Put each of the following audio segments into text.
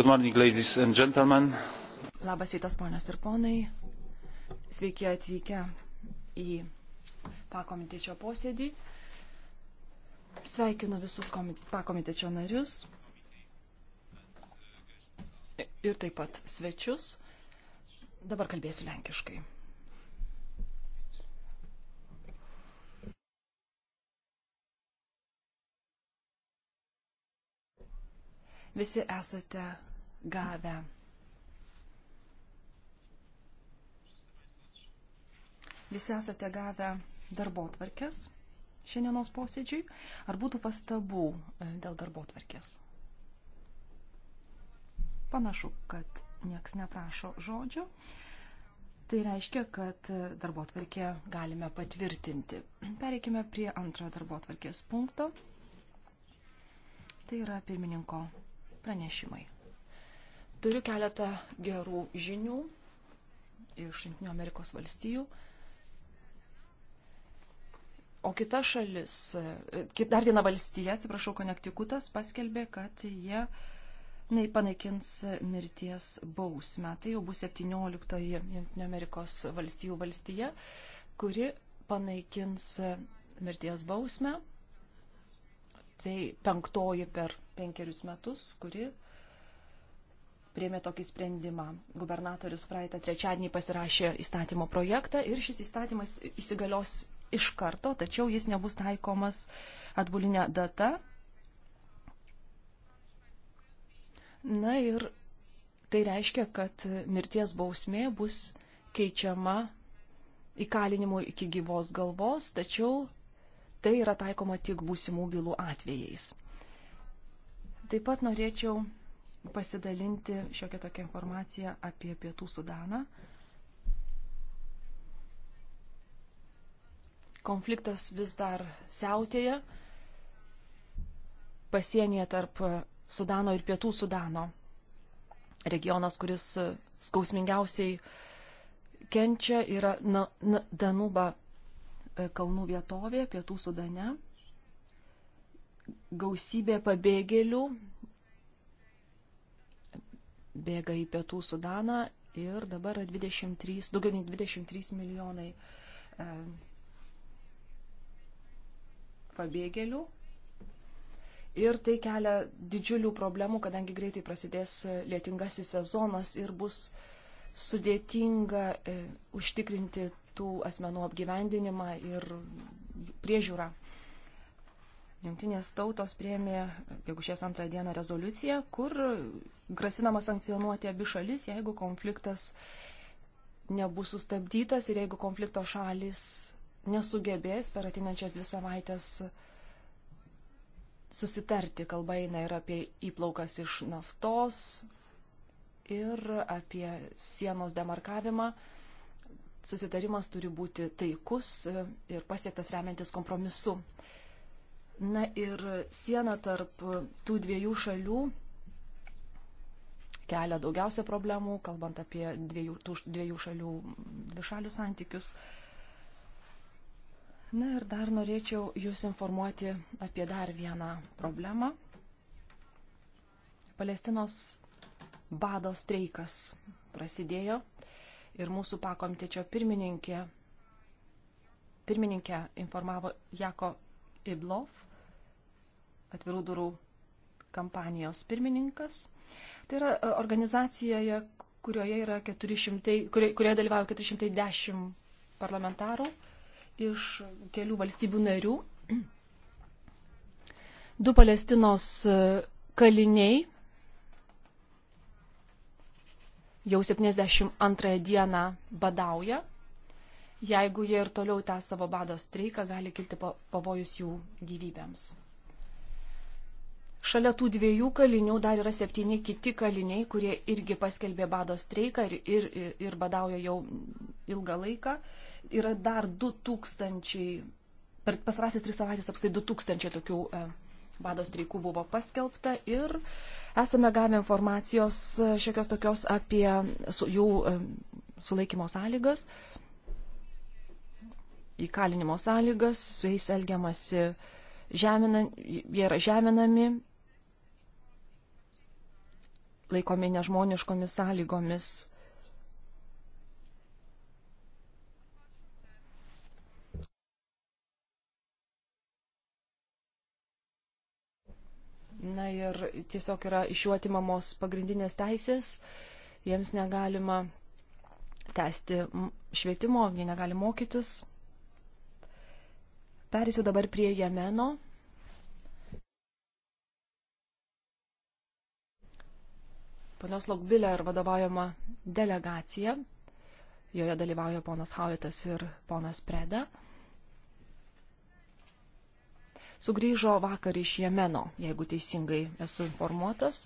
Good morning, ladies and gentlemen. Labas rytas, ponios ir ponai. Sveiki atvykę į pakomitečio posėdį. Sveikinu visus pakomitečio narius ir taip pat svečius. Dabar kalbėsiu lenkiškai. visi esate gavę. Visi esate gavę darbo tvarkės šiandienos posėdžiui. Ar būtų pastabų e, dėl darbo tvarkės? Panašu, kad nieks neprašo žodžio. Tai reiškia, kad darbo tvarkė galime patvirtinti. Pereikime prie antrą darbo tvarkės punkto. Tai yra pirmininko pranešimai. Turiu keletą gerų žinių iš Junktinių Amerikos valstijų. O kita šalis, dar viena valstija, atsiprašau, Konektikutas paskelbė, kad jie na, panaikins mirties bausmę. Tai jau bus 17-oji Junktinių Amerikos valstijų valstija, kuri panaikins mirties bausmę. Tai penktoji per penkerius metus, kuri uh, priemė tokį sprendimą. Gubernatorius praeitą trečiadienį pasirašė įstatymo projektą ir šis įstatymas įsigalios iš karto, tačiau jis nebus taikomas atbulinę datą. Na ir tai reiškia, kad mirties bausmė bus keičiama įkalinimu iki gyvos galvos, tačiau tai yra taikoma tik būsimų bylų atvejais. Taip pat norėčiau pasidalinti šiokią tokią informaciją apie Pietų Sudaną. Konfliktas vis dar siautėja pasienyje tarp Sudano ir Pietų Sudano. Regionas, kuris skausmingiausiai kenčia, yra na, na, Danuba e, kalnų vietovė Pietų Sudane. Gausybė pabėgėlių bėga į pietų Sudaną ir dabar 23, daugiau nei 23 milijonai e, pabėgėlių. Ir tai kelia didžiulių problemų, kadangi greitai prasidės lietingasis sezonas ir bus sudėtinga e, užtikrinti tų asmenų apgyvendinimą ir priežiūrą. Junktinės tautos priemė, gegužės antrą dieną, rezoliuciją, kur grasinama sankcionuoti abi šalis, jeigu konfliktas nebus sustabdytas ir jeigu konflikto šalis nesugebės per atinančias dvi savaitės susitarti. Kalba eina ir apie įplaukas iš naftos, ir apie sienos demarkavimą. Susitarimas turi būti taikus ir pasiektas remiantis kompromisu. Na ir siena tarp tų dviejų šalių kelia daugiausia problemų, kalbant apie dviejų, tų dviejų šalių dvišalių santykius. Na ir dar norėčiau Jūs informuoti apie dar vieną problemą. Palestinos bado streikas prasidėjo ir mūsų pakomitečio pirmininkė, pirmininkė informavo Jako Iblov atvirų durų kampanijos pirmininkas. Tai yra e, organizacijoje, kurioje, yra 400, kurioje, kurioje dalyvauja 410 parlamentarų iš kelių valstybių narių. Du Palestinos e, kaliniai jau 72 dieną badauja. Jeigu jie ir toliau tą savo bado streiką, gali kilti pavojus jų gyvybėms. Šalia tų dviejų kalinių dar yra septyni kiti kaliniai, kurie irgi paskelbė bado streiką ir, ir, ir badauja jau ilgą laiką. Yra dar 2000, per pasarasis tris savaitės apstai 2000 tokių e, bado streikų buvo paskelbta ir esame gavę informacijos e, šiokios tokios apie su, jų e, sulaikymo sąlygas, įkalinimo sąlygas, su jais elgiamasi žeminan, jie yra žeminami, laikomi nežmoniškomis sąlygomis. Na ir tiesiog yra iš jų atimamos pagrindinės teisės, jiems negalima tęsti švietimo, jie negali mokytis. Perėsiu dabar prie Jemeno. ponios Laukbilė vadovaujama delegacija. Joje dalyvauja ponas Hauitas ir ponas Preda. Sugryžo vakar iš Jemeno, jeigu teisingai esu informuotas.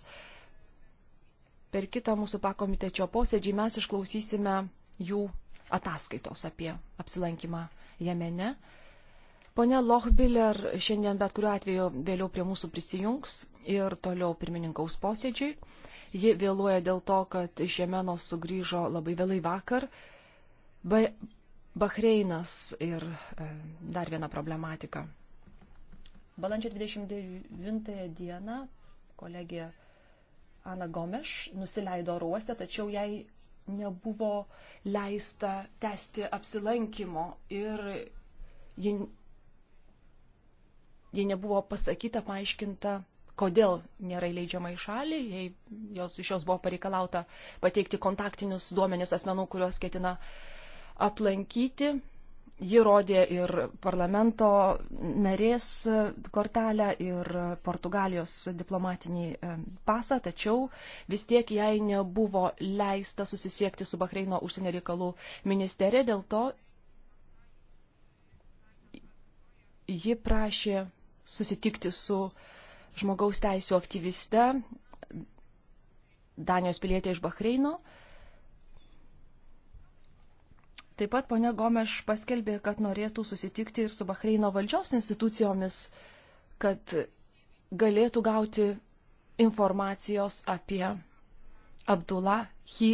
Per kitą mūsų pakomitečio posėdžį mes išklausysime jų ataskaitos apie apsilankimą Jemene. Pone Lochbiller šiandien bet kuriuo atveju vėliau prie mūsų prisijungs ir toliau pirmininkaus posėdžiui. Ji vėluoja dėl to, kad iš Jemeno sugrįžo labai vėlai vakar. Ba Bahreinas ir e, dar viena problematika. Balandžio 29 dieną kolegė Ana Gomeš nusileido ruostę, tačiau jai nebuvo leista tęsti apsilankimo ir ji jai nebuvo pasakyta, paaiškinta, kodėl nėra įleidžiama į šalį, jei jos, iš jos buvo pareikalauta pateikti kontaktinius duomenis asmenų, kuriuos ketina aplankyti. Ji rodė ir parlamento narės kortelę, ir Portugalijos diplomatinį e, pasą, tačiau vis tiek jai nebuvo leista susisiekti su Bahreino užsienio reikalų ministerija, dėl to ji prašė susitikti su uh, žmogaus teisų aktyviste, Danijos pilietė iš Bahreino. Taip pat ponia Gomeš paskelbė, kad norėtų susitikti ir su Bahreino valdžios institucijomis, kad galėtų gauti informacijos apie Abdullah Hi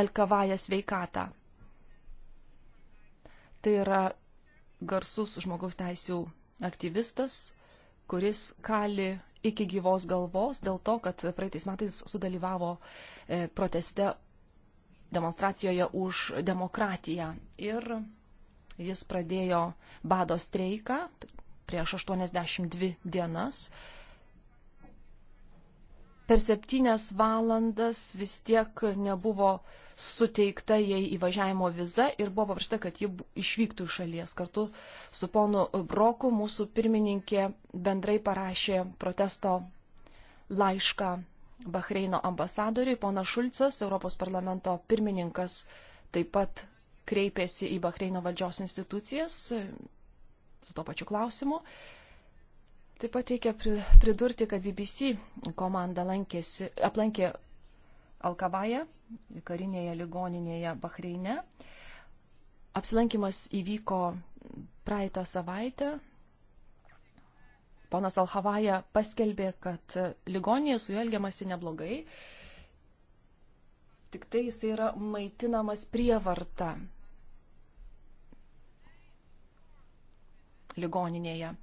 Alkavaja sveikatą. Tai yra garsus žmogaus teisų aktyvistas, kuris kali iki gyvos galvos dėl to, kad praeitais metais sudalyvavo e, proteste demonstracijoje už demokratiją. Ir jis pradėjo bado streiką prieš 82 dienas. Per septynias valandas vis tiek nebuvo suteikta jai įvažiavimo viza ir buvo paprašyta, kad ji išvyktų iš šalies. Kartu su ponu Broku mūsų pirmininkė bendrai parašė protesto laišką Bahreino ambasadoriui. Pona Šulcas, Europos parlamento pirmininkas, taip pat kreipėsi į Bahreino valdžios institucijas e, su to pačiu klausimu. Taip pat reikia pridurti, kad BBC komanda lankėsi, aplankė Alkavaje, karinėje ligoninėje Bahreine. Apsilankimas įvyko praeitą savaitę. Ponas Alhavaja paskelbė, kad ligoninėje su juo elgiamasi neblogai, tik tai jis yra maitinamas prievarta ligoninėje.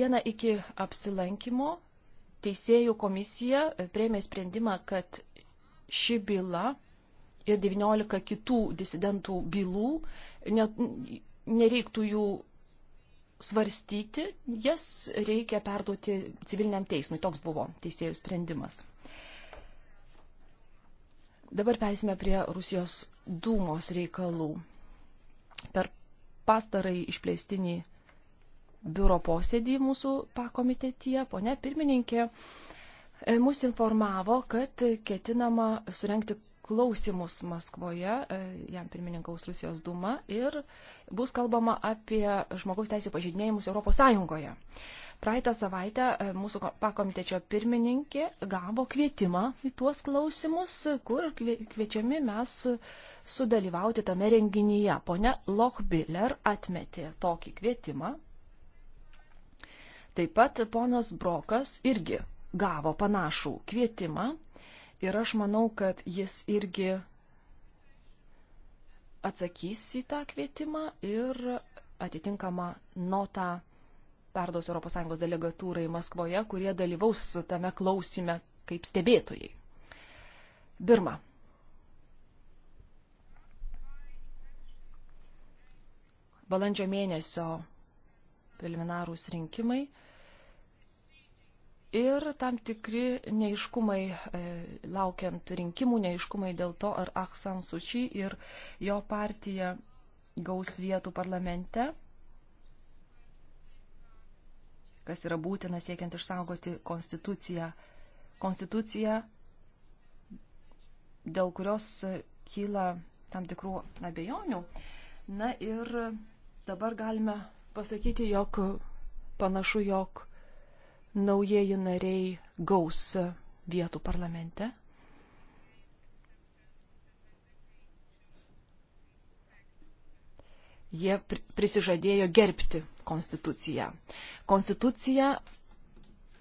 Diena iki apsilankimo Teisėjų komisija e, prieimė sprendimą, kad ši byla ir 19 kitų disidentų bylų, net, nereiktų jų svarstyti, jas reikia perduoti civiliniam teismui. Toks buvo teisėjų sprendimas. Dabar persime prie Rusijos dūmos reikalų. Per pastarąjį išplėstinį biuro posėdį mūsų pakomitetyje, ponia pirmininkė e, mus informavo, kad ketinama surenkti klausimus Maskvoje, e, jam pirmininkaus Rusijos Duma, ir bus kalbama apie žmogaus teisų pažydinėjimus ES. Praeitą savaitę e, mūsų pakomitečio pirmininkė gavo kvietimą į tuos klausimus, kur kviečiami mes sudalyvauti tame renginyje. Pone Lochbiller atmetė tokį kvietimą Taip pat ponas Brokas irgi gavo panašų kvietimą ir aš manau, kad jis irgi atsakys į tą kvietimą ir atitinkamą notą perduos ES delegatūrai Maskvoje, kurie dalyvaus tame klausime kaip stebėtojai. Birma. Balandžio mėnesio preliminarūs rinkimai ir tam tikri neiškumai e, laukiant rinkimų, neiškumai dėl to, ar Aung San Suu Kyi ir jo partija gaus vietų parlamente, kas yra būtina siekiant išsaugoti konstituciją. Konstitucija, dėl kurios kyla tam tikrų abejonių. Na ir dabar galime pasakyti, jog panašu, jog naujieji nariai gaus vietų parlamente. Jie prisižadėjo gerbti konstituciją. Konstitucija,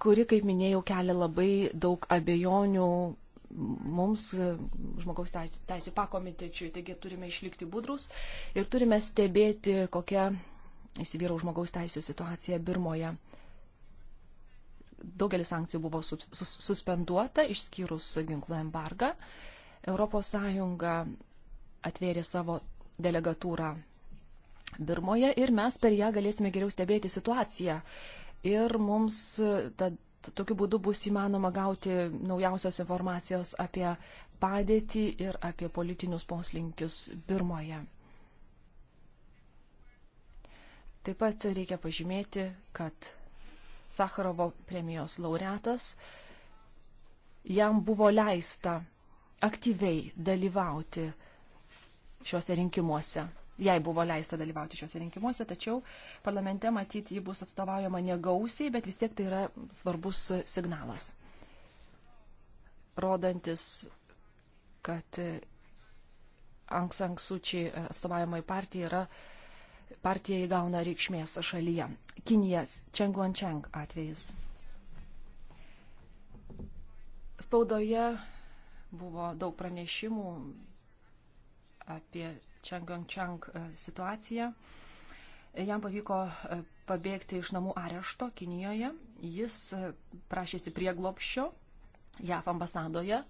kuri, kaip minėjau, kelia labai daug abejonių mums, žmogaus teisų pakomitečiui, taigi turime išlikti budrus ir turime stebėti, kokia įsivyrau žmogaus teisų situacija Birmoje daugelis sankcijų buvo sus, sus, suspenduota, išskyrus ginklų embargą. ES atvėrė savo delegatūrą Birmoje ir mes per ją galėsime geriau stebėti situaciją. Ir mums tad, tokiu būdu bus įmanoma gauti naujausios informacijos apie padėtį ir apie politinius poslinkius Birmoje. Taip pat reikia pažymėti, kad Sakarovo premijos laureatas, jam buvo leista aktyviai dalyvauti šiuose rinkimuose. Jai buvo leista dalyvauti šiuose rinkimuose, tačiau parlamente matyti ji bus atstovaujama negausiai, bet vis tiek tai yra svarbus signalas, rodantis, kad Anksansučiai atstovaujamai partijai yra uh, partija įgauna reikšmės šalyje. Kinijas Čenguan Čeng atvejis. Spaudoje buvo daug pranešimų apie Čenguan Čeng e, situaciją. Jam pavyko e, pabėgti iš namų arešto Kinijoje. Jis e, prašėsi prieglopščio JAF ambasadoje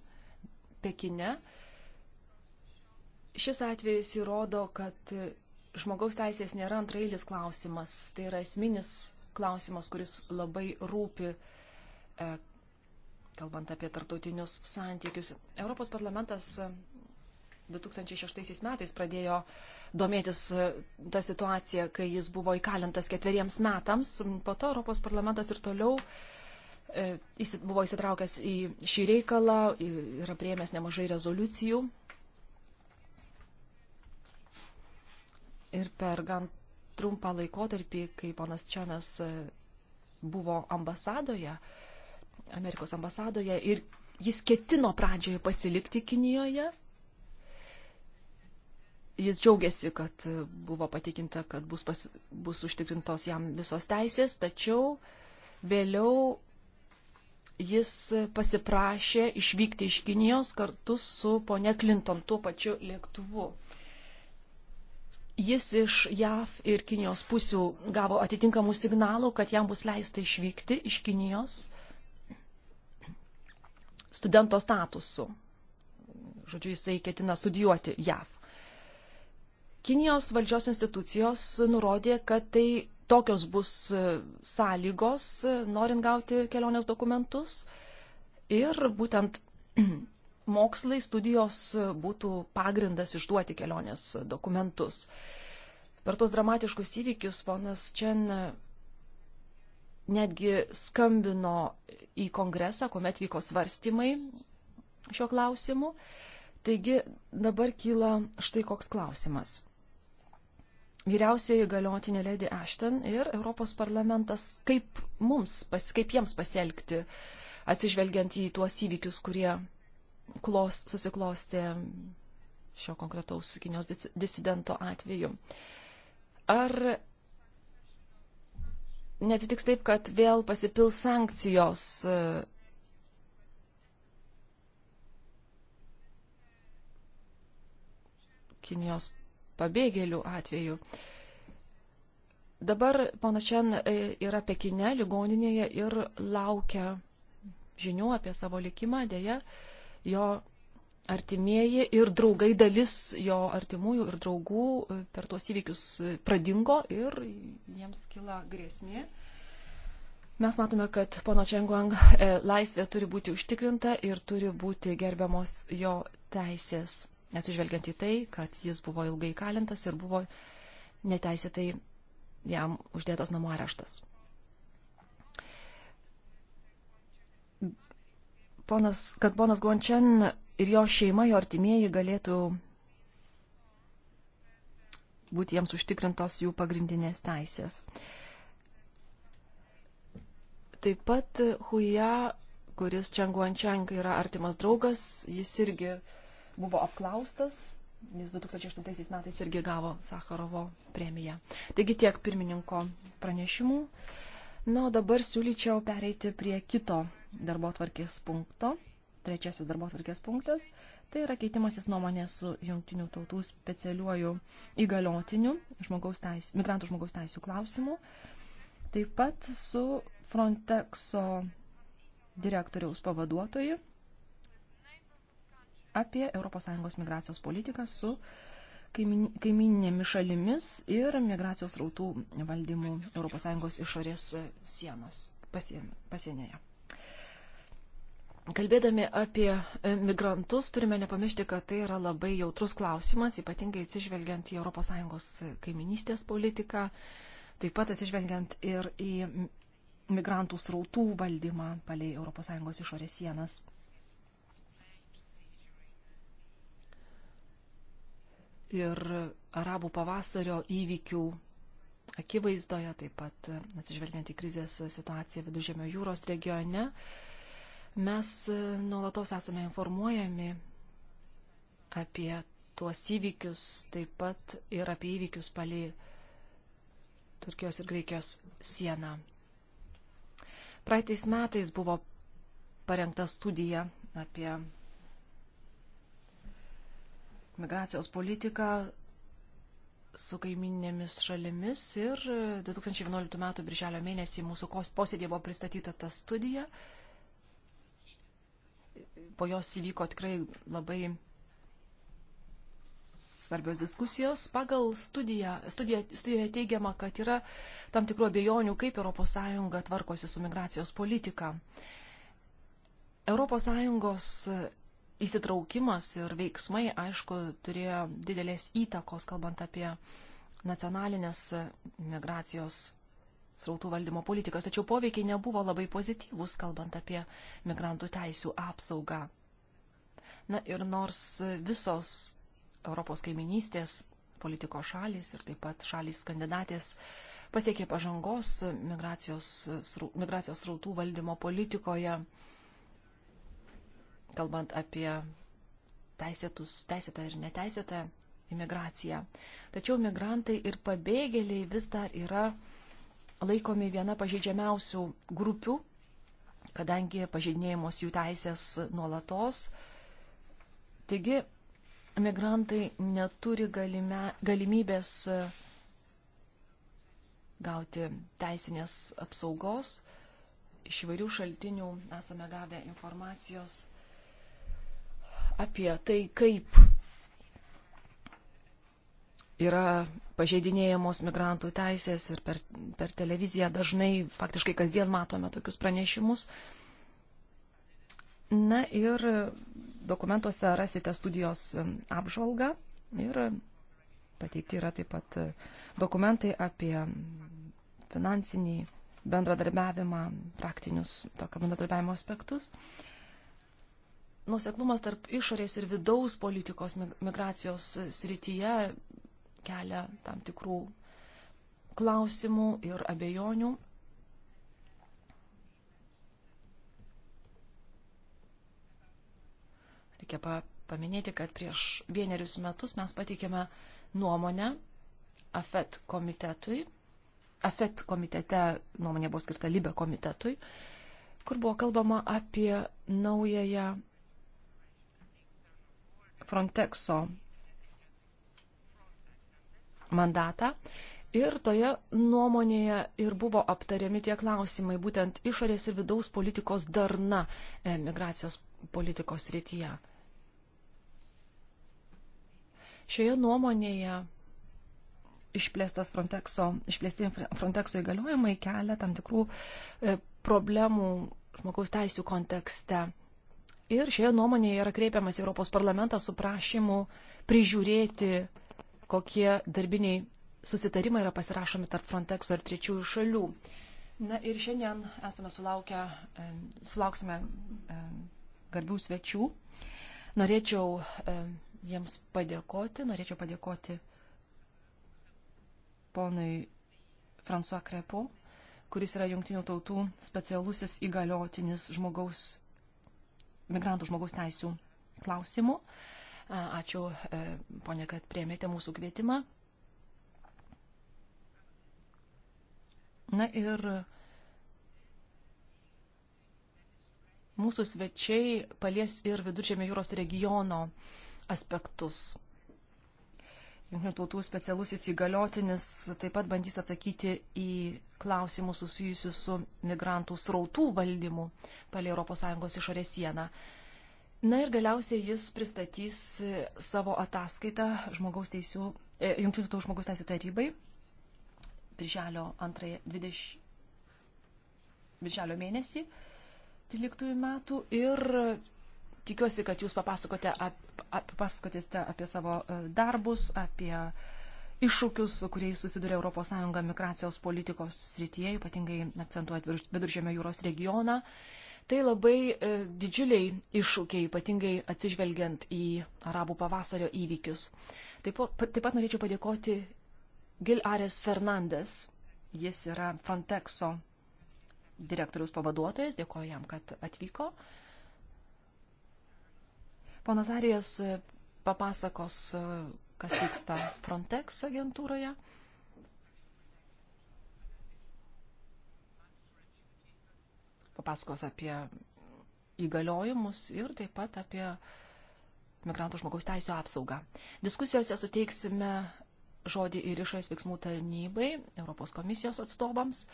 Pekine. Šis atvejis įrodo, kad žmogaus teisės nėra antrailis klausimas, tai yra esminis klausimas, kuris labai rūpi, e, kalbant apie tartautinius santykius. Europos parlamentas 2006 e, metais pradėjo domėtis e, tą situaciją, kai jis buvo įkalintas ketveriems metams. Po to Europos parlamentas ir toliau e, buvo įsitraukęs į šį reikalą, yra prieėmęs nemažai rezoliucijų ir per gan trumpą laikotarpį, kai ponas Čianas e, buvo ambasadoje, Amerikos ambasadoje ir jis ketino pradžioje pasilikti Kinijoje. Jis džiaugiasi, kad e, buvo patikinta, kad bus, pas, bus užtikrintos jam visos teisės, tačiau vėliau jis pasiprašė išvykti iš Kinijos kartu su ponia Clinton tuo pačiu lėktuvu. Uh, Jis iš JAV ir Kinijos pusių gavo atitinkamų signalų, kad jam bus leista išvykti iš Kinijos studento statusu. Žodžiu, jisai ketina studijuoti JAV. Kinijos valdžios institucijos nurodė, kad tai tokios bus sąlygos, norint gauti kelionės dokumentus. Ir būtent mokslai, studijos būtų pagrindas išduoti kelionės dokumentus. Per tos dramatiškus įvykius ponas Čen netgi skambino į kongresą, kuomet vyko svarstymai šio klausimu. Taigi dabar kyla štai koks klausimas. Vyriausioji galiotinė Lady Ashton ir Europos parlamentas, kaip mums, pas, kaip jiems pasielgti, atsižvelgiant į tuos įvykius, kurie klos, susiklostė šio konkretaus Kinijos disidento atveju. Ar neatsitiks taip, kad vėl pasipils sankcijos? E, Kinijos pabėgėlių atveju. Dabar ponas Čen e, yra Pekine, ligoninėje ir laukia žinių apie savo likimą, dėja. Uh, jo artimieji ir draugai, dalis jo artimųjų ir draugų e, per tuos įvykius e, pradingo ir jiems kila grėsmė. Mes matome, kad pono Čenguang e, laisvė turi būti užtikrinta ir turi būti gerbiamos jo teisės, atsižvelgiant į tai, kad jis buvo ilgai kalintas ir buvo neteisėtai jam uždėtas namų areštas. ponas, kad ponas Guančian ir jo šeima, jo artimieji galėtų būti jiems užtikrintos jų pagrindinės teisės. Taip pat Huja, kuris Čenguančiang yra artimas draugas, jis irgi buvo apklaustas. Jis 2008 metais irgi gavo Sakarovo premiją. Taigi tiek pirmininko pranešimų. Na, o dabar siūlyčiau pereiti prie kito darbo tvarkės punkto, trečiasis darbo tvarkės punktas, tai yra keitimasis nuomonė su jungtinių tautų specialiuoju įgaliotiniu žmogaus teis, migrantų žmogaus teisų klausimu, taip pat su Frontexo direktoriaus pavaduotoju apie ES migracijos politiką su kaimininėmis šalimis ir migracijos rautų valdymų ES išorės sienos pasienyje. Kalbėdami apie e, migrantus, turime nepamiršti, kad tai yra labai jautrus klausimas, ypatingai atsižvelgiant į ES kaiminystės politiką, taip pat atsižvelgiant ir į migrantų srautų valdymą palei ES išorės sienas. ir arabų pavasario įvykių akivaizdoje, taip pat atsižvelgiant į krizės situaciją Vidužėmio jūros regione, mes nuolatos esame informuojami apie tuos įvykius, taip pat ir apie įvykius palį Turkijos ir Graikijos sieną. Praeitais metais buvo parengta studija apie migracijos politiką su kaiminėmis šalimis ir 2011 m. birželio mėnesį mūsų posėdėje buvo pristatyta ta studija. Po jos įvyko tikrai labai svarbios diskusijos. Pagal studiją, studiją, studijoje teigiama, kad yra tam tikrų abejonių, kaip ES tvarkosi su migracijos politika. ES įsitraukimas ir veiksmai, aišku, turėjo didelės įtakos, kalbant apie nacionalinės migracijos srautų valdymo politikas, tačiau poveikiai nebuvo labai pozityvus, kalbant apie migrantų teisų apsaugą. Na ir nors visos Europos kaiminystės politikos šalis ir taip pat šalis kandidatės pasiekė pažangos migracijos, migracijos srautų valdymo politikoje, kalbant apie teisėtus, teisėtą ir neteisėtą imigraciją. Tačiau migrantai ir pabėgėliai vis dar yra laikomi viena pažeidžiamiausių grupių, kadangi pažeidinėjimos jų teisės nuolatos. Taigi, migrantai neturi galime, galimybės gauti teisinės apsaugos. Iš įvairių šaltinių esame gavę informacijos apie tai, kaip yra pažeidinėjamos migrantų teisės ir per, per televiziją dažnai, faktiškai kasdien matome tokius pranešimus. Na ir dokumentuose rasite studijos um, apžvalgą ir pateikti yra taip pat uh, dokumentai apie um, finansinį bendradarbiavimą, praktinius tokio bendradarbiavimo aspektus. Uh, nuseklumas tarp išorės ir vidaus politikos migracijos srityje kelia tam tikrų klausimų ir abejonių. Reikia pa paminėti, kad prieš vienerius metus mes pateikėme nuomonę AFET komitetui. AFET komitete nuomonė buvo skirta Libe komitetui, kur buvo kalbama apie naująją Frontexo mandatą. Ir toje nuomonėje ir buvo aptariami tie klausimai, būtent išorės ir vidaus politikos darna e, migracijos politikos rytyje. Šioje nuomonėje išplėstas Frontexo, išplėsti Frontexo įgaliojimai kelia tam tikrų e, problemų žmogaus teisų kontekste. Ir šioje nuomonėje yra kreipiamas Europos parlamentas su prašymu prižiūrėti, kokie darbiniai susitarimai yra pasirašomi tarp Frontexo ir trečiųjų šalių. Na ir šiandien esame sulaukę, sulauksime garbių svečių. Norėčiau jiems padėkoti, norėčiau padėkoti ponui François Krepo, kuris yra jungtinių tautų specialusis įgaliotinis žmogaus migrantų žmogaus teisų klausimų. Ačiū, e, ponė, kad priemėte mūsų kvietimą. Na ir mūsų svečiai palies ir Viduržėmio jūros regiono aspektus. Junktinių tautų specialusis įgaliotinis taip pat bandys atsakyti į klausimus susijusius su migrantų srautų valdymu palie ES išorės sieną. Na ir galiausiai jis pristatys savo ataskaitą žmogaus teisų, e, Junktinių tautų žmogaus teisų tarybai birželio, 2, 20, birželio mėnesį 13 metų ir tikiuosi, kad jūs papasakote ap, ap, papasakotėste apie savo e, darbus, apie iššūkius, su kuriais susiduria ES migracijos politikos srityje, ypatingai akcentuojant viduržėmio jūros regioną. Tai labai e, didžiuliai iššūkiai, ypatingai atsižvelgiant į arabų pavasario įvykius. Taip, po, taip pat norėčiau padėkoti Gil Ares Fernandes. Jis yra Frontexo direktorius pavaduotojas. Dėkoju jam, kad atvyko. E, Ponas Arijas e, papasakos, e, kas vyksta Frontex agentūroje. Papasakos apie įgaliojimus ir taip pat apie migrantų žmogaus teisų apsaugą. Diskusijose suteiksime žodį ir išorės veiksmų tarnybai, Europos komisijos atstovams.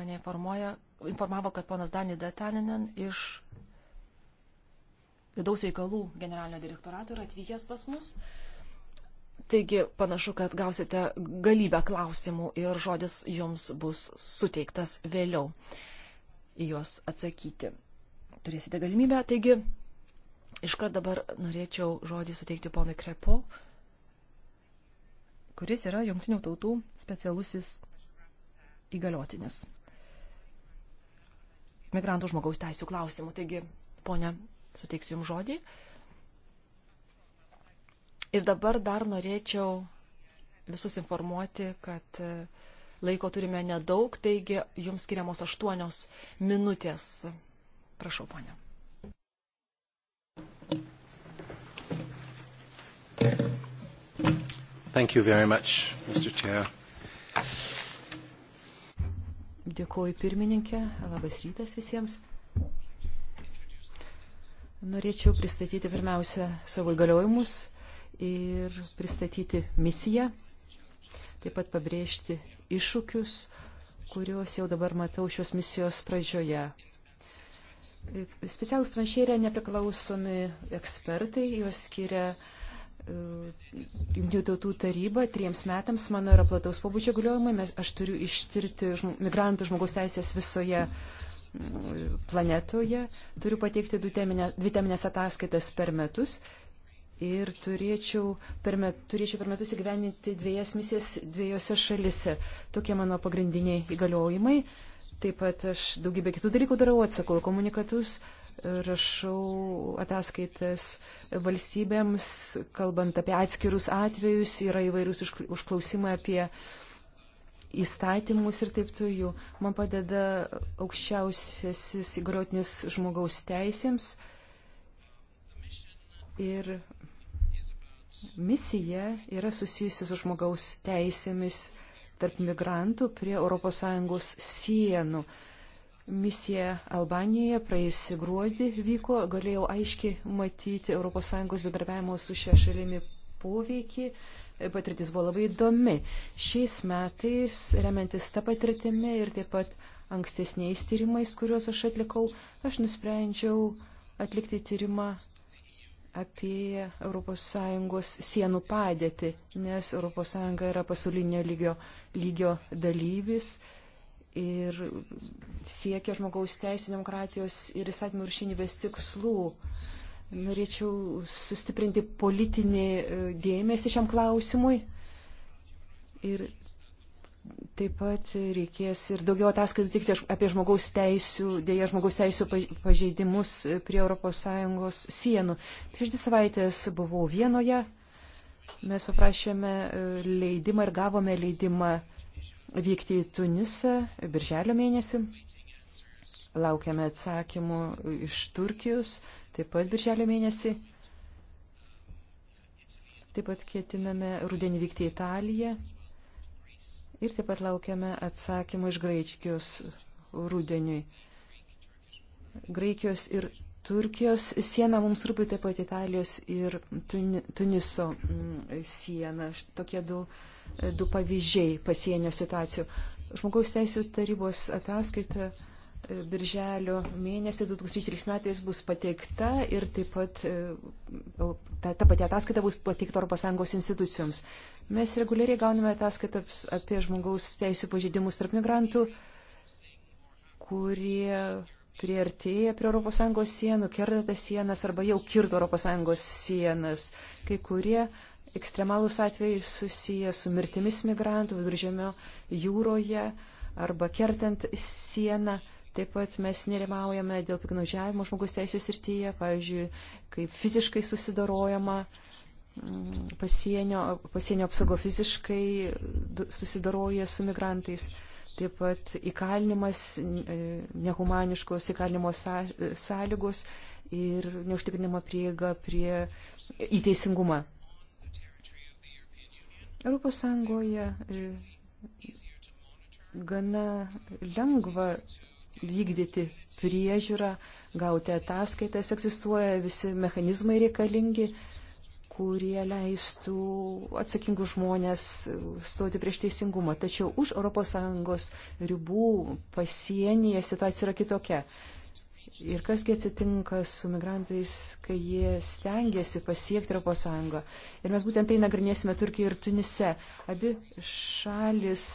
Mane informuoja, informavo, kad ponas Danį Dataninen iš vidaus reikalų generalinio direktorato yra atvykęs pas mus. Taigi panašu, kad gausite galybę klausimų ir žodis jums bus suteiktas vėliau į juos atsakyti. Turėsite galimybę. Taigi iškart dabar norėčiau žodį suteikti ponui Krepo, kuris yra Junktinių tautų specialusis įgaliotinis migrantų žmogaus teisų klausimų. Taigi, ponia Suteiksiu Jums žodį. Ir dabar dar norėčiau visus informuoti, kad e, laiko turime nedaug, taigi Jums skiriamos aštuonios minutės. Prašau, ponė. Thank you very much, Mr. Chair. Dėkuoju pirmininkė, labas rytas visiems. Norėčiau pristatyti pirmiausia savo įgaliojimus ir pristatyti misiją, taip pat pabrėžti iššūkius, kuriuos jau dabar matau šios misijos pradžioje. Specialus pranšiai yra nepriklausomi ekspertai, juos skiria e, Junktinių tautų taryba triems metams, mano yra plataus pobūdžio galiojimai, aš turiu ištirti žm migrantų žmogaus teisės visoje planetoje. Turiu pateikti teminė, dvi teminės ataskaitas per metus ir turėčiau per, met, turėčiau per metus įgyveninti dviejas misijas dviejose šalise. Tokie mano pagrindiniai įgaliojimai. Taip pat aš daugybę kitų dalykų darau, atsakau komunikatus, rašau ataskaitas valstybėms, kalbant apie atskirus atvejus, yra įvairūs užklausimai apie uh, įstatymus ir taip toliau. Man padeda aukščiausiasis įgaliotinis žmogaus teisėms. Ir misija yra susijusi su žmogaus teisėmis tarp migrantų prie ES sienų. Misija Albanijoje praėjusį gruodį vyko, galėjau aiškiai matyti ES bendradarbiavimo su šia šalimi poveikį patirtis buvo labai įdomi. Šiais metais, remiantis tą patirtimį ir taip pat ankstesniais tyrimais, kuriuos aš atlikau, aš nusprendžiau atlikti tyrimą apie ES sienų padėtį, nes ES yra pasaulinio lygio, lygio dalyvis ir siekia žmogaus teisų, demokratijos ir įstatymų viršinybės tikslų. Uh, Norėčiau sustiprinti politinį e, dėmesį šiam klausimui. Ir taip pat reikės ir daugiau ataskaitų tikti apie žmogaus teisų, dėja žmogaus teisų pažeidimus e, prie ES sienų. Prieš dvi savaitės buvau vienoje. Mes paprašėme e, leidimą ir gavome leidimą vykti į Tunisą birželio mėnesį. Laukiame atsakymų iš Turkijos taip pat birželio mėnesį. Taip pat ketiname rudenį vykti į Italiją ir taip pat laukiame atsakymų iš Graikijos rudeniui. Graikijos ir Turkijos siena mums rūpi taip pat Italijos ir Tuniso mm, siena. Tokie du, du pavyzdžiai pasienio situacijų. Žmogaus teisų tarybos ataskaita birželio mėnesį 2003 metais bus pateikta ir taip pat e, ta, ta pati ataskaita bus pateikta ES institucijoms. Mes reguliariai gauname ataskaitas apie žmogaus teisų pažeidimus tarp migrantų, kurie prieartėja prie ES sienų, kerta tas sienas arba jau kirto ES sienas. Kai kurie ekstremalūs atvejai susiję su mirtimis migrantų viduržėmio jūroje arba kertant sieną. Taip pat mes nerimaujame dėl piknaudžiavimo žmogus teisės srityje, pavyzdžiui, kaip fiziškai susidarojama mm, pasienio, pasienio apsaugo fiziškai susidaroja su migrantais. Taip pat įkalinimas, e, nehumaniškos įkalinimo e, sąlygos ir neužtikrinama prieiga prie įteisingumą. Europos Sąjungoje e, gana lengva vykdyti priežiūrą, gauti ataskaitas, egzistuoja visi mechanizmai reikalingi, kurie leistų atsakingus žmonės stoti prieš teisingumą. Tačiau už ES ribų pasienyje situacija yra kitokia. Ir kasgi atsitinka su migrantais, kai jie stengiasi pasiekti Europos Sąjungą. Ir mes būtent tai nagrinėsime Turkijoje ir Tunise. Abi šalis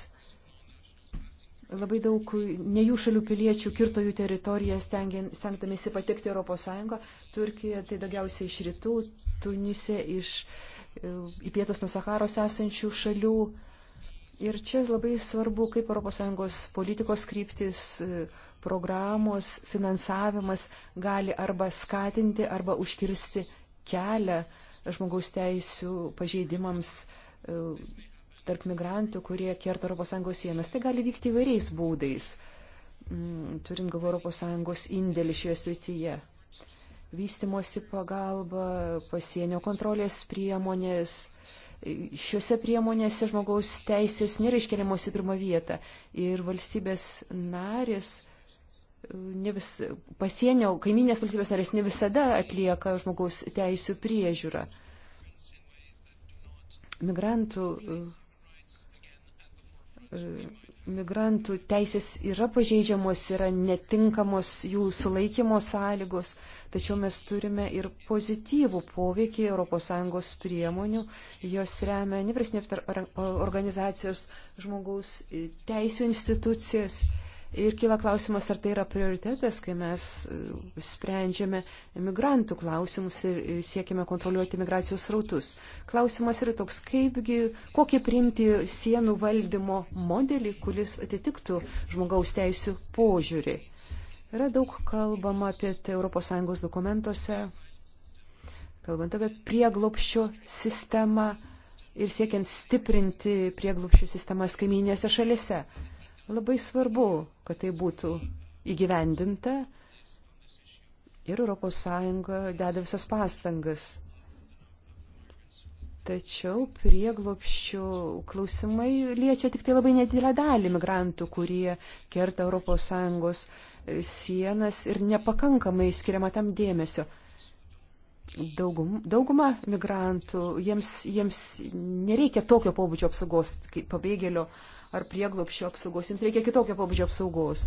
Labai daug ne jų šalių piliečių kirto jų teritoriją, stengdamėsi patekti ES. Turkija tai daugiausiai iš rytų, Tunisė iš e, į pietus nuo Saharos esančių šalių. Ir čia labai svarbu, kaip ES politikos kryptis e, programos finansavimas gali arba skatinti, arba užkirsti kelią žmogaus teisų pažeidimams e, tarp migrantų, kurie kerta ES sienas. Tai gali vykti įvairiais būdais, mm, turint galvo ES indėlį šioje srityje. Vystimosi pagalba, pasienio kontrolės priemonės. Šiuose priemonėse žmogaus teisės nėra iškeliamos į pirmą vietą ir valstybės narės ne vis, pasienio kaiminės valstybės narės ne visada atlieka žmogaus teisų priežiūrą. Migrantų migrantų teisės yra pažeidžiamos, yra netinkamos jų sulaikymo sąlygos, tačiau mes turime ir pozityvų poveikį ES priemonių, jos remia neprasneftar organizacijos žmogaus teisų institucijas. Ir kyla klausimas, ar tai yra prioritetas, kai mes e, sprendžiame migrantų klausimus ir e, siekime kontroliuoti migracijos rautus. Klausimas yra toks, kaipgi, kokį priimti sienų valdymo modelį, kuris atitiktų žmogaus teisų požiūrį. Yra daug kalbama apie tai ES dokumentuose, kalbant apie prieglopščio sistemą ir siekiant stiprinti prieglopščių sistemas kaiminėse šalise. Labai svarbu, kad tai būtų įgyvendinta ir ES deda visas pastangas. Tačiau prieglopščių klausimai liečia tik tai labai nedidelę dalį migrantų, kurie kerta ES sienas ir nepakankamai skiriama tam dėmesio. Daugum, dauguma migrantų, jiems, jiems nereikia tokio pobūdžio apsaugos kaip pabėgėlio uh, ar prieglopščio apsaugos, jiems reikia kitokio pabudžio apsaugos.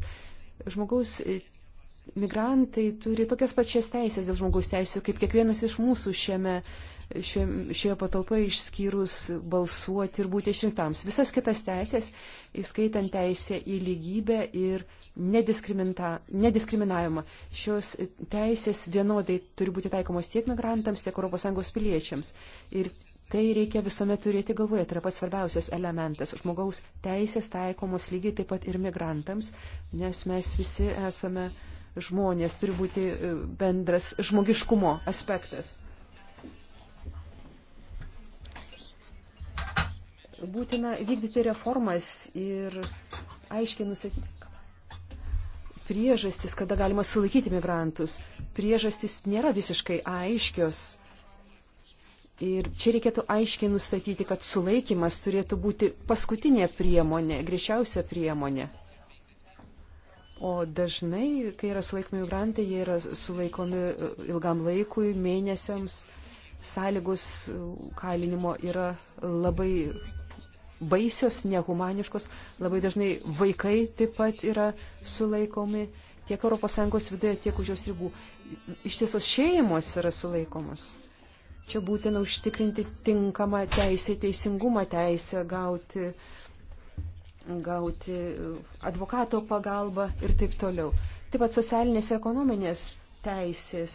Žmogaus e, migrantai turi tokias pačias teisės dėl žmogaus teisų, kaip kiekvienas iš mūsų šiame, šio, šioje patalpoje išskyrus balsuoti ir būti išrinktams. Visas kitas teisės, įskaitant teisę į lygybę ir nediskriminavimą. Šios teisės vienodai turi būti taikomos tiek migrantams, tiek ES piliečiams. Ir Tai reikia visuomet turėti galvoje, tai yra pats svarbiausias elementas. Žmogaus teisės taikomos lygiai taip pat ir migrantams, nes mes visi esame žmonės, turi būti e, bendras žmogiškumo aspektas. Būtina vykdyti reformas ir aiškiai nustatyti priežastis, kada galima sulaikyti migrantus. Priežastis nėra visiškai aiškios Ir čia reikėtų aiškiai nustatyti, kad sulaikimas turėtų būti paskutinė priemonė, griežčiausia priemonė. O dažnai, kai yra sulaikomi migrantai, jie yra sulaikomi e, ilgam laikui, mėnesiams, sąlygos e, kalinimo yra labai baisios, nehumaniškos, labai dažnai vaikai taip pat yra sulaikomi tiek ES viduje, tiek už jos ribų. Iš tiesos šeimos yra sulaikomos. Čia būtina užtikrinti tinkamą teisę, teisingumą teisę, gauti, gauti uh, advokato pagalbą ir taip toliau. Taip pat socialinės ir ekonominės teisės,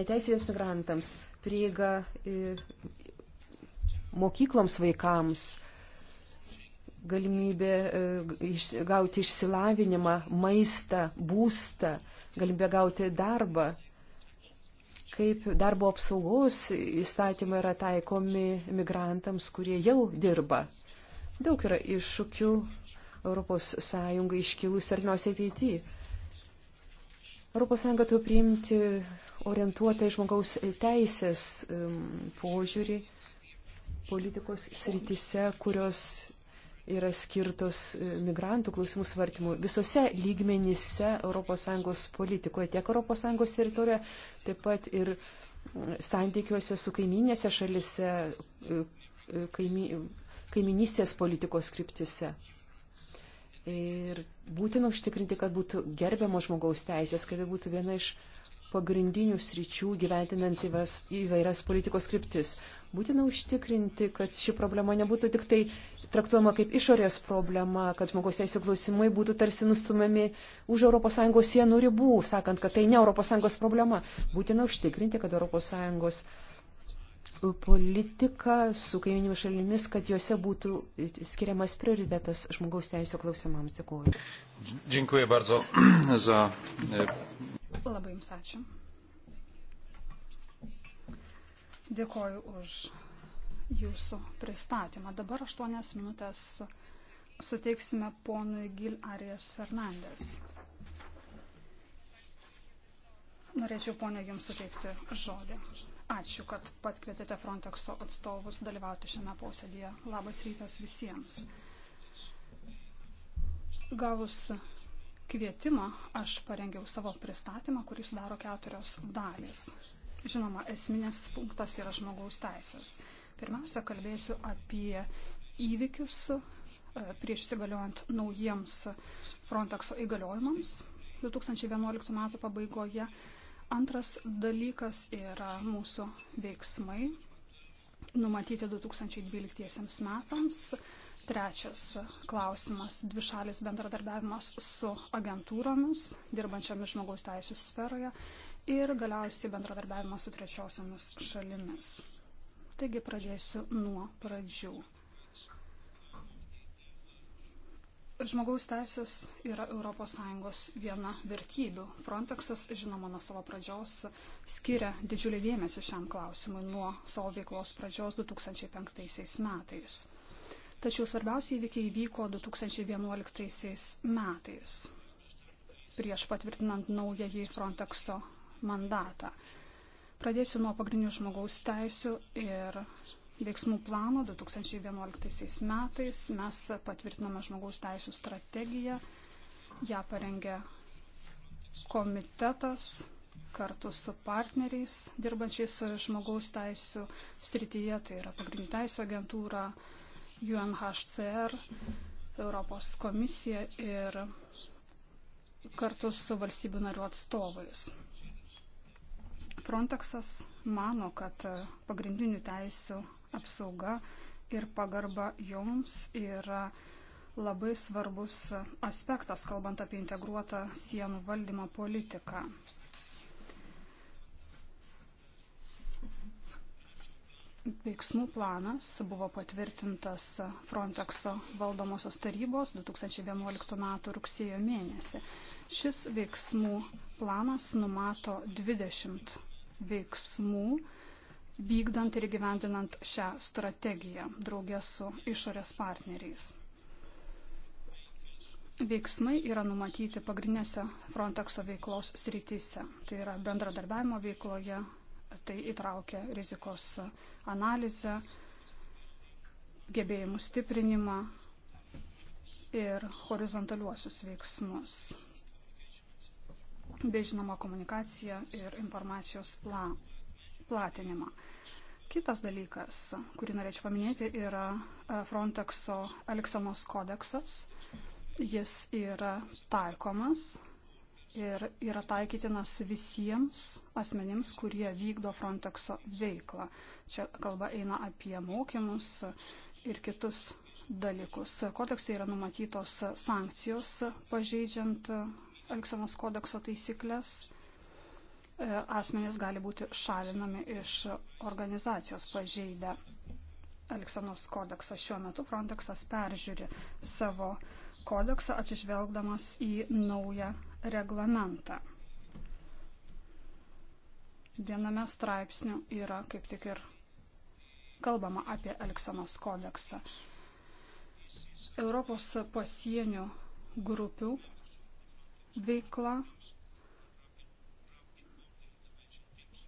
neteisėtiems migrantams, prieiga uh, mokykloms vaikams, galimybė uh, gauti išsilavinimą, maistą, būstą, galimybė gauti darbą kaip darbo apsaugos įstatymai yra taikomi migrantams, kurie jau dirba. Daug yra iššūkių ES iškilus armiausiai ateityje. ES turi priimti orientuotą į žmogaus teisės um, požiūrį politikos sritise, kurios yra skirtos e, migrantų klausimų svartymų visose lygmenyse ES politikoje, tiek ES teritorijoje, taip pat ir santykiuose su kaiminėse šalise, e, e, kaimi, kaiminystės politikos skriptise. Ir būtina užtikrinti, kad būtų gerbiamo žmogaus teisės, kad tai būtų viena iš pagrindinių sričių gyventinant įvairias politikos skriptis. Būtina užtikrinti, kad ši problema nebūtų tik tai traktuojama kaip išorės problema, kad žmogaus teisų klausimai būtų tarsi nustumiami už ES sienų ribų, sakant, kad tai ne ES problema. Būtina užtikrinti, kad ES politika su kaiminimis šalimis, kad juose būtų skiriamas prioritetas žmogaus teisų klausimams. Dėkuoju. Dėkuoju bardzo za. E, Labai jums ačiū. Dėkoju už jūsų pristatymą. Dabar aštuonias minutės suteiksime ponui Gil Arijas Fernandės. Norėčiau, ponė, jums suteikti žodį. Ačiū, kad pakvietėte Frontexo atstovus dalyvauti šiame posėdėje. Labas rytas visiems. Gavus kvietimą, aš parengiau savo pristatymą, kuris daro keturios dalys. Žinoma, esminės punktas yra žmogaus teisės. Pirmiausia, kalbėsiu apie įvykius e, prieš įsigaliojant naujiems Frontexo įgaliojimams 2011 m. pabaigoje. Antras dalykas yra mūsų veiksmai numatyti 2012 metams. Trečias klausimas - dvišalis bendradarbiavimas su agentūromis, dirbančiomis žmogaus teisų sferoje ir galiausiai bendradarbiavimą su trečiosiamis šalimis. Taigi pradėsiu nuo pradžių. Žmogaus teisės yra ES viena vertybių. Frontexas, žinoma, nuo savo pradžios skiria didžiulį dėmesį šiam klausimui nuo savo veiklos pradžios 2005 metais. Tačiau svarbiausia įvykiai įvyko 2011 metais prieš patvirtinant naująjį Frontexo mandatą. Pradėsiu nuo pagrindinių žmogaus teisų ir veiksmų plano 2011 metais. Mes patvirtinome žmogaus teisų strategiją, ją parengė komitetas kartu su partneriais dirbančiais žmogaus teisų srityje, tai yra pagrindinių teisų agentūra, UNHCR, Europos komisija ir kartu su valstybių narių atstovais. Frontexas mano, kad pagrindinių teisų apsauga ir pagarba joms yra labai svarbus aspektas, kalbant apie integruotą sienų valdymo politiką. Veiksmų planas buvo patvirtintas Frontexo valdomosios tarybos 2011 m. rugsėjo mėnesį. Šis veiksmų planas numato 20 veiksmų, vykdant ir gyvendinant šią strategiją draugė su išorės partneriais. Veiksmai yra numatyti pagrindinėse Frontexo veiklos srityse. Tai yra bendradarbiavimo veikloje, tai įtraukia rizikos analizę, gebėjimų stiprinimą ir horizontaliuosius veiksmus bei žinoma komunikaciją ir informacijos pla, platinimą. Kitas dalykas, kurį norėčiau paminėti, yra e, Frontexo Elksenos kodeksas. Jis yra taikomas ir yra taikytinas visiems asmenims, kurie vykdo Frontexo veiklą. Čia kalba eina apie mokymus ir kitus dalykus. Kodeksai yra numatytos sankcijos pažeidžiant Elksenos kodekso taisyklės, e, asmenys gali būti šalinami iš organizacijos pažeidę Elksenos kodeksą. Šiuo metu Frontexas peržiūri savo kodeksą atsižvelgdamas į naują reglamentą. Viename straipsnių yra kaip tik ir kalbama apie Elksenos kodeksą. Europos pasienio grupių veikla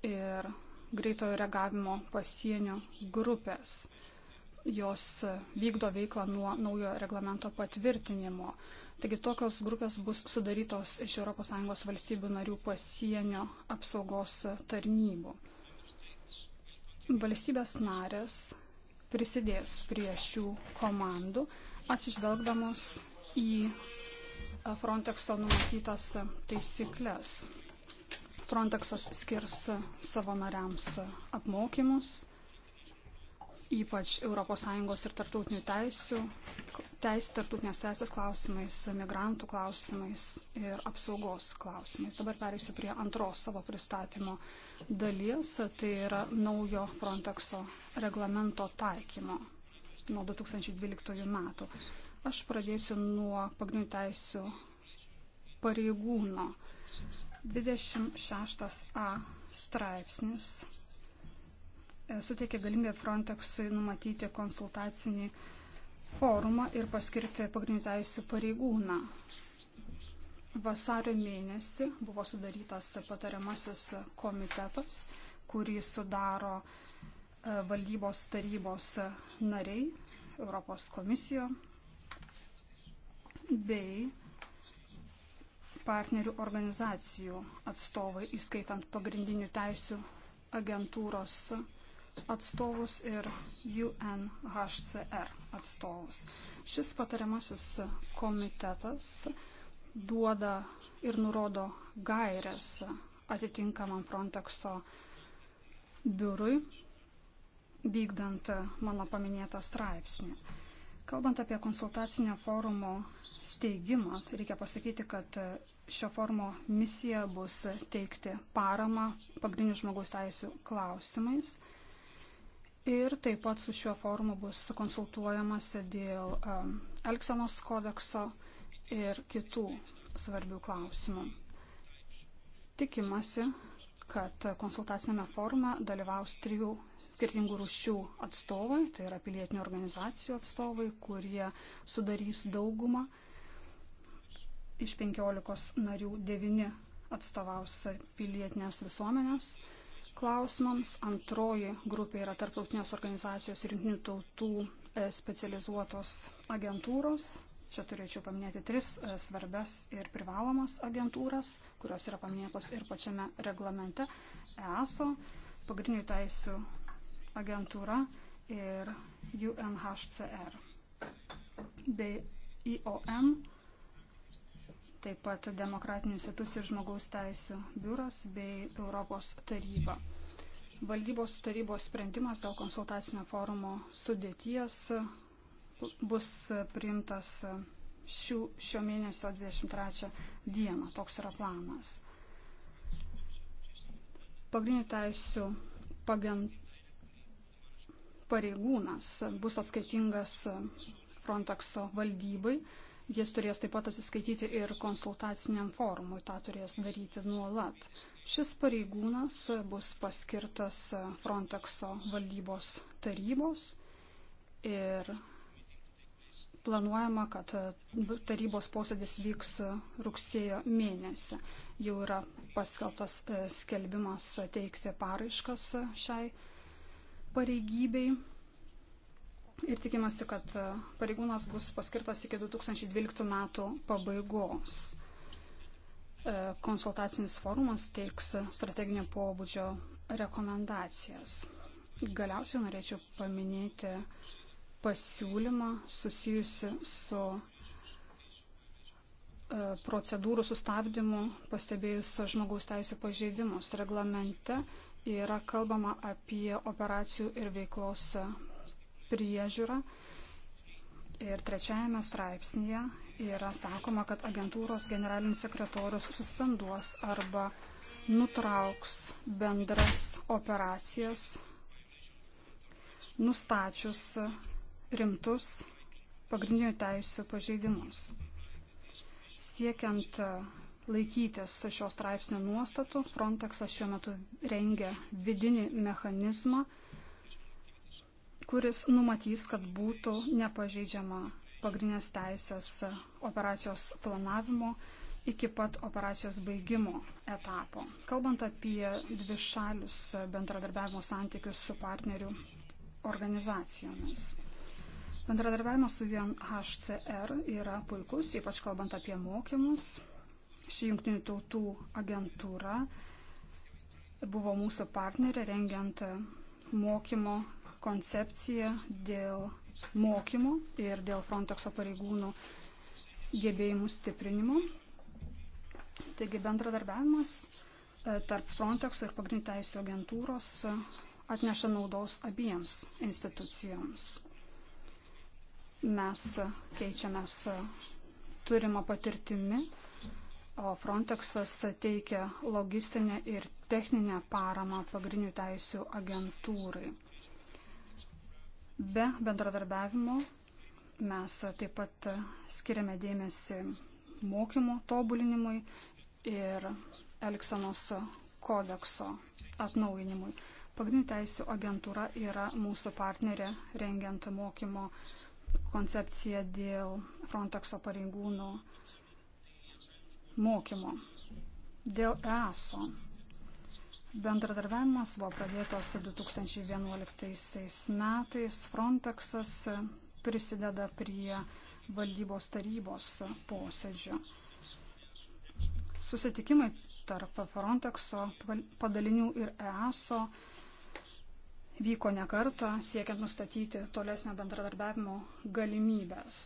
ir greitojo reagavimo pasienio grupės. Jos vykdo veiklą nuo naujo reglamento patvirtinimo. Taigi tokios grupės bus sudarytos iš ES valstybių narių pasienio apsaugos tarnybų. Valstybės narės prisidės prie šių komandų, atsižvelgdamos į Frontexo numatytas taisyklės. Frontexas skirs savo nariams apmokymus, ypač ES ir tarptautinių teisių, teis, tarptautinės teisės klausimais, migrantų klausimais ir apsaugos klausimais. Dabar pereisiu prie antros savo pristatymo dalies, tai yra naujo Frontexo reglamento taikymo nuo 2012 metų. Aš pradėsiu nuo pagrindinių teisų pareigūno. 26a straipsnis e, suteikia galimybę Frontexui numatyti konsultacinį forumą ir paskirti pagrindinių teisų pareigūną. Vasario mėnesį buvo sudarytas patariamasis komitetas, kurį sudaro e, valdybos tarybos nariai, Europos komisijo bei partnerių organizacijų atstovai, įskaitant pagrindinių teisių agentūros atstovus ir UNHCR atstovus. Šis patariamasis komitetas duoda ir nurodo gairias atitinkamam Frontexo biurui, vykdant mano paminėtą straipsnį. Kalbant apie konsultacinio forumo steigimą, tai reikia pasakyti, kad šio forumo misija bus teikti paramą pagrindinių žmogaus teisų klausimais. Ir taip pat su šiuo forumu bus konsultuojamasi dėl um, Elksenos kodekso ir kitų svarbių klausimų. Tikimasi, kad konsultacinėme forume dalyvaus trijų skirtingų rūšių atstovai, tai yra pilietinių organizacijų atstovai, kurie sudarys daugumą. Iš 15 narių 9 atstovaus pilietinės visuomenės klausimams. Antroji grupė yra tarptautinės organizacijos ir jungtinių tautų e, specializuotos agentūros Čia turėčiau paminėti tris e, svarbias ir privalomas agentūras, kurios yra paminėtos ir pačiame reglamente e - EASO, pagrindinių teisų agentūra ir UNHCR bei IOM, taip pat Demokratinių institucijų ir žmogaus teisų biuras bei Europos taryba. Valdybos tarybos sprendimas dėl konsultacinio forumo sudėties bus priimtas šių, šio mėnesio 23 dieną. Toks yra planas. Pagrindinių teisų pagent pareigūnas bus atskaitingas Frontexo valdybai. Jis turės taip pat atsiskaityti ir konsultaciniam forumui, tą turės daryti nuolat. Šis pareigūnas bus paskirtas Frontexo valdybos tarybos ir Planuojama, kad e, tarybos posėdis vyks e, rugsėjo mėnesį. Jau yra paskeltas e, skelbimas teikti paraiškas šiai pareigybei. Ir tikimasi, kad pareigūnas bus paskirtas iki 2012 metų pabaigos. Konsultacinis forumas teiks strateginio pobūdžio rekomendacijas. Galiausiai norėčiau paminėti pasiūlymą susijusi su e, procedūrų sustabdymu pastebėjus žmogaus teisų pažeidimus. Reglamente yra kalbama apie operacijų ir veiklos priežiūrą. Ir trečiajame straipsnėje yra sakoma, kad agentūros generalinis sekretorius suspenduos arba nutrauks bendras operacijas, nustačius rimtus pagrindinių teisų pažeidimus. Siekiant e, laikytis šios straipsnio nuostatų, Frontexas šiuo metu rengia vidinį mechanizmą, kuris numatys, kad būtų nepažeidžiama pagrindinės teisės operacijos planavimo iki pat operacijos baigimo etapo. Kalbant apie dvišalius bendradarbiavimo santykius su partnerių organizacijomis. Bendradarbiavimas su UNHCR yra puikus, ypač kalbant apie mokymus. Ši jungtinių tautų agentūra buvo mūsų partnerė rengiant mokymo koncepciją dėl mokymo ir dėl Frontexo pareigūnų gebėjimų stiprinimo. Taigi bendradarbiavimas e, tarp Frontexo ir pagrindteisio agentūros atneša naudos abiems institucijoms. Mes keičiamės turimą patirtimi, o Frontexas teikia logistinę ir techninę paramą pagrindinių teisių agentūrai. Be bendradarbiavimo mes taip pat skiriame dėmesį mokymo tobulinimui ir Elksenos kodekso atnaujinimui. Pagrindinių teisų agentūra yra mūsų partnerė rengiant mokymo koncepciją dėl Frontexo pareigūnų mokymo. Dėl ESO bendradarbiavimas buvo pradėtas 2011 metais. Frontexas prisideda prie valdybos tarybos posėdžio. Susitikimai tarp Frontexo padalinių ir ESO vyko nekarta, siekiant nustatyti tolesnio bendradarbiavimo galimybės.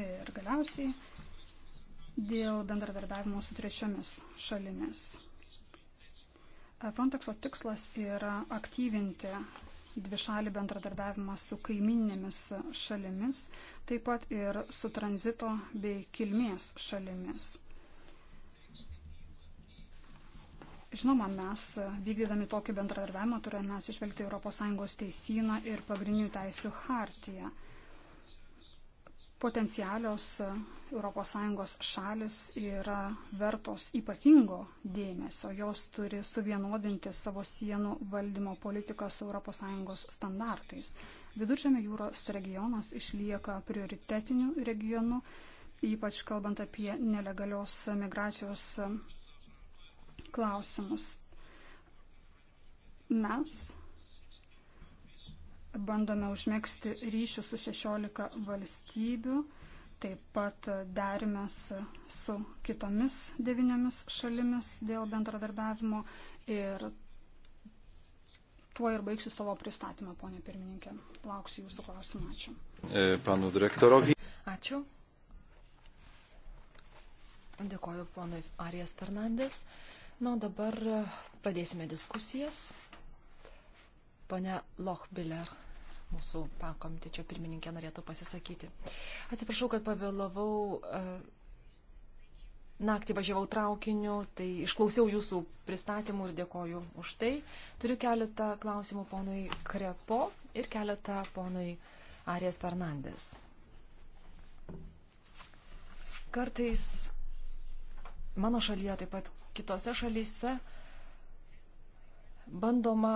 Ir galiausiai dėl bendradarbiavimo su trečiomis šalimis. Frontexo tikslas yra aktyvinti dvišalį bendradarbiavimą su kaiminėmis šalimis, taip pat ir su tranzito bei kilmės šalimis. Žinoma, mes e, vykdydami tokį bendradarbiavimą turime atsižvelgti ES teisyną ir pagrindinių teisų hartiją. Potencialios ES šalis yra vertos ypatingo dėmesio. Jos turi suvienodinti savo sienų valdymo politiką su ES standartais. Viduržėmio jūros regionas išlieka prioritetiniu regionu, ypač kalbant apie nelegalios migracijos klausimus. Mes bandome užmėgsti ryšių su 16 valstybių, taip pat derimės su kitomis devyniomis šalimis dėl bendradarbiavimo ir tuo ir baigsiu savo pristatymą, ponė pirmininkė. Lauksiu jūsų klausimą. Ačiū. E, panu direktorovi. Ačiū. Dėkoju ponui Arijas Fernandės. Na, dabar e, pradėsime diskusijas. Pane Lochbiller, mūsų pakomitečio pirmininkė, norėtų pasisakyti. Atsiprašau, kad pavėlavau. E, naktį važiavau traukiniu, tai išklausiau jūsų pristatymų ir dėkoju už tai. Turiu keletą klausimų ponui Krepo ir keletą ponui Arijas Fernandės. Kartais mano šalyje, taip pat kitose šalyse bandoma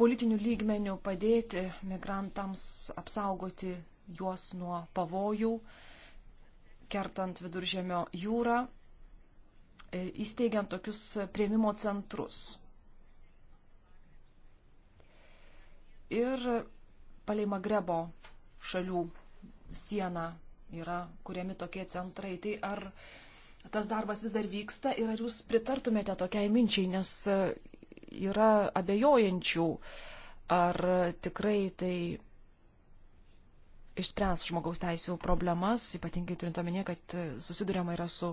politinių lygmenių padėti migrantams apsaugoti juos nuo pavojų, kertant viduržėmio jūrą, e, įsteigiant tokius prieimimo centrus. Ir palei Magrebo šalių sieną yra kuriami tokie centrai. Tai ar tas darbas vis dar vyksta ir ar jūs pritartumėte tokiai minčiai, nes e, yra abejojančių, ar tikrai tai išspręs žmogaus teisų problemas, ypatingai turint omenyje, kad susidurėma yra su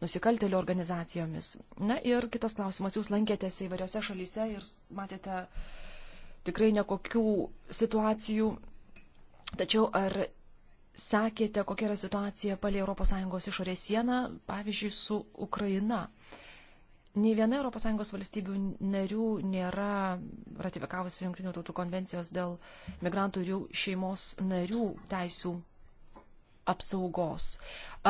nusikaltelių organizacijomis. Na ir kitas klausimas, jūs lankėtės įvairiose šalyse ir matėte tikrai nekokių situacijų, tačiau ar sakėte, kokia yra situacija palie ES išorės sieną, pavyzdžiui, su Ukraina. Nei viena ES valstybių narių nėra ratifikavusi Junktinių tautų konvencijos dėl migrantų ir jų šeimos narių teisų apsaugos.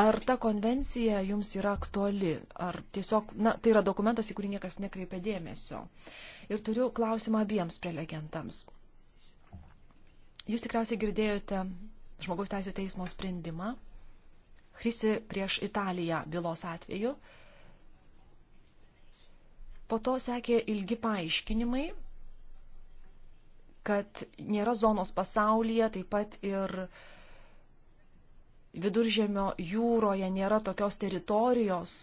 Ar ta konvencija jums yra aktuali, ar tiesiog, na, tai yra dokumentas, į kurį niekas nekreipia dėmesio. Ir turiu klausimą abiems prelegentams. Jūs tikriausiai girdėjote žmogaus teisų teismo sprendimą Hrisi prieš Italiją bylos atveju. Po to sekė ilgi paaiškinimai, kad nėra zonos pasaulyje, taip pat ir viduržėmio jūroje nėra tokios teritorijos,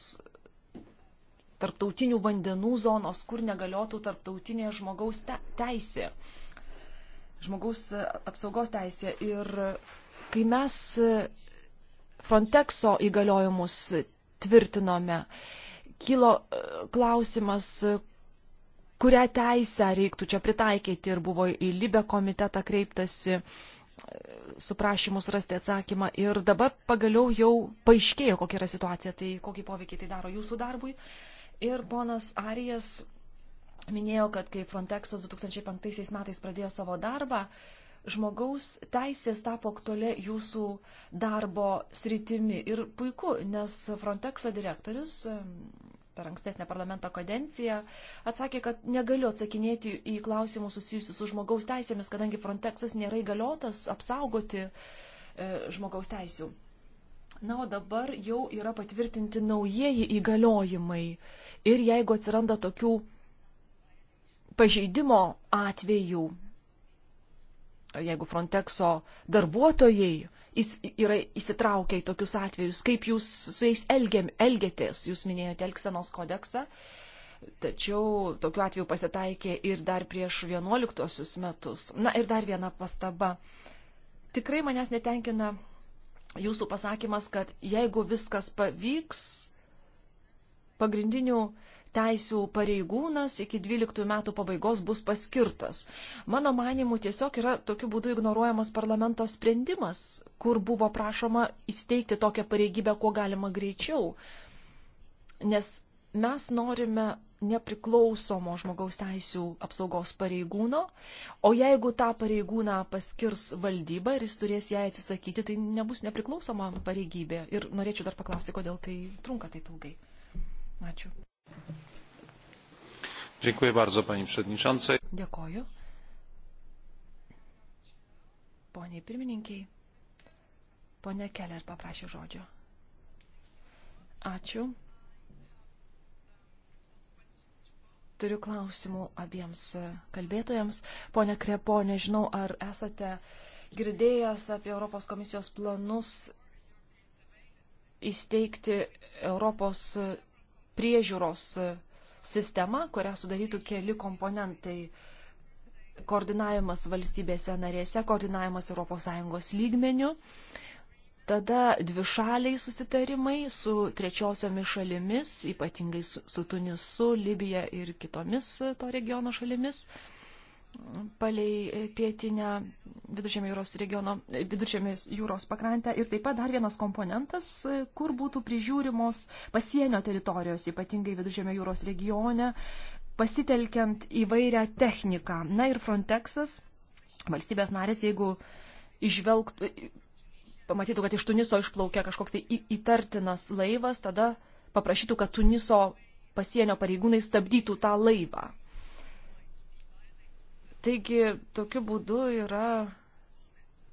tarptautinių vandenų zonos, kur negaliotų tarptautinė žmogaus teisė, žmogaus e, apsaugos teisė. Ir Kai mes e, Frontexo įgaliojimus tvirtinome, kilo e, klausimas, e, kurią teisę reiktų čia pritaikyti ir buvo į Libę komitetą kreiptasi su prašymus rasti atsakymą ir dabar pagaliau jau paaiškėjo, kokia yra situacija, tai kokį poveikį tai daro jūsų darbui. Ir ponas Arijas minėjo, kad kai Frontexas 2005 metais pradėjo savo darbą, žmogaus teisės tapo aktualia jūsų darbo sritimi. Ir puiku, nes Frontexo direktorius per ankstesnę parlamento kadenciją atsakė, kad negaliu atsakinėti į klausimus susijusius su žmogaus teisėmis, kadangi Frontexas nėra įgaliotas apsaugoti e, žmogaus teisių. Na, o dabar jau yra patvirtinti naujieji įgaliojimai. Ir jeigu atsiranda tokių pažeidimo atvejų, jeigu Frontexo darbuotojai jis yra įsitraukę į tokius atvejus, kaip jūs su jais elgiam, elgėtės, jūs minėjote Elksenos kodeksą, tačiau tokiu atveju pasitaikė ir dar prieš 11 metus. Na ir dar viena pastaba. Tikrai manęs netenkina jūsų pasakymas, kad jeigu viskas pavyks, pagrindinių teisų pareigūnas iki 12 metų pabaigos bus paskirtas. Mano manimu, tiesiog yra tokiu būdu ignoruojamas parlamento sprendimas, kur buvo prašoma įsteigti tokią pareigybę kuo galima greičiau. Nes mes norime nepriklausomo žmogaus teisų apsaugos pareigūno, o jeigu tą pareigūną paskirs valdyba ir jis turės ją atsisakyti, tai nebus nepriklausoma pareigybė. Ir norėčiau dar paklausti, kodėl tai trunka taip ilgai. Ačiū. Dziękuję bardzo, pani przewodniczącej. Dėkoju. Poniai pirmininkiai, ponia Keller paprašė žodžio. Ačiū. Turiu klausimų abiems kalbėtojams. Pone Krepo, nežinau, ar esate girdėjęs apie Europos komisijos planus įsteigti Europos priežiūros sistema, kurią sudarytų keli komponentai - koordinavimas valstybėse narėse, koordinavimas ES lygmenių, tada dvišaliai susitarimai su trečiosiomis šalimis, ypatingai su, su Tunisu, Libija ir kitomis to regiono šalimis palei e, pietinę viduržėmio jūros regiono, e, viduržėmio jūros pakrantę. Ir taip pat dar vienas komponentas, e, kur būtų prižiūrimos pasienio teritorijos, ypatingai viduržėmio jūros regione, pasitelkiant įvairią techniką. Na ir Frontexas, valstybės narės, jeigu išvelgtų, pamatytų, kad iš Tuniso išplaukia kažkoks tai įtartinas laivas, tada paprašytų, kad Tuniso pasienio pareigūnai stabdytų tą laivą. Taigi tokiu būdu yra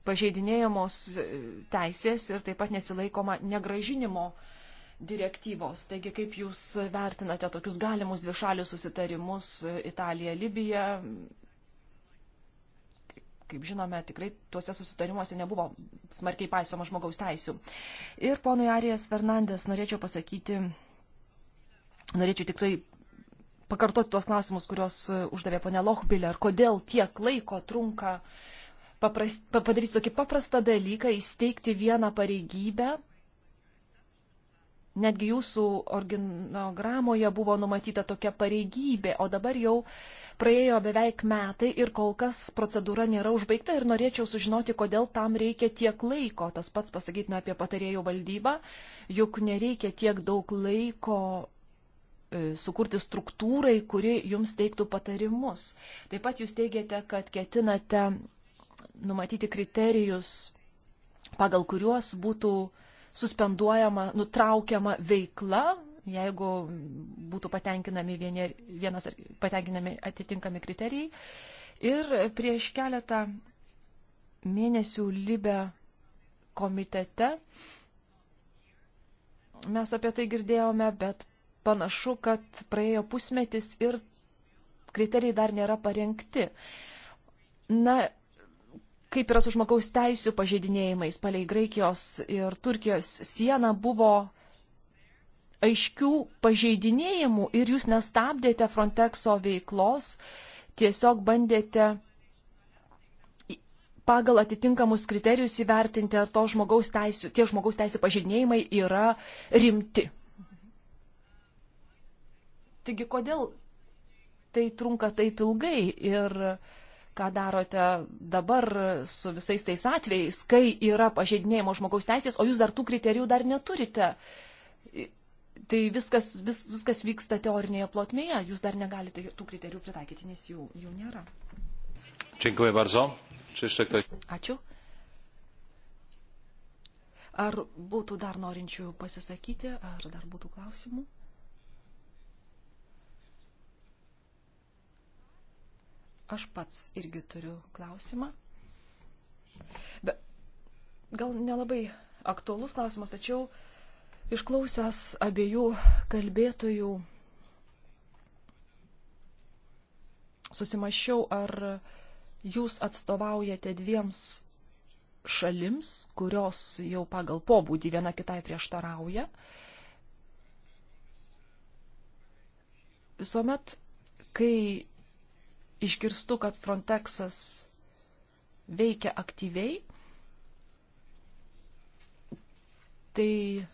pažeidinėjamos teisės ir taip pat nesilaikoma negražinimo direktyvos. Taigi kaip Jūs vertinate tokius galimus dvišalius susitarimus Italija, Libija? Kaip žinome, tikrai tuose susitarimuose nebuvo smarkiai paisoma žmogaus teisų. Ir ponui Arijas Fernandės norėčiau pasakyti, norėčiau tikrai pakartoti tuos klausimus, kuriuos e, uždavė ponia Lochbilė, ir kodėl tiek laiko trunka paprast, padaryti tokį paprastą dalyką, įsteigti vieną pareigybę. Netgi jūsų originogramoje buvo numatyta tokia pareigybė, o dabar jau praėjo beveik metai ir kol kas procedūra nėra užbaigta ir norėčiau sužinoti, kodėl tam reikia tiek laiko. Tas pats pasakytina apie patarėjų valdybą, juk nereikia tiek daug laiko E, sukurti struktūrai, kuri jums teiktų patarimus. Taip pat jūs teigiate, kad ketinate numatyti kriterijus, pagal kuriuos būtų suspenduojama, nutraukiama veikla, jeigu būtų patenkinami, vieni, vienas, patenkinami atitinkami kriterijai. Ir prieš keletą mėnesių Libe komitete mes apie tai girdėjome, bet panašu, kad praėjo pusmetis ir kriterijai dar nėra parengti. Na, kaip yra su žmogaus teisų pažeidinėjimais palei Graikijos ir Turkijos sieną buvo aiškių pažeidinėjimų ir jūs nestabdėte Frontexo veiklos, tiesiog bandėte pagal atitinkamus kriterijus įvertinti, ar to žmogaus teisų, tie žmogaus teisų pažeidinėjimai yra rimti. Taigi, kodėl tai trunka taip ilgai ir ką darote dabar su visais tais atvejais, kai yra pažeidinėjimo žmogaus teisės, o jūs dar tų kriterijų dar neturite. Tai viskas, vis, viskas vyksta teorinėje plotmėje, jūs dar negalite tų kriterijų pritaikyti, nes jų, jų nėra. Dziękuję bardzo. Czy jeszcze ktoś? Ačiū. Ar būtų dar norinčių pasisakyti, ar dar būtų klausimų? Aš pats irgi turiu klausimą. Be, gal nelabai aktuolus klausimas, tačiau išklausęs abiejų kalbėtojų susimašiau, ar jūs atstovaujate dviems šalims, kurios jau pagal pobūdį viena kitai prieštarauja. Visuomet, kai išgirstu, kad Frontexas veikia aktyviai, tai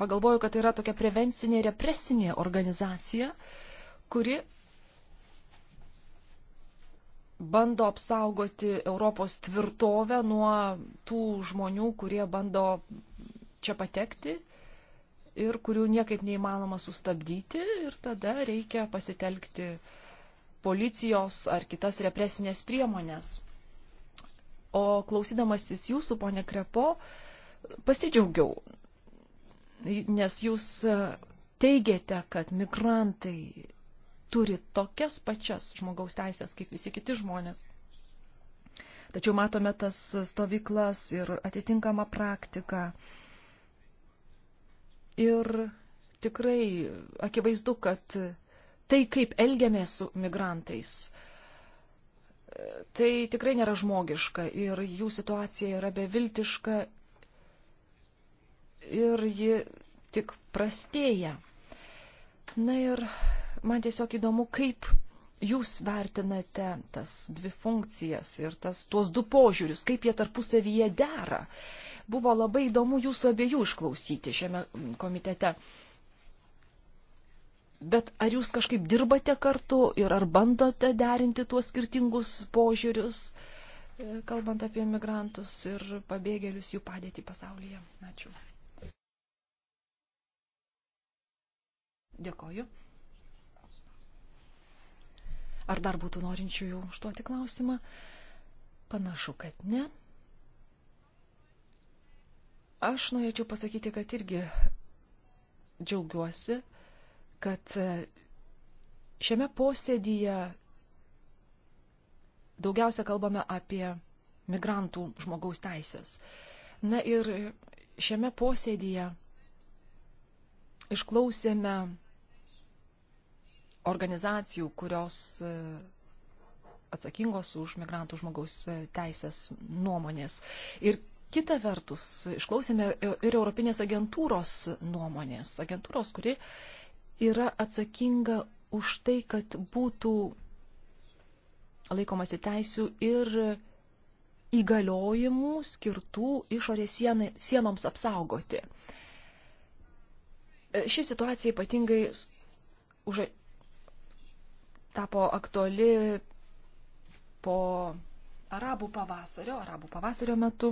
pagalvoju, kad tai yra tokia prevencinė, represinė organizacija, kuri bando apsaugoti Europos tvirtovę nuo tų žmonių, kurie bando čia patekti ir kurių niekaip neįmanoma sustabdyti ir tada reikia pasitelkti policijos ar kitas represinės priemonės. O klausydamasis jūsų, ponė Krepo, pasidžiaugiau, nes jūs teigiate, kad migrantai turi tokias pačias žmogaus teisės kaip visi kiti žmonės. Tačiau matome tas stovyklas ir atitinkamą praktiką. Uh, Ir tikrai akivaizdu, kad tai, kaip elgiamės su migrantais, tai tikrai nėra žmogiška ir jų situacija yra beviltiška ir ji tik prastėja. Na ir man tiesiog įdomu, kaip jūs vertinate tas dvi funkcijas ir tas, tuos du požiūrius, kaip jie tarpusavyje dera? Buvo labai įdomu jūsų abiejų išklausyti šiame komitete. Bet ar jūs kažkaip dirbate kartu ir ar bandote derinti tuos skirtingus požiūrius, e, kalbant apie migrantus ir pabėgėlius jų padėtį pasaulyje? Ačiū. Dėkoju. Ar dar būtų norinčių jų užduoti klausimą? Panašu, kad ne. Aš norėčiau pasakyti, kad irgi džiaugiuosi, kad šiame posėdyje daugiausia kalbame apie migrantų žmogaus teisės. Na ir šiame posėdyje išklausėme organizacijų, kurios e, atsakingos už migrantų žmogaus e, teisės nuomonės. Ir kita vertus, išklausėme e, ir Europinės agentūros nuomonės, agentūros, kuri yra atsakinga už tai, kad būtų laikomasi teisių ir įgaliojimų skirtų išorės sienai, sienoms apsaugoti. Ši situacija ypatingai už, tapo aktuali po arabų pavasario, arabų pavasario metu,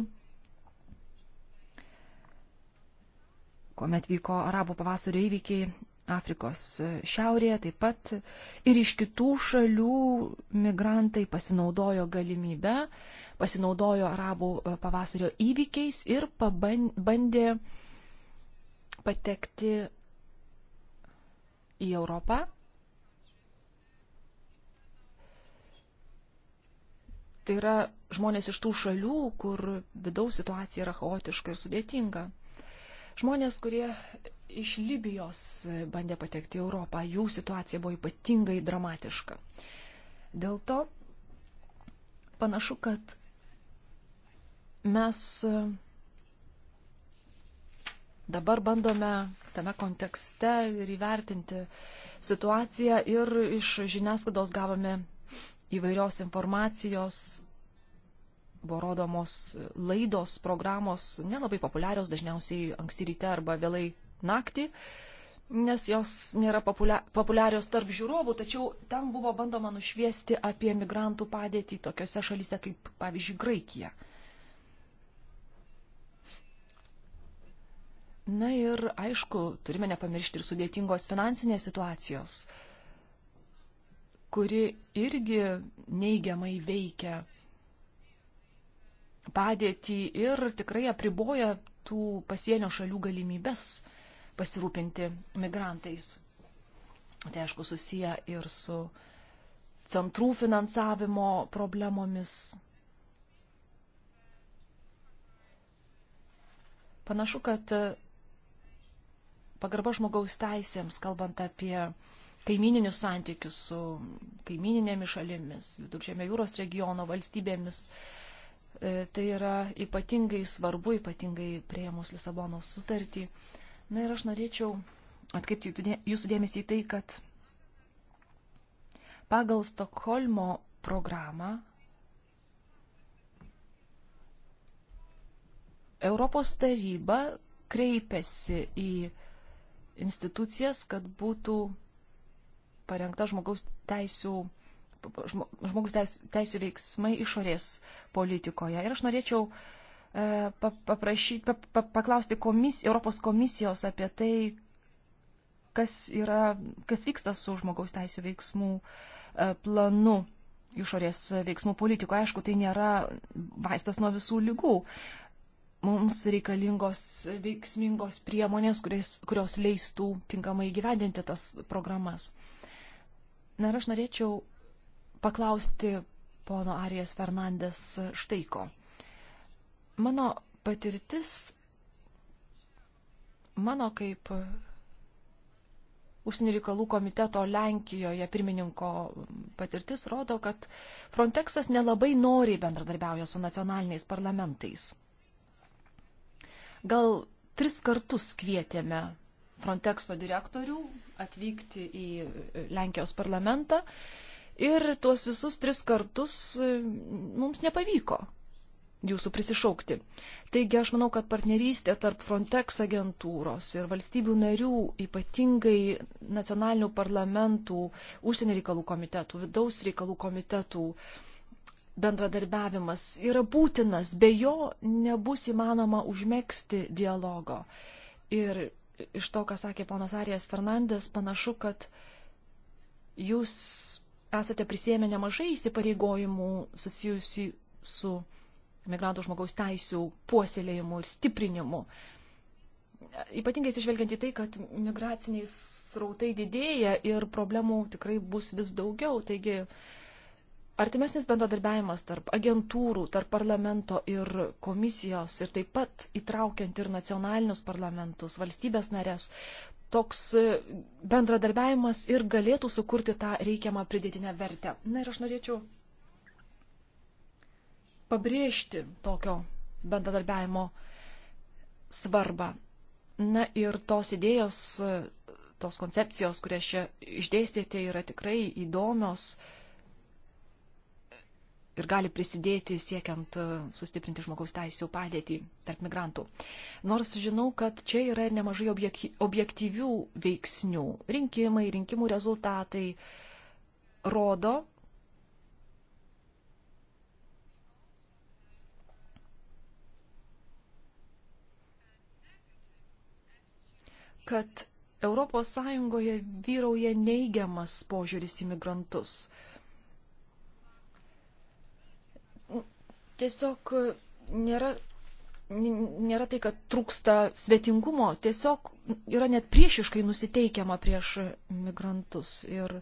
kuomet vyko arabų pavasario įvykiai Afrikos šiaurėje, taip pat ir iš kitų šalių migrantai pasinaudojo galimybę, pasinaudojo arabų pavasario įvykiais ir bandė patekti į Europą tai yra žmonės iš tų šalių, kur vidaus situacija yra chaotiška ir sudėtinga. Žmonės, kurie iš Libijos bandė patekti į Europą, jų situacija buvo ypatingai dramatiška. Dėl to panašu, kad mes dabar bandome tame kontekste ir įvertinti situaciją ir iš žiniasklaidos gavome įvairios informacijos, buvo rodomos laidos, programos, nelabai populiarios, dažniausiai anksti ryte arba vėlai naktį, nes jos nėra populiarios tarp žiūrovų, tačiau ten buvo bandoma nušviesti apie migrantų padėtį tokiuose šalyse kaip, pavyzdžiui, Graikija. Na ir, aišku, turime nepamiršti ir sudėtingos finansinės situacijos kuri irgi neigiamai veikia padėtį ir tikrai apriboja tų pasienio šalių galimybės pasirūpinti migrantais. Tai aišku susiję ir su centrų finansavimo problemomis. Panašu, kad pagarba žmogaus teisėms, kalbant apie kaimininius santykius su kaimininėmis šalimis, viduržėmė jūros regiono valstybėmis. E, tai yra ypatingai svarbu, ypatingai prieimus Lisabonos sutartį. Na ir aš norėčiau atkreipti jūsų dėmesį į tai, kad pagal Stokholmo programą Europos taryba kreipiasi į institucijas, kad būtų parengta žmogaus teisų, žmogus teisų veiksmai išorės politikoje. Ir aš norėčiau e, paprašyti, paklausti komis, Europos komisijos apie tai, kas, yra, kas vyksta su žmogaus teisų veiksmų e, planu išorės veiksmų politikoje. Aišku, tai nėra vaistas nuo visų lygų. Mums reikalingos veiksmingos priemonės, kurios, kurios leistų tinkamai gyvendinti tas programas. Na ir aš norėčiau paklausti pono Arijas Fernandės štaiko. Mano patirtis, mano kaip užsienio reikalų komiteto Lenkijoje pirmininko patirtis rodo, kad Frontexas nelabai noriai bendradarbiauja su nacionaliniais parlamentais. Gal tris kartus kvietėme Frontexo direktorių atvykti į Lenkijos parlamentą. Ir tuos visus tris kartus e, mums nepavyko jūsų prisišaukti. Taigi aš manau, kad partnerystė tarp Frontex agentūros ir valstybių narių, ypatingai nacionalinių parlamentų, užsienio reikalų komitetų, vidaus reikalų komitetų bendradarbiavimas yra būtinas, be jo nebus įmanoma užmėgsti dialogo. Ir iš to, ką sakė ponas Arijas Fernandės, panašu, kad jūs esate prisėmę nemažai įsipareigojimų susijusių su migrantų žmogaus teisų puoselėjimu ir stiprinimu. Ypatingai atsižvelgiant į tai, kad migraciniai srautai didėja ir problemų tikrai bus vis daugiau, taigi artimesnis bendradarbiavimas tarp agentūrų, tarp parlamento ir komisijos ir taip pat įtraukiant ir nacionalinius parlamentus, valstybės narės, toks e, bendradarbiavimas ir galėtų sukurti tą reikiamą pridėtinę vertę. Na ir aš norėčiau pabrėžti tokio bendradarbiavimo svarbą. Na ir tos idėjos, e, tos koncepcijos, kurias čia išdėstėte, yra tikrai įdomios. Uh, ir gali prisidėti siekiant e, sustiprinti žmogaus teisų padėtį tarp migrantų. Nors žinau, kad čia yra ir nemažai objektyvių veiksnių. Rinkimai, rinkimų rezultatai rodo, kad ES vyrauja neigiamas požiūris į migrantus. Tiesiog e, nėra, nėra tai, kad trūksta svetingumo, tiesiog yra net priešiškai nusiteikiama prieš migrantus ir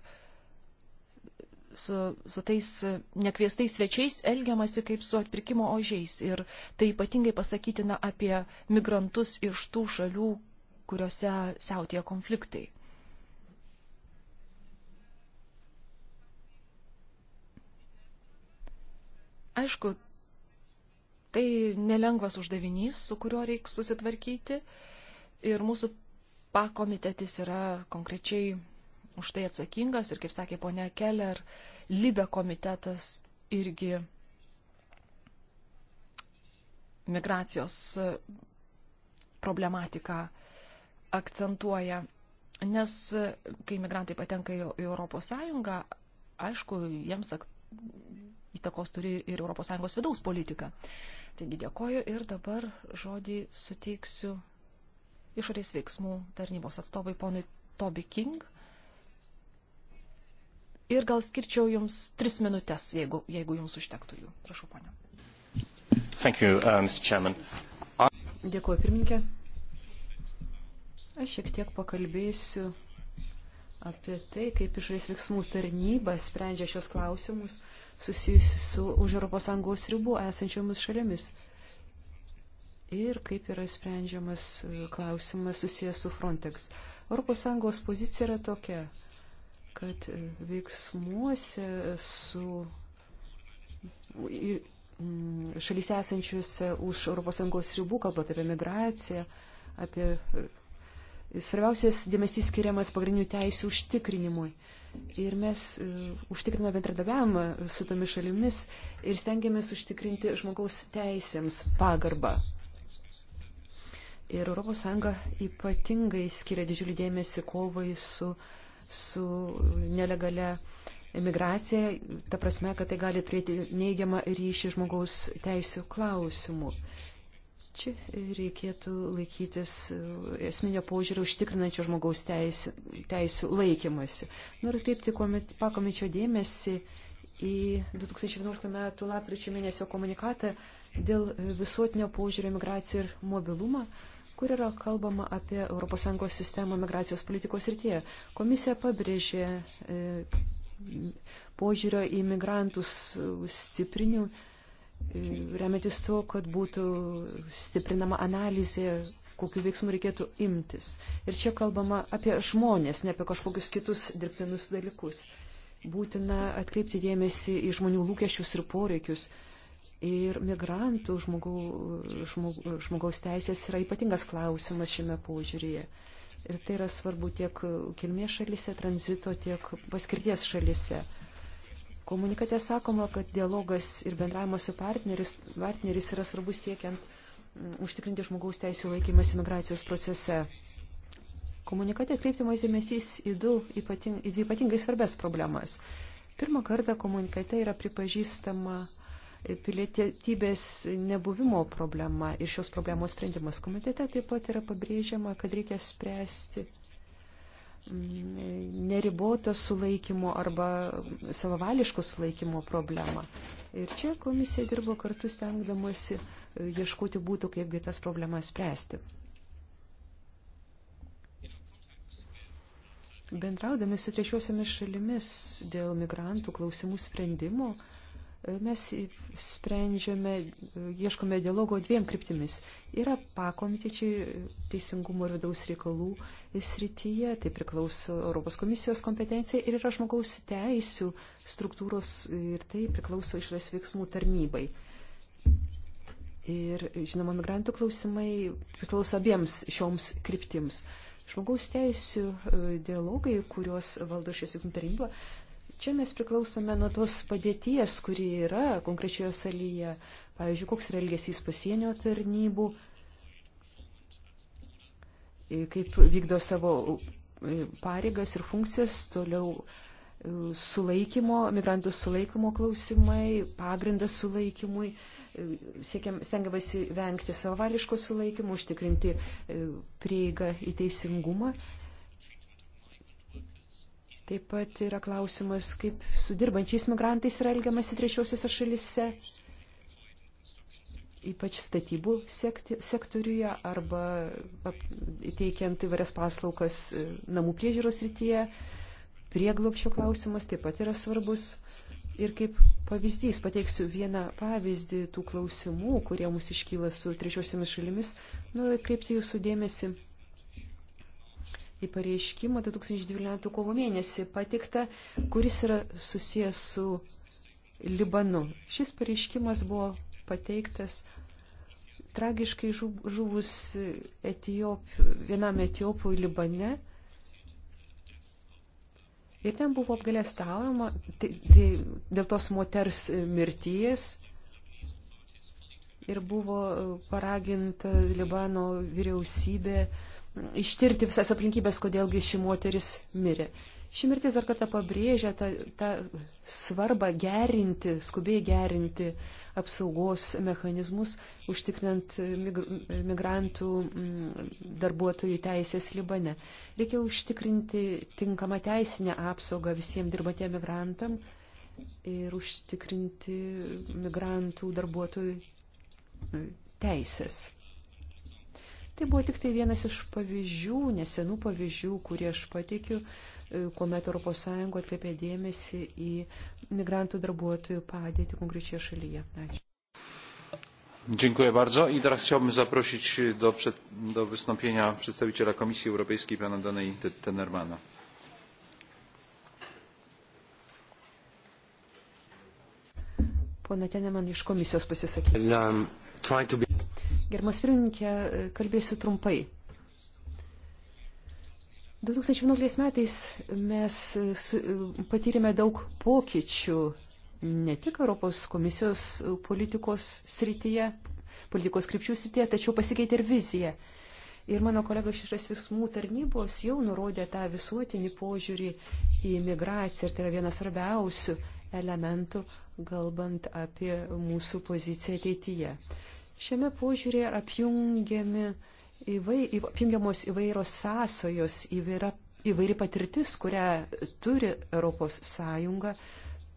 su, su tais nekviestais svečiais elgiamasi kaip su atpirkimo ožiais. Ir tai ypatingai pasakytina apie migrantus iš tų šalių, kuriuose siautėja konfliktai. Aišku, Tai nelengvas uždavinys, su kuriuo reiks susitvarkyti. Ir mūsų pakomitetis yra konkrečiai už tai atsakingas. Ir kaip sakė ponia Keller, Libe komitetas irgi migracijos problematiką akcentuoja. Nes kai migrantai patenka į ES, aišku, jiems įtakos turi ir ES vidaus politika. Taigi dėkoju ir dabar žodį suteiksiu išorės veiksmų tarnybos atstovai ponui Toby King. Ir gal skirčiau jums tris minutės, jeigu, jeigu jums užtektų jų. Prašau, ponia. Thank you, uh, Mr. Chairman. I... Dėkuoju, pirmininkė. Aš šiek tiek pakalbėsiu apie tai, kaip išorės veiksmų tarnyba sprendžia šios klausimus susijusius su už ES ribų esančiomis šalimis. Ir kaip yra sprendžiamas e, klausimas susijęs su Frontex. ES pozicija yra tokia, kad e, veiksmuose su šalyse esančiuose už ES ribų, kalbant apie migraciją, apie e, Svarbiausias dėmesys skiriamas pagrindinių teisų užtikrinimui. Ir mes e, užtikriname bendradarbiavimą su tomis šalimis ir stengiamės užtikrinti žmogaus teisėms pagarbą. Ir ES ypatingai skiria didžiulį dėmesį kovai su, su nelegale migracija, ta prasme, kad tai gali turėti neigiamą ryšį žmogaus teisų klausimų. Čia reikėtų laikytis esminio paužiūrio užtikrinančio žmogaus teisų, teisų laikymasi. Noriu kreipti pakomičio dėmesį į 2011 m. lapkričio mėnesio komunikatą dėl visuotinio paužiūrio migraciją ir mobilumą, kur yra kalbama apie ES sistemą migracijos politikos rytyje. Komisija pabrėžė e, požiūrio į migrantus stiprinių remiantis to, kad būtų stiprinama analizė, kokiu veiksmu reikėtų imtis. Ir čia kalbama apie žmonės, ne apie kažkokius kitus dirbtinus dalykus. Būtina atkreipti dėmesį į žmonių lūkesčius ir poreikius. Ir migrantų žmogų, žmog, žmogaus teisės yra ypatingas klausimas šiame požiūrėje. Ir tai yra svarbu tiek kilmės šalise, tranzito, tiek paskirties šalise. Komunikate sakoma, kad dialogas ir bendravimas su partneris, partneris yra svarbus siekiant mm, užtikrinti žmogaus teisų laikymas imigracijos procese. Komunikate kreiptimas dėmesys į, du, ypating, į dvi ypatingai svarbės problemas. Pirmą kartą komunikate yra pripažįstama pilietybės nebuvimo problema ir šios problemos sprendimas komitete taip pat yra pabrėžiama, kad reikia spręsti neriboto sulaikymo arba savavališko sulaikymo problemą. Ir čia komisija dirbo kartu stengdamasi e, ieškoti būtų, kaipgi tas problemas spręsti. Bendraudami su trečiosiamis šalimis dėl migrantų klausimų sprendimo, mes sprendžiame, ieškome dialogo dviem kryptimis. Yra pakomitečiai teisingumo ir vidaus reikalų srityje, tai priklauso Europos komisijos kompetencija ir yra žmogaus teisų struktūros ir tai priklauso išorės veiksmų tarnybai. Ir, žinoma, migrantų klausimai priklauso abiems šioms kryptims. Žmogaus teisų e, dialogai, kuriuos valdo šis jungtinė taryba, Čia mes priklausome nuo tos padėties, kuri yra konkrečioje salyje. Pavyzdžiui, koks yra elgesys pasienio tarnybų, kaip vykdo savo pareigas ir funkcijas, toliau sulaikymo, migrantų sulaikymo klausimai, pagrindas sulaikymui, siekiam, stengiamasi vengti savališko sulaikymų, užtikrinti prieigą į teisingumą. Taip pat yra klausimas, kaip su dirbančiais migrantais yra elgiamasi trečiosiuose šalise, ypač statybų sekti, sektoriuje arba ap, teikiant įvairias paslaukas e, namų priežiūros rytyje. Prieglopščio klausimas taip pat yra svarbus. Ir kaip pavyzdys, pateiksiu vieną pavyzdį tų klausimų, kurie mums iškyla su trečiosiomis šalimis, noriu atkreipti jūsų dėmesį į pareiškimą 2012 kovo mėnesį patiktą, kuris yra susijęs su Libanu. Šis pareiškimas buvo pateiktas tragiškai žuvus Etijop, vienam Etijopui Libane. Ir ten buvo apgalėstaujama tai, tai dėl tos moters mirties ir buvo paraginta Libano vyriausybė ištirti visas aplinkybės, kodėlgi ši moteris mirė. Ši mirtis dar kartą pabrėžia tą, tą svarbą gerinti, skubiai gerinti apsaugos mechanizmus, užtikrinant migrantų mm, darbuotojų teisės Libane. Reikia užtikrinti tinkamą teisinę apsaugą visiems dirbatiem migrantam ir užtikrinti migrantų darbuotojų mm, teisės. Tai buvo tik tai vienas iš pavyzdžių, nesenų pavyzdžių, kurį aš pateikiu, e, kuomet ES atkreipė dėmesį į migrantų darbuotojų padėtį konkrečioje šalyje. Ačiū. Dziękuję bardzo i teraz chciałbym zaprosić do, przed, do wystąpienia przedstawiciela Komisji Europejskiej pana Danej Tenermana. Pana Tenerman iš komisijos pasisakė. Um, Germas pirmininkė, kalbėsiu trumpai. 2011 metais mes patyrėme daug pokyčių ne tik Europos komisijos politikos srityje, politikos krypčių srityje, tačiau pasikeitė ir vizija. Ir mano kolega iš išras veiksmų tarnybos jau nurodė tą visuotinį požiūrį į migraciją ir tai yra vienas svarbiausių elementų, galbant apie mūsų poziciją ateityje. Šiame požiūrėje apjungiami įvai, apjungiamos įvairios sąsojos, įvairia, įvairi patirtis, kurią turi ES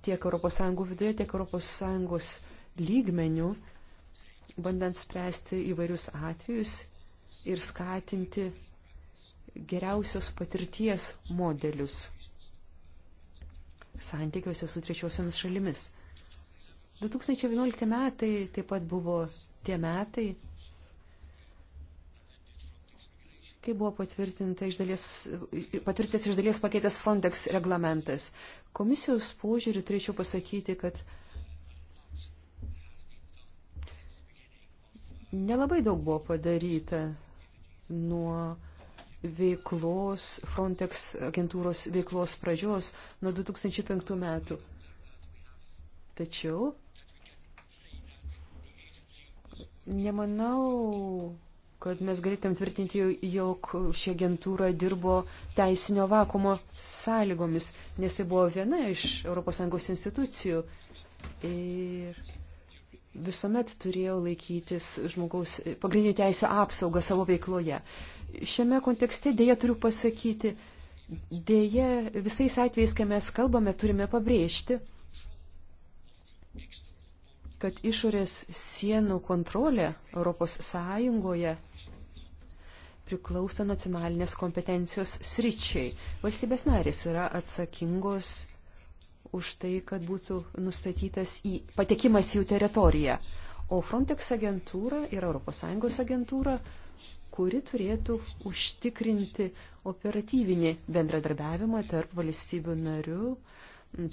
tiek ES viduje, tiek ES lygmenių, bandant spręsti įvairius atvejus ir skatinti geriausios patirties modelius santykiuose su trečiosiamis šalimis. 2011 metai taip pat buvo tie metai, kai buvo patvirtintas iš dalies, patvirtintas iš dalies pakeitęs Frontex reglamentas. Komisijos požiūrį turėčiau pasakyti, kad nelabai daug buvo padaryta nuo veiklos, Frontex agentūros veiklos pradžios nuo 2005 metų. Tačiau Nemanau, kad mes galėtum tvirtinti, jog ši agentūra dirbo teisinio vakumo sąlygomis, nes tai buvo viena iš ES institucijų. Ir visuomet turėjau laikytis žmogaus pagrindinių teisų apsaugą savo veikloje. Šiame kontekste dėja turiu pasakyti, dėja visais atvejais, kai mes kalbame, turime pabrėžti, kad išorės sienų kontrolė ES priklauso nacionalinės kompetencijos sričiai. Valstybės narės yra atsakingos už tai, kad būtų nustatytas į patekimas jų teritoriją. O Frontex agentūra yra ES agentūra, kuri turėtų užtikrinti operatyvinį bendradarbiavimą tarp valstybių narių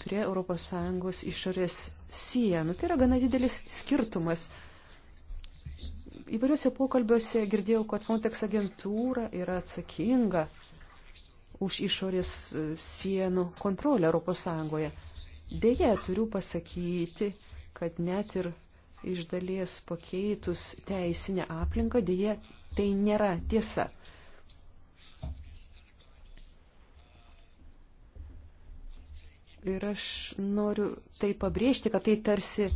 prie ES išorės sienų. Tai yra gana didelis skirtumas. Įvairiuose pokalbiuose girdėjau, kad Frontex agentūra yra atsakinga už išorės e, sienų kontrolę ES. Deja, turiu pasakyti, kad net ir iš dalies pakeitus teisinę aplinką, deja, tai nėra tiesa. Ir aš noriu tai pabrėžti, kad tai tarsi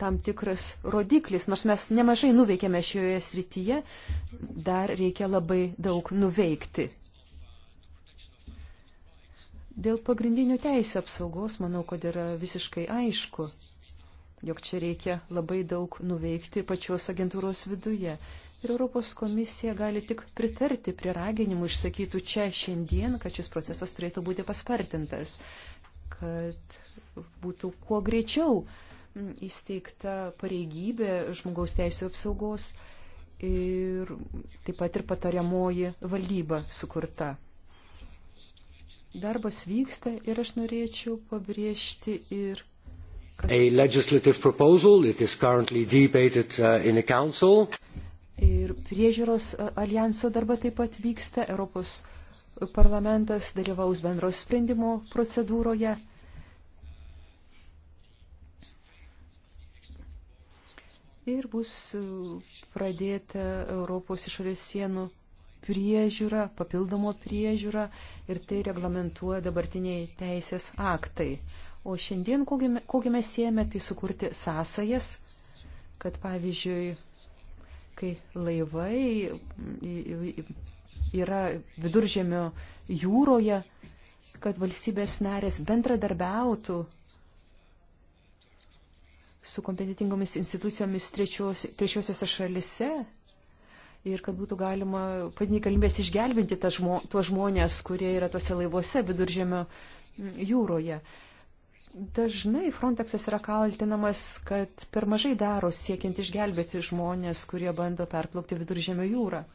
tam tikras rodiklis, nors mes nemažai nuveikėme šioje srityje, dar reikia labai daug nuveikti. Dėl pagrindinių teisų apsaugos manau, kad yra visiškai aišku, jog čia reikia labai daug nuveikti pačios agentūros viduje. Ir Europos komisija gali tik pritarti prie raginimų išsakytų čia šiandien, kad šis procesas turėtų būti paspartintas kad būtų kuo greičiau įsteigta pareigybė žmogaus teisų apsaugos ir taip pat ir patariamoji valdyba sukurta. Darbas vyksta ir aš norėčiau pabrėžti ir. Kad... A legislative proposal, it is currently debated uh, in the council. Ir priežiūros uh, alijanso darba taip pat vyksta Europos uh, parlamentas dalyvaus bendros sprendimo procedūroje. Ir bus pradėta Europos išorės sienų priežiūra, papildomo priežiūra ir tai reglamentuoja dabartiniai teisės aktai. O šiandien, kogi mes siejame, tai sukurti sąsajas, kad pavyzdžiui, kai laivai yra viduržėmio jūroje, kad valstybės narės bendradarbiautų su kompetitingomis institucijomis trečios, trečiosiose šalise ir kad būtų galima padinį galimybės išgelbinti žmo, tuos žmonės, kurie yra tuose laivuose viduržėmio jūroje. Dažnai Frontexas yra kaltinamas, kad per mažai daro siekiant išgelbėti žmonės, kurie bando perplaukti viduržėmio jūrą.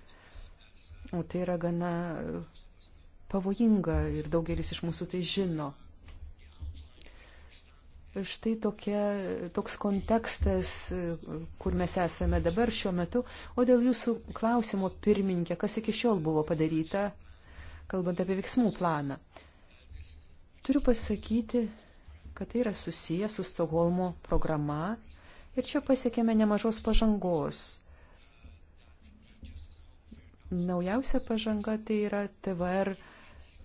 O tai yra gana pavojinga ir daugelis iš mūsų tai žino. Ir štai tokia, toks kontekstas, kur mes esame dabar šiuo metu. O dėl jūsų klausimo pirmininkė, kas iki šiol buvo padaryta, kalbant apie veiksmų planą. Turiu pasakyti, kad tai yra susiję su Stokholmo programa ir čia pasiekėme nemažos pažangos. Naujausia pažanga tai yra TVR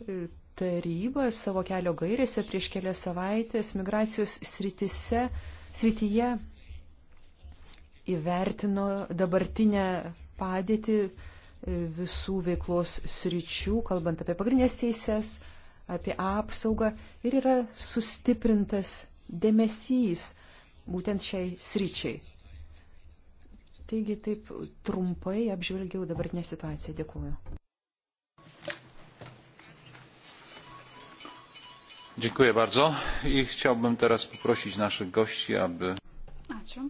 e, taryba savo kelio gairėse prieš kelias savaitės migracijos sritise, srityje įvertino dabartinę padėtį e, visų veiklos sričių, kalbant apie pagrindinės teises, apie apsaugą ir yra sustiprintas dėmesys būtent šiai sričiai. Taigi taip trumpai apžvelgiau dabartinę situaciją. Dėkuoju. Dziękuję bardzo i chciałbym teraz poprosić naszych gości, aby. Ačiū.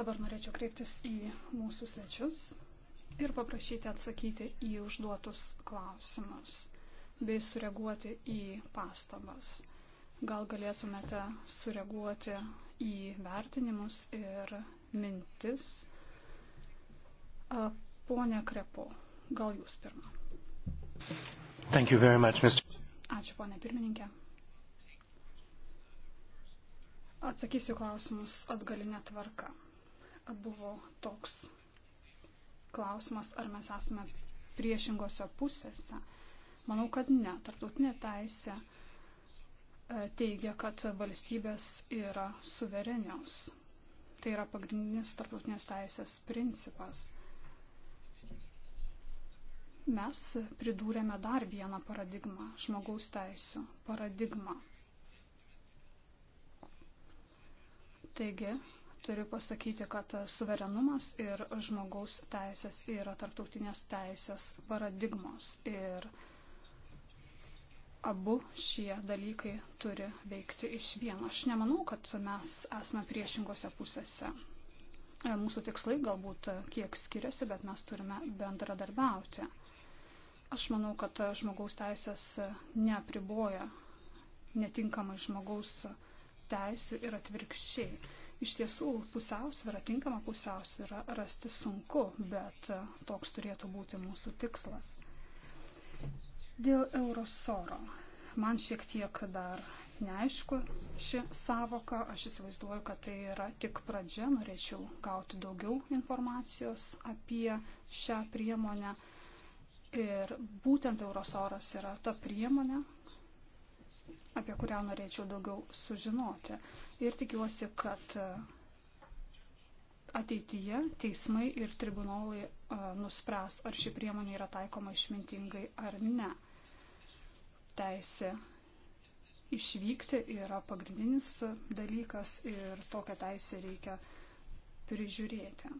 Dabar norėčiau kreiptis į mūsų svečius ir paprašyti atsakyti į užduotus klausimus bei sureaguoti į pastabas. Gal galėtumėte sureaguoti į vertinimus ir mintis. Pone Krepo, gal jūs pirmą. Much, Mr. Ačiū, ponė pirmininkė. Atsakysiu klausimus atgalinę tvarką. Buvo toks klausimas, ar mes esame priešingose pusėse. Manau, kad ne. Tarptautinė teisė e, teigia, kad valstybės yra suverenios. Tai yra pagrindinis tarptautinės teisės principas. Mes pridūrėme dar vieną paradigmą - žmogaus teisų paradigmą. Taigi, turiu pasakyti, kad suverenumas ir žmogaus teisės yra tarptautinės teisės paradigmos. Ir paradigmos abu šie dalykai turi veikti iš vieno. Aš nemanau, kad mes esame priešingose pusėse. E, mūsų tikslai galbūt e, kiek skiriasi, bet mes turime bendradarbiauti. Aš manau, kad e, žmogaus teisės neapriboja netinkamai žmogaus teisų ir atvirkščiai. Iš tiesų, pusiausvyrą, tinkamą pusiausvyrą rasti sunku, bet toks turėtų būti mūsų tikslas. Dėl eurosoro. Man šiek tiek dar neaišku ši savoka. Aš įsivaizduoju, kad tai yra tik pradžia. Norėčiau gauti daugiau informacijos apie šią priemonę. Ir būtent eurosoras yra ta priemonė, apie kurią norėčiau daugiau sužinoti. Ir tikiuosi, kad e, ateityje teismai ir tribunolai e, nuspręs, ar ši priemonė yra taikoma išmintingai ar ne teisė išvykti yra pagrindinis dalykas ir tokią teisę reikia prižiūrėti.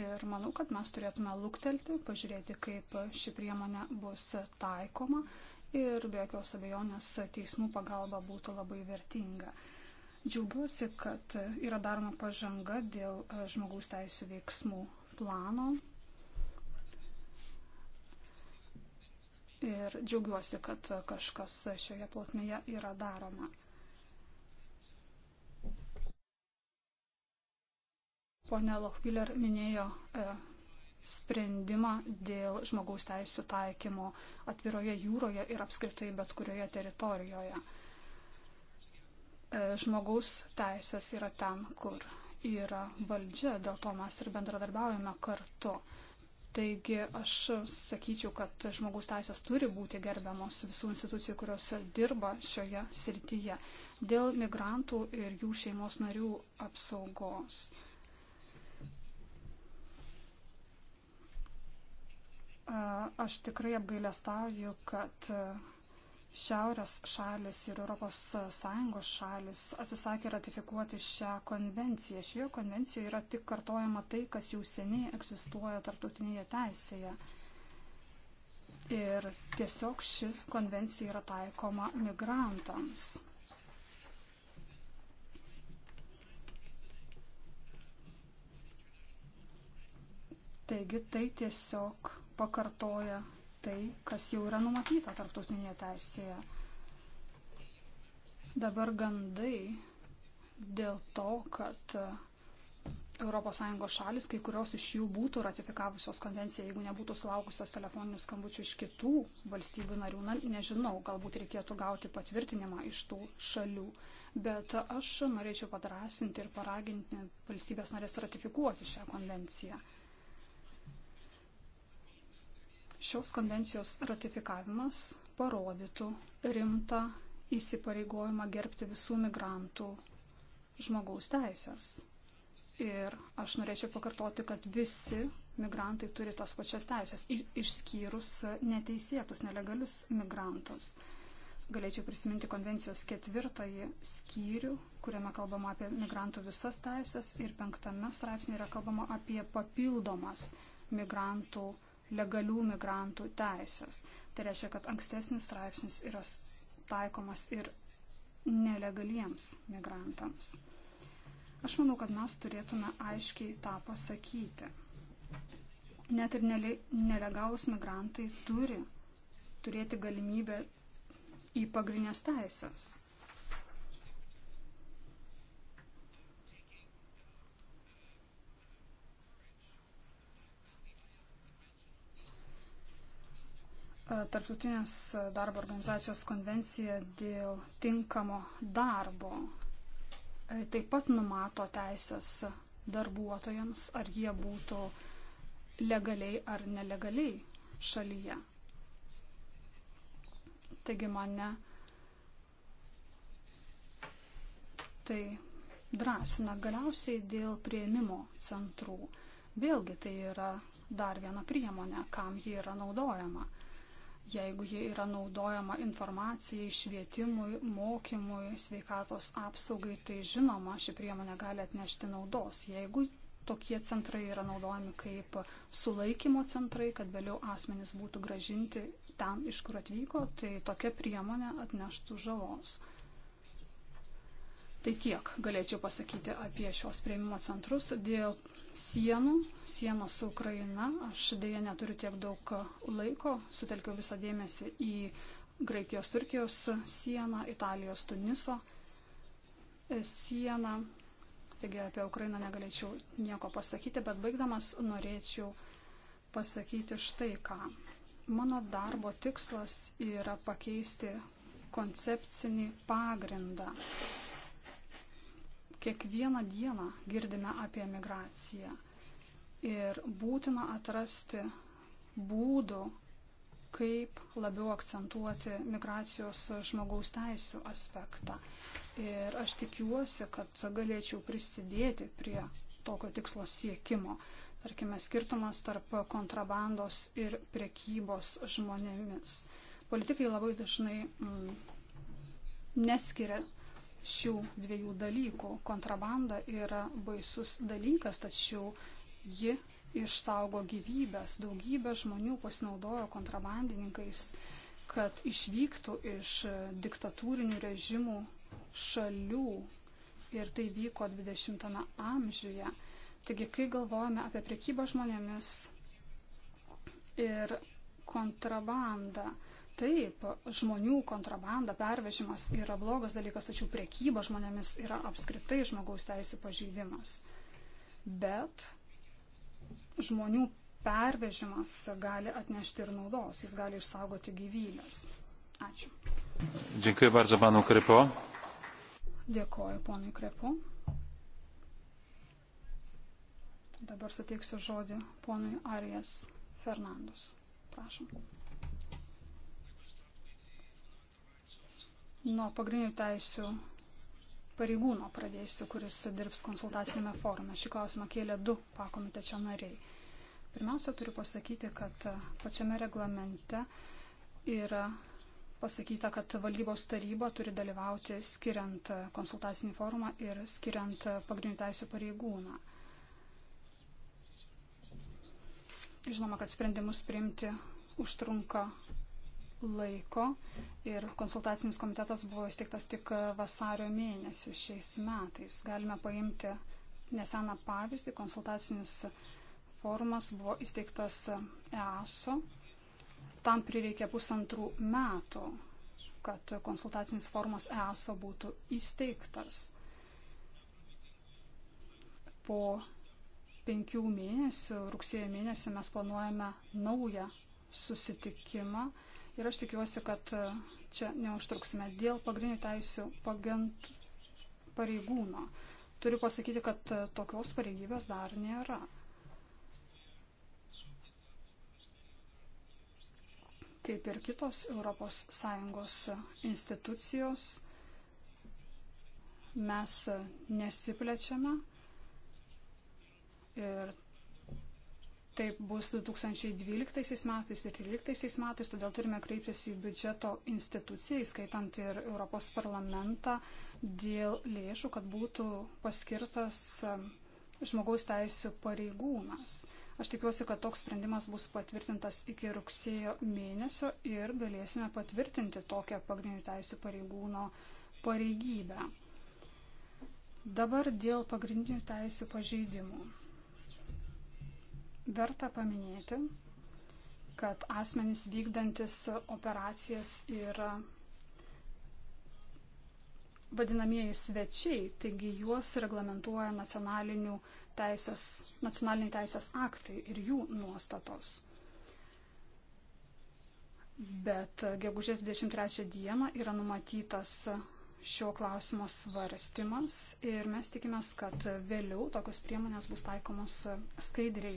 Ir manau, kad mes turėtume luktelti, pažiūrėti, kaip ši priemonė bus taikoma ir be jokios abejonės teismų pagalba būtų labai vertinga. Džiaugiuosi, kad yra daroma pažanga dėl žmogaus teisų veiksmų plano. ir džiaugiuosi, kad kažkas šioje plotmėje yra daroma. Pone Lochbiller minėjo e, sprendimą dėl žmogaus teisų taikymo atviroje jūroje ir apskritai bet kurioje teritorijoje. E, žmogaus teisės yra ten, kur yra valdžia, dėl to mes ir bendradarbiaujame kartu. E, Taigi aš sakyčiau, kad žmogaus teisės turi būti gerbiamos visų institucijų, kurios dirba šioje srityje dėl migrantų ir jų šeimos narių apsaugos. Aš tikrai apgailestauju, kad Šiaurės šalis ir ES šalis atsisakė ratifikuoti šią konvenciją. Šioje konvencijoje yra tik kartojama tai, kas jau seniai egzistuoja tarptautinėje teisėje. Ir tiesiog ši konvencija yra taikoma migrantams. Taigi tai tiesiog pakartoja tai, kas jau yra numatyta tarptautinėje teisėje. Dabar gandai dėl to, kad ES šalis, kai kurios iš jų būtų ratifikavusios konvenciją, jeigu nebūtų sulaukusios telefoninių skambučių iš kitų valstybių narių, na, nežinau, galbūt reikėtų gauti patvirtinimą iš tų šalių. Bet aš norėčiau padrasinti ir paraginti valstybės narės ratifikuoti šią konvenciją šios konvencijos ratifikavimas parodytų rimtą įsipareigojimą gerbti visų migrantų žmogaus teisės. Ir aš norėčiau pakartoti, kad visi migrantai turi tas pačias teisės, išskyrus neteisėtus, nelegalius migrantus. Galėčiau prisiminti konvencijos ketvirtąjį skyrių, kuriame kalbama apie migrantų visas teisės ir penktame straipsnėje yra kalbama apie papildomas migrantų teisės legalių migrantų teisės. Tai reiškia, kad ankstesnis straipsnis yra taikomas ir nelegaliems migrantams. Aš manau, kad mes turėtume aiškiai tą pasakyti. Net ir nelegalus migrantai turi turėti galimybę į pagrindinės teisės. E, tarptautinės darbo organizacijos konvencija dėl tinkamo darbo e, taip pat numato teisės darbuotojams, ar jie būtų legaliai ar nelegaliai šalyje. Taigi mane tai drąsina galiausiai dėl prieimimo centrų. Vėlgi tai yra dar viena priemonė, kam ji yra naudojama jeigu ji yra naudojama informacijai, švietimui, mokymui, sveikatos apsaugai, tai žinoma, ši priemonė gali atnešti naudos. Jeigu tokie centrai yra naudojami kaip sulaikymo centrai, kad vėliau asmenys būtų gražinti ten, iš kur atvyko, tai tokia priemonė atneštų žalos. Tai tiek galėčiau pasakyti apie šios prieimimo centrus. Dėl sienų, sienos su Ukraina. Aš dėja neturiu tiek daug laiko, sutelkiau visą dėmesį į Graikijos-Turkijos sieną, Italijos-Tuniso sieną. Taigi apie Ukrainą negalėčiau nieko pasakyti, bet baigdamas norėčiau pasakyti štai ką. Mano darbo tikslas yra pakeisti koncepcinį pagrindą Kiekvieną dieną girdime apie migraciją ir būtina atrasti būdų, kaip labiau akcentuoti migracijos žmogaus teisų aspektą. Ir aš tikiuosi, kad galėčiau prisidėti prie tokio tikslo siekimo. Tarkime, skirtumas tarp kontrabandos ir prekybos žmonėmis. Politikai labai dažnai mm, neskiria šių dviejų dalykų. Kontrabanda yra baisus dalykas, tačiau ji išsaugo gyvybės. Daugybė žmonių pasinaudojo kontrabandininkais, kad išvyktų iš diktatūrinių režimų šalių. Ir tai vyko 20-ame amžiuje. Taigi, kai galvojame apie priekybą žmonėmis ir kontrabandą, Taip, žmonių kontrabanda, pervežimas yra blogas dalykas, tačiau priekyba žmonėmis yra apskritai žmogaus teisų pažeidimas. Bet žmonių pervežimas gali atnešti ir naudos, jis gali išsaugoti gyvybės. Ačiū. Dziękuję bardzo panu Krepo. Dėkoju ponui Krepo. Dabar suteiksiu žodį ponui Arijas Fernandus. Prašom. nuo pagrindinių teisių pareigūno pradėsiu, kuris dirbs konsultacinėme forume. Šį klausimą kėlė du pakomitečio nariai. Pirmiausia, turiu pasakyti, kad pačiame reglamente yra pasakyta, kad valdybos taryba turi dalyvauti skiriant konsultacinį forumą ir skiriant pagrindinių teisų pareigūną. Žinoma, kad sprendimus priimti užtrunka laiko ir konsultacinis komitetas buvo įsteigtas tik vasario mėnesį šiais metais. Galime paimti neseną pavyzdį. Konsultacinis forumas buvo įsteigtas EASO. Tam prireikė pusantrų metų, kad konsultacinis forumas EASO būtų įsteigtas. Po penkių mėnesių, rugsėjo mėnesį mes planuojame naują susitikimą ir aš tikiuosi, kad e, čia neužtruksime. Dėl pagrindinių teisių pagint pareigūno. Turiu pasakyti, kad e, tokios pareigybės dar nėra. Kaip ir kitos ES institucijos, mes e, nesiplečiame ir Taip bus 2012 metais ir 2013 metais, todėl turime kreiptis į biudžeto instituciją, įskaitant ir Europos parlamentą, dėl lėšų, kad būtų paskirtas žmogaus teisų pareigūnas. Aš tikiuosi, kad toks sprendimas bus patvirtintas iki rugsėjo mėnesio ir galėsime patvirtinti tokią pagrindinių teisų pareigūno pareigybę. Dabar dėl pagrindinių teisų pažeidimų. Verta paminėti, kad asmenys vykdantis operacijas yra vadinamieji svečiai, taigi juos reglamentuoja nacionalinių teisės, nacionaliniai teisės aktai ir jų nuostatos. Bet gegužės 23 dieną yra numatytas šio klausimo svarstymas ir mes tikimės, kad vėliau tokios priemonės bus taikomos skaidriai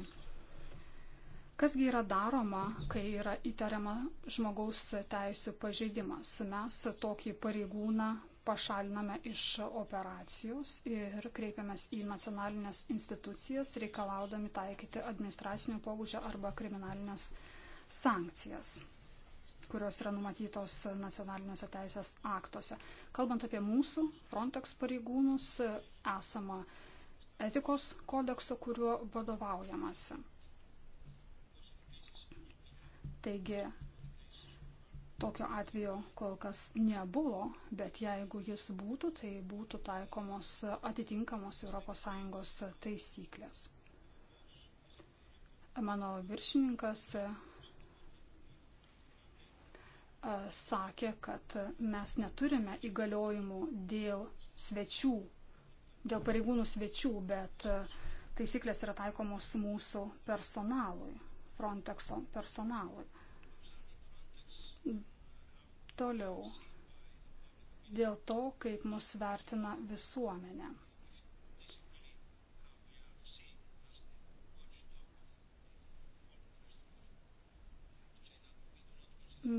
Kasgi yra daroma, kai yra įtariama žmogaus teisų pažeidimas? Mes tokį pareigūną pašaliname iš operacijos ir kreipiamės į nacionalinės institucijas, reikalaudami taikyti administracinio pobūdžio arba kriminalinės sankcijas kurios yra numatytos nacionaliniuose teisės aktuose. Kalbant apie mūsų Frontex pareigūnus, esama etikos kodekso, kuriuo vadovaujamasi. Taigi, tokio atvejo kol kas nebuvo, bet jeigu jis būtų, tai būtų taikomos atitinkamos ES taisyklės. Mano viršininkas sakė, kad mes neturime įgaliojimų dėl svečių, dėl pareigūnų svečių, bet taisyklės yra taikomos mūsų personalui. Frontexo personalui. Toliau. Dėl to, kaip mus vertina visuomenė.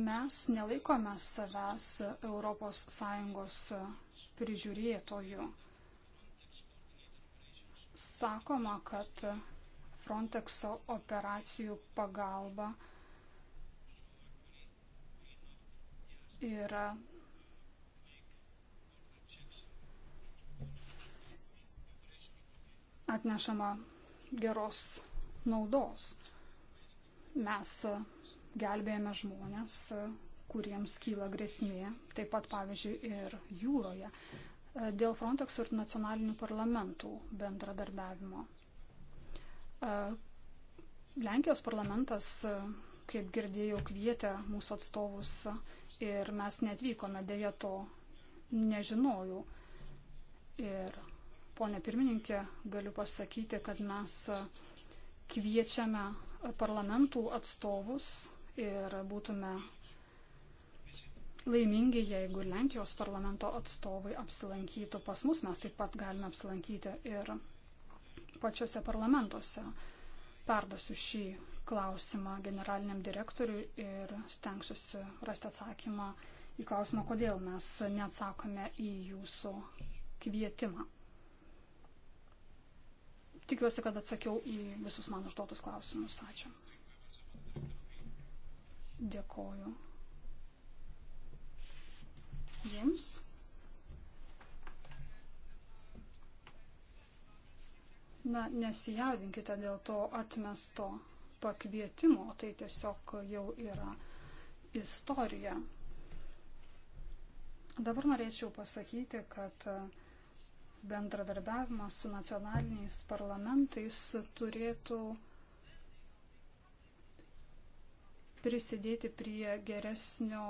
Mes nelaikome savęs ES prižiūrėtojų. Sakoma, kad Frontexo operacijų pagalba yra atnešama geros naudos. Mes gelbėjame žmonės, kuriems kyla grėsmė, taip pat pavyzdžiui ir jūroje, dėl Frontex ir nacionalinių parlamentų bendradarbiavimo. Lenkijos parlamentas, kaip girdėjau, kvietė mūsų atstovus ir mes netvykome, dėja to nežinojau. Ir ponė pirmininkė, galiu pasakyti, kad mes kviečiame parlamentų atstovus ir būtume laimingi, jeigu Lenkijos parlamento atstovai apsilankytų pas mus, mes taip pat galime apsilankyti ir pačiuose parlamentuose. Perdosiu šį klausimą generaliniam direktoriui ir stengsiuosi rasti atsakymą į klausimą, kodėl mes neatsakome į jūsų kvietimą. Tikiuosi, kad atsakiau į visus man užduotus klausimus. Ačiū. Dėkoju. Jums. Na, nesijaudinkite dėl to atmesto pakvietimo, tai tiesiog jau yra istorija. Dabar norėčiau pasakyti, kad bendradarbiavimas su nacionaliniais parlamentais turėtų prisidėti prie geresnio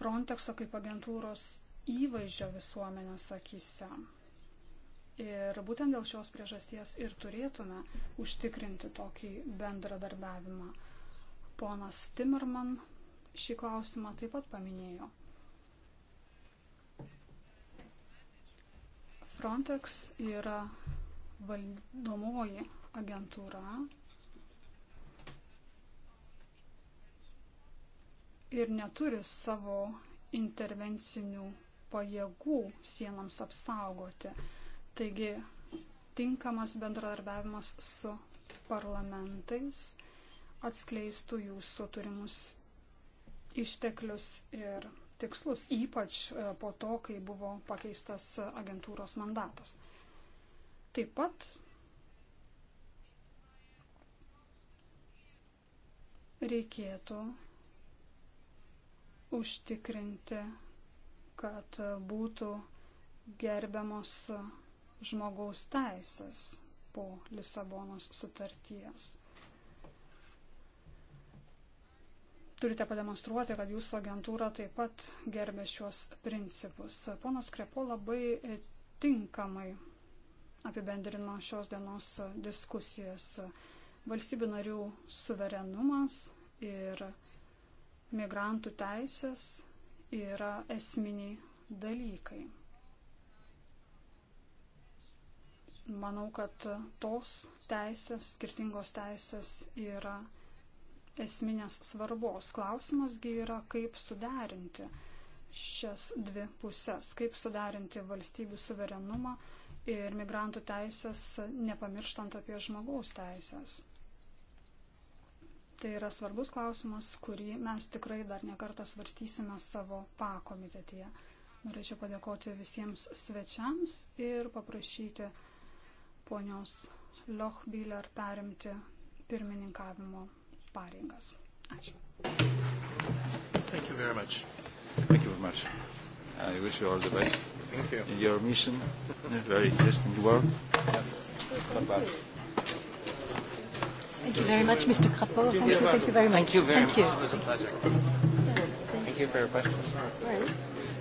Frontexo kaip agentūros įvaizdžio visuomenės akise. Ir būtent dėl šios priežasties ir turėtume užtikrinti tokį bendradarbiavimą. Ponas Timerman šį klausimą taip pat paminėjo. Frontex yra valdomoji agentūra ir neturi savo intervencinių pajėgų sienams apsaugoti. Taigi, tinkamas bendradarbiavimas su parlamentais atskleistų jūsų turimus išteklius ir tikslus, ypač e, po to, kai buvo pakeistas agentūros mandatas. Taip pat reikėtų užtikrinti, kad būtų gerbiamos žmogaus teisės po Lisabonos sutarties. Turite pademonstruoti, kad jūsų agentūra taip pat gerbė šiuos principus. Ponas Krepo labai e, tinkamai apibendrino šios dienos e, diskusijas. Valstybių narių suverenumas ir migrantų teisės yra esminiai dalykai. Manau, kad tos teisės, skirtingos teisės yra esminės svarbos. Klausimasgi yra, kaip suderinti šias dvi pusės, kaip suderinti valstybių suverenumą ir migrantų teisės, nepamirštant apie žmogaus teisės. Tai yra svarbus klausimas, kurį mes tikrai dar nekartą svarstysime savo pakomitetyje. Norėčiau padėkoti visiems svečiams ir paprašyti ponios Lochbiller perimti pirmininkavimo pareigas. Ačiū. Thank you very much. Thank you very much. I wish you all the best. Thank you. In your mission, very interesting work. Yes. Bye-bye. Thank you very much, Mr. Krapo. Thank you, thank you very much. Thank you very much. Thank you. It was a pleasure. Thank you for your questions. Right.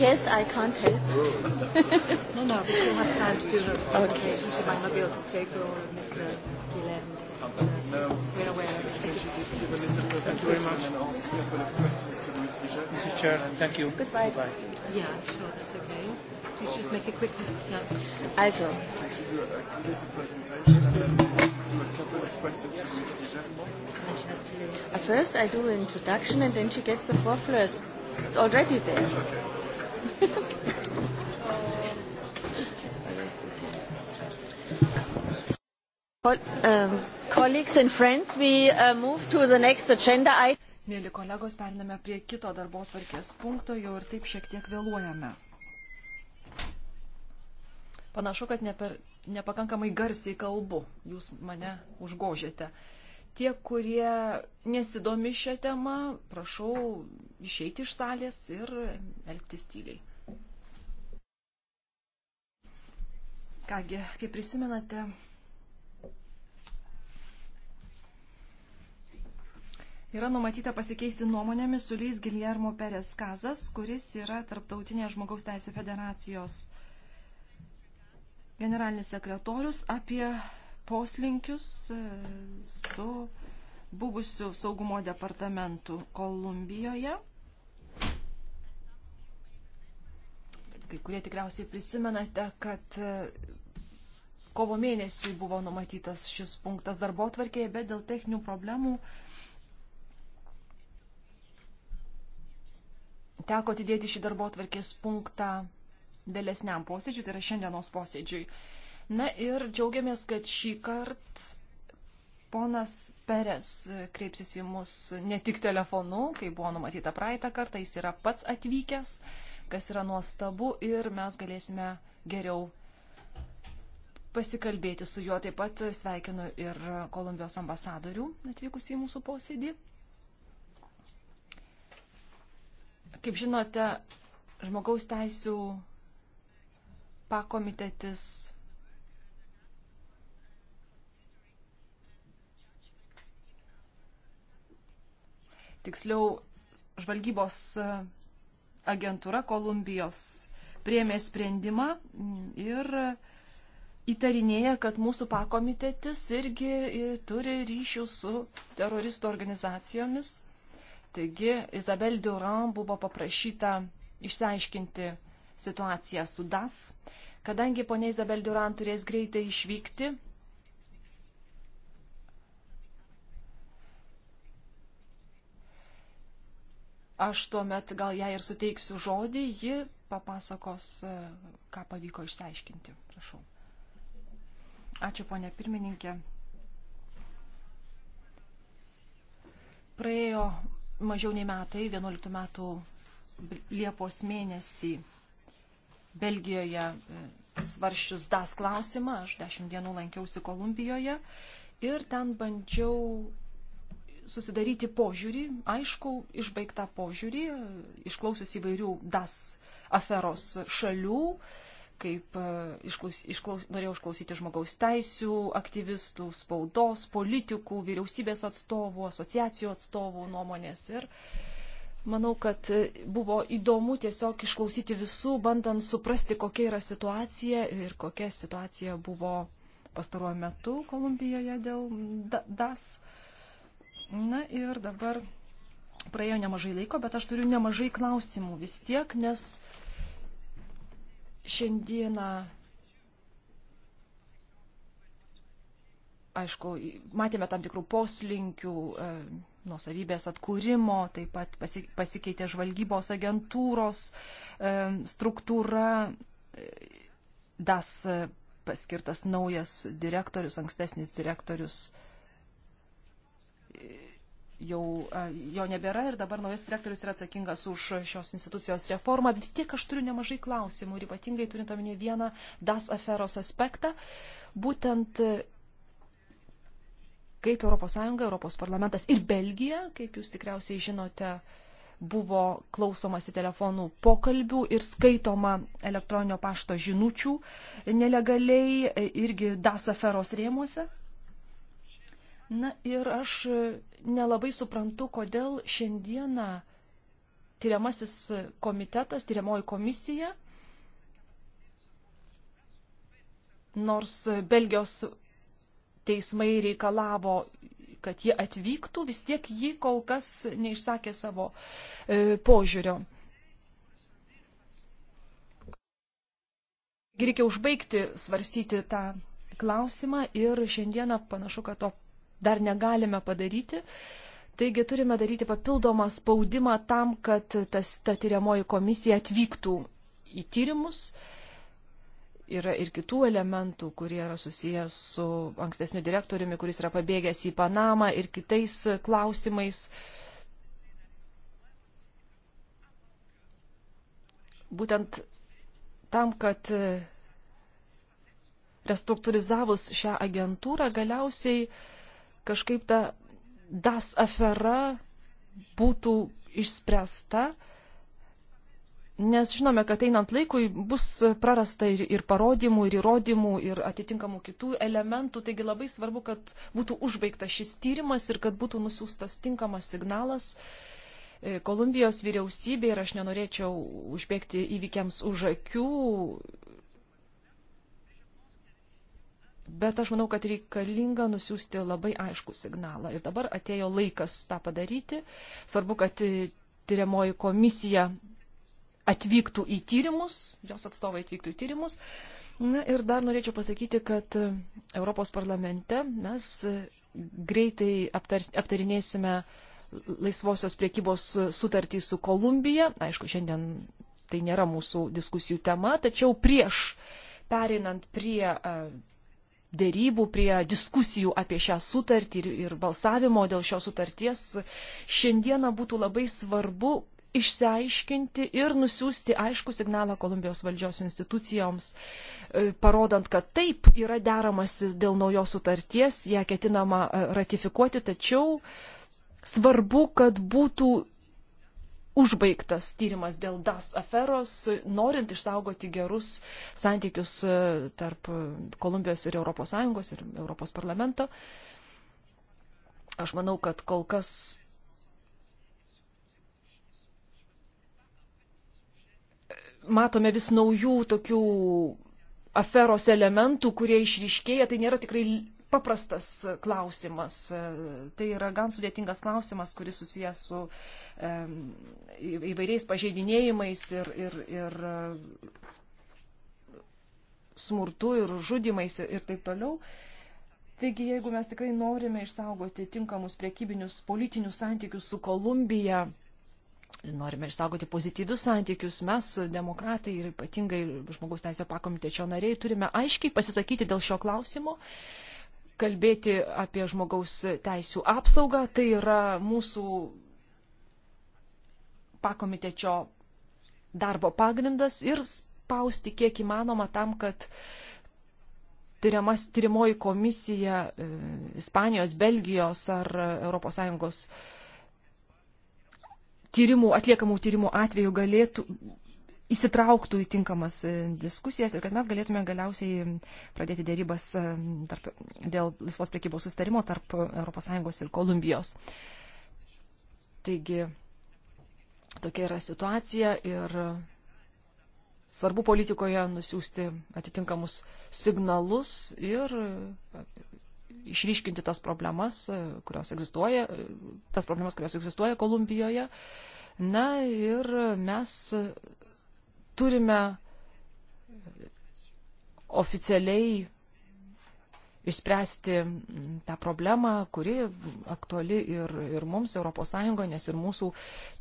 Yes, I can't help. no, no, we still have time to do the presentation. Okay. She might not be able to stay for Mr. Gillen. No. We're aware of everything. Thank you very much. Mr. Chair, thank you. Goodbye. Goodbye. Yeah, sure, that's okay. Please just make a quick... Yeah. Also. First I do introduction and then she gets the floor first. It's already there. Okay. Um, uh, Mėly kolegos, periname prie kito darbo tvarkės punkto, jau ir taip šiek tiek vėluojame. Panašu, kad ne per, nepakankamai garsiai kalbu, jūs mane užgožėte. Uh, Tie, kurie nesidomi šią temą, prašau išeiti iš salės ir elgtis tyliai. Kągi, kaip prisimenate, yra numatyta pasikeisti nuomonėmis su Lys Giljermo Perės Kazas, kuris yra Tarptautinės žmogaus teisų federacijos generalinis sekretorius apie poslinkius e, su buvusiu saugumo departamentu Kolumbijoje. Kai kurie tikriausiai prisimenate, kad e, kovo mėnesį buvo numatytas šis punktas darbo tvarkėje, bet dėl techninių problemų teko atidėti šį darbo tvarkės punktą vėlesniam posėdžiui, tai yra šiandienos posėdžiui. Na ir džiaugiamės, kad šį kartą ponas Peres kreipsis į mus ne tik telefonu, kai buvo numatyta praeitą kartą, jis yra pats atvykęs, kas yra nuostabu ir mes galėsime geriau pasikalbėti su juo. Taip pat sveikinu ir Kolumbijos ambasadorių atvykus į mūsų posėdį. Kaip žinote, žmogaus teisų pakomitetis tiksliau žvalgybos e, agentūra Kolumbijos priemė sprendimą ir įtarinėja, kad mūsų pakomitetis irgi e, turi ryšių su teroristų organizacijomis. Taigi Izabel Duran buvo paprašyta išsiaiškinti situaciją su DAS. Kadangi ponia Izabel Duran turės greitai išvykti, Aš tuomet gal ją ir suteiksiu žodį, ji papasakos, e, ką pavyko išsiaiškinti. Prašau. Ačiū, ponė pirmininkė. Praėjo mažiau nei metai, 11 metų Liepos mėnesį Belgijoje e, svarščius DAS klausimą, aš 10 dienų lankiausi Kolumbijoje ir ten bandžiau susidaryti požiūrį, aišku, išbaigtą požiūrį, išklausius įvairių DAS aferos šalių, kaip e, išklaus, išklaus, norėjau išklausyti žmogaus teisų, aktyvistų, spaudos, politikų, vyriausybės atstovų, asociacijų atstovų nuomonės ir manau, kad e, buvo įdomu tiesiog išklausyti visų, bandant suprasti, kokia yra situacija ir kokia situacija buvo pastaruoju metu Kolumbijoje dėl DAS. Da Na ir dabar praėjo nemažai laiko, bet aš turiu nemažai klausimų vis tiek, nes šiandieną, aišku, matėme tam tikrų poslinkių e, nuosavybės atkūrimo, taip pat pasikeitė žvalgybos agentūros e, struktūra, e, DAS paskirtas naujas direktorius, ankstesnis direktorius jau jo nebėra ir dabar naujas direktorius yra atsakingas už šios institucijos reformą. Vis tiek aš turiu nemažai klausimų ir ypatingai turint omeny vieną DAS aferos aspektą, būtent e, kaip ES, ES parlamentas ir Belgija, kaip jūs tikriausiai žinote, buvo klausomasi telefonų pokalbių ir skaitoma elektroninio pašto žinučių nelegaliai e, irgi DAS aferos rėmuose. Na ir aš nelabai suprantu, kodėl šiandieną tyriamasis komitetas, tyriamoji komisija, nors Belgijos teismai reikalavo, kad jie atvyktų, vis tiek ji kol kas neišsakė savo e, požiūrio. reikia užbaigti svarstyti tą klausimą ir šiandieną panašu, kad to dar negalime padaryti. Taigi turime daryti papildomą spaudimą tam, kad tas, ta tyriamoji komisija atvyktų į tyrimus. Yra ir kitų elementų, kurie yra susijęs su ankstesniu direktoriumi, kuris yra pabėgęs į Panamą ir kitais klausimais. Būtent tam, kad restruktūrizavus šią agentūrą galiausiai uh, kažkaip ta DAS afera būtų išspręsta, nes žinome, kad einant laikui bus prarasta ir, ir parodymų, ir įrodymų, ir atitinkamų kitų elementų, taigi labai svarbu, kad būtų užbaigtas šis tyrimas ir kad būtų nusiųstas tinkamas signalas e, Kolumbijos vyriausybė ir aš nenorėčiau užbėgti įvykiams už akių, Bet aš manau, kad reikalinga nusiųsti labai aišku signalą. Ir dabar atėjo laikas tą padaryti. Svarbu, kad tyriamoji komisija atvyktų į tyrimus, jos atstovai atvyktų į tyrimus. Na ir dar norėčiau pasakyti, kad Europos parlamente mes greitai aptars, aptarinėsime laisvosios priekybos sutartį su Kolumbija. Aišku, šiandien tai nėra mūsų diskusijų tema, tačiau prieš perinant prie dėrybų, prie diskusijų apie šią sutartį ir, ir balsavimo dėl šios sutarties, šiandieną būtų labai svarbu išsiaiškinti ir nusiųsti aišku signalą Kolumbijos valdžios institucijoms, e, parodant, kad taip yra deramasi dėl naujos sutarties, ją ketinama e, ratifikuoti, tačiau svarbu, kad būtų užbaigtas tyrimas dėl DAS aferos, norint išsaugoti gerus santykius e, tarp Kolumbijos ir ES ir ES parlamento. Aš manau, kad kol kas matome vis naujų tokių aferos elementų, kurie išryškėja, tai nėra tikrai paprastas klausimas. Tai yra gan sudėtingas klausimas, kuris susijęs su įvairiais pažeidinėjimais ir, ir, ir smurtu ir žudimais ir taip toliau. Taigi, jeigu mes tikrai norime išsaugoti tinkamus priekybinius politinius santykius su Kolumbija, norime išsaugoti pozityvius santykius, mes, demokratai ir ypatingai žmogaus teisėjo pakomitečio nariai, turime aiškiai pasisakyti dėl šio klausimo kalbėti apie žmogaus teisų apsaugą, tai yra mūsų pakomitečio darbo pagrindas ir spausti kiek įmanoma tam, kad tyriamas, tyrimoji komisija e, Ispanijos, Belgijos ar ES tyrimų, atliekamų tyrimų atveju galėtų, įsitrauktų į tinkamas e, diskusijas ir kad mes galėtume galiausiai pradėti dėrybas e, tarp, dėl laisvos priekybos sustarimo tarp ES ir Kolumbijos. Taigi, tokia yra situacija ir svarbu politikoje nusiųsti atitinkamus signalus ir e, išryškinti tas problemas, kurios egzistuoja, tas problemas, kurios egzistuoja Kolumbijoje. Na ir mes turime oficialiai išspręsti tą problemą, kuri aktuali ir, ir mums ES, nes ir mūsų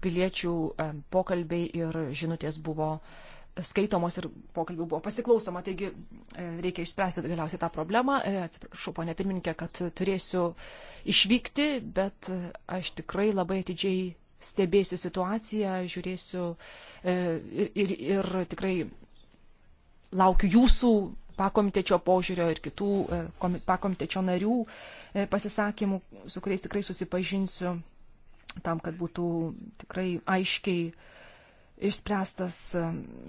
piliečių e, pokalbiai ir žinutės buvo skaitomos ir pokalbių buvo pasiklausoma, taigi e, reikia išspręsti galiausiai tą problemą. E, atsiprašau, ponė pirmininkė, kad turėsiu išvykti, bet aš tikrai labai atidžiai stebėsiu situaciją, žiūrėsiu e, ir, ir, ir tikrai laukiu jūsų pakomitečio požiūrio ir kitų e, pakomitečio narių e, pasisakymų, su kuriais tikrai susipažinsiu, tam, kad būtų tikrai aiškiai išspręstas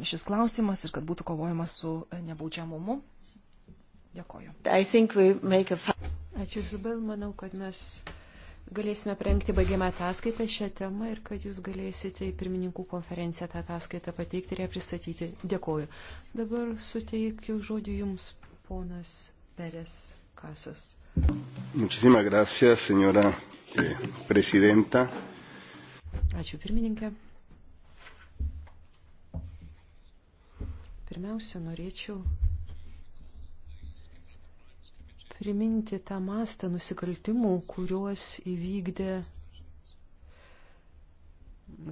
šis klausimas ir kad būtų kovojama su nebaudžiamumu. Dėkoju. A... Ačiū, Zubel, manau, kad mes galėsime prengti baigiamą ataskaitą šią temą ir kad jūs galėsite į pirmininkų konferenciją tą ataskaitą pateikti ir ją pristatyti. Dėkoju. Dabar suteikiu žodį jums, ponas Peres Kasas. Muchísimas gracias, señora eh, presidenta. Ačiū, pirmininkė. Pirmiausia, norėčiau priminti tą mastą nusikaltimų, kuriuos įvykdė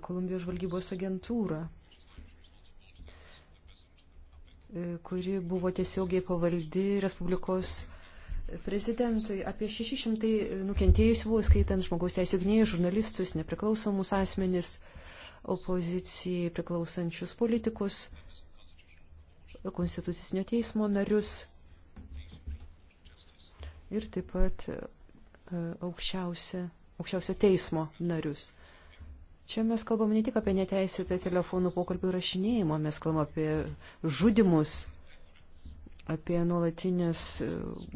Kolumbijos žvalgybos agentūra, e, kuri buvo tiesiogiai pavaldi Respublikos prezidentui. Apie 600 nukentėjusių buvo skaitant žmogaus teisų gynėjus, žurnalistus, nepriklausomus asmenis, opozicijai priklausančius politikus, konstitucinio teismo narius ir taip pat e, aukščiausio, aukščiausio teismo narius. Čia mes kalbam ne tik apie neteisėtą telefonų pokalbių rašinėjimą, mes kalbam apie žudimus, apie nuolatinius e,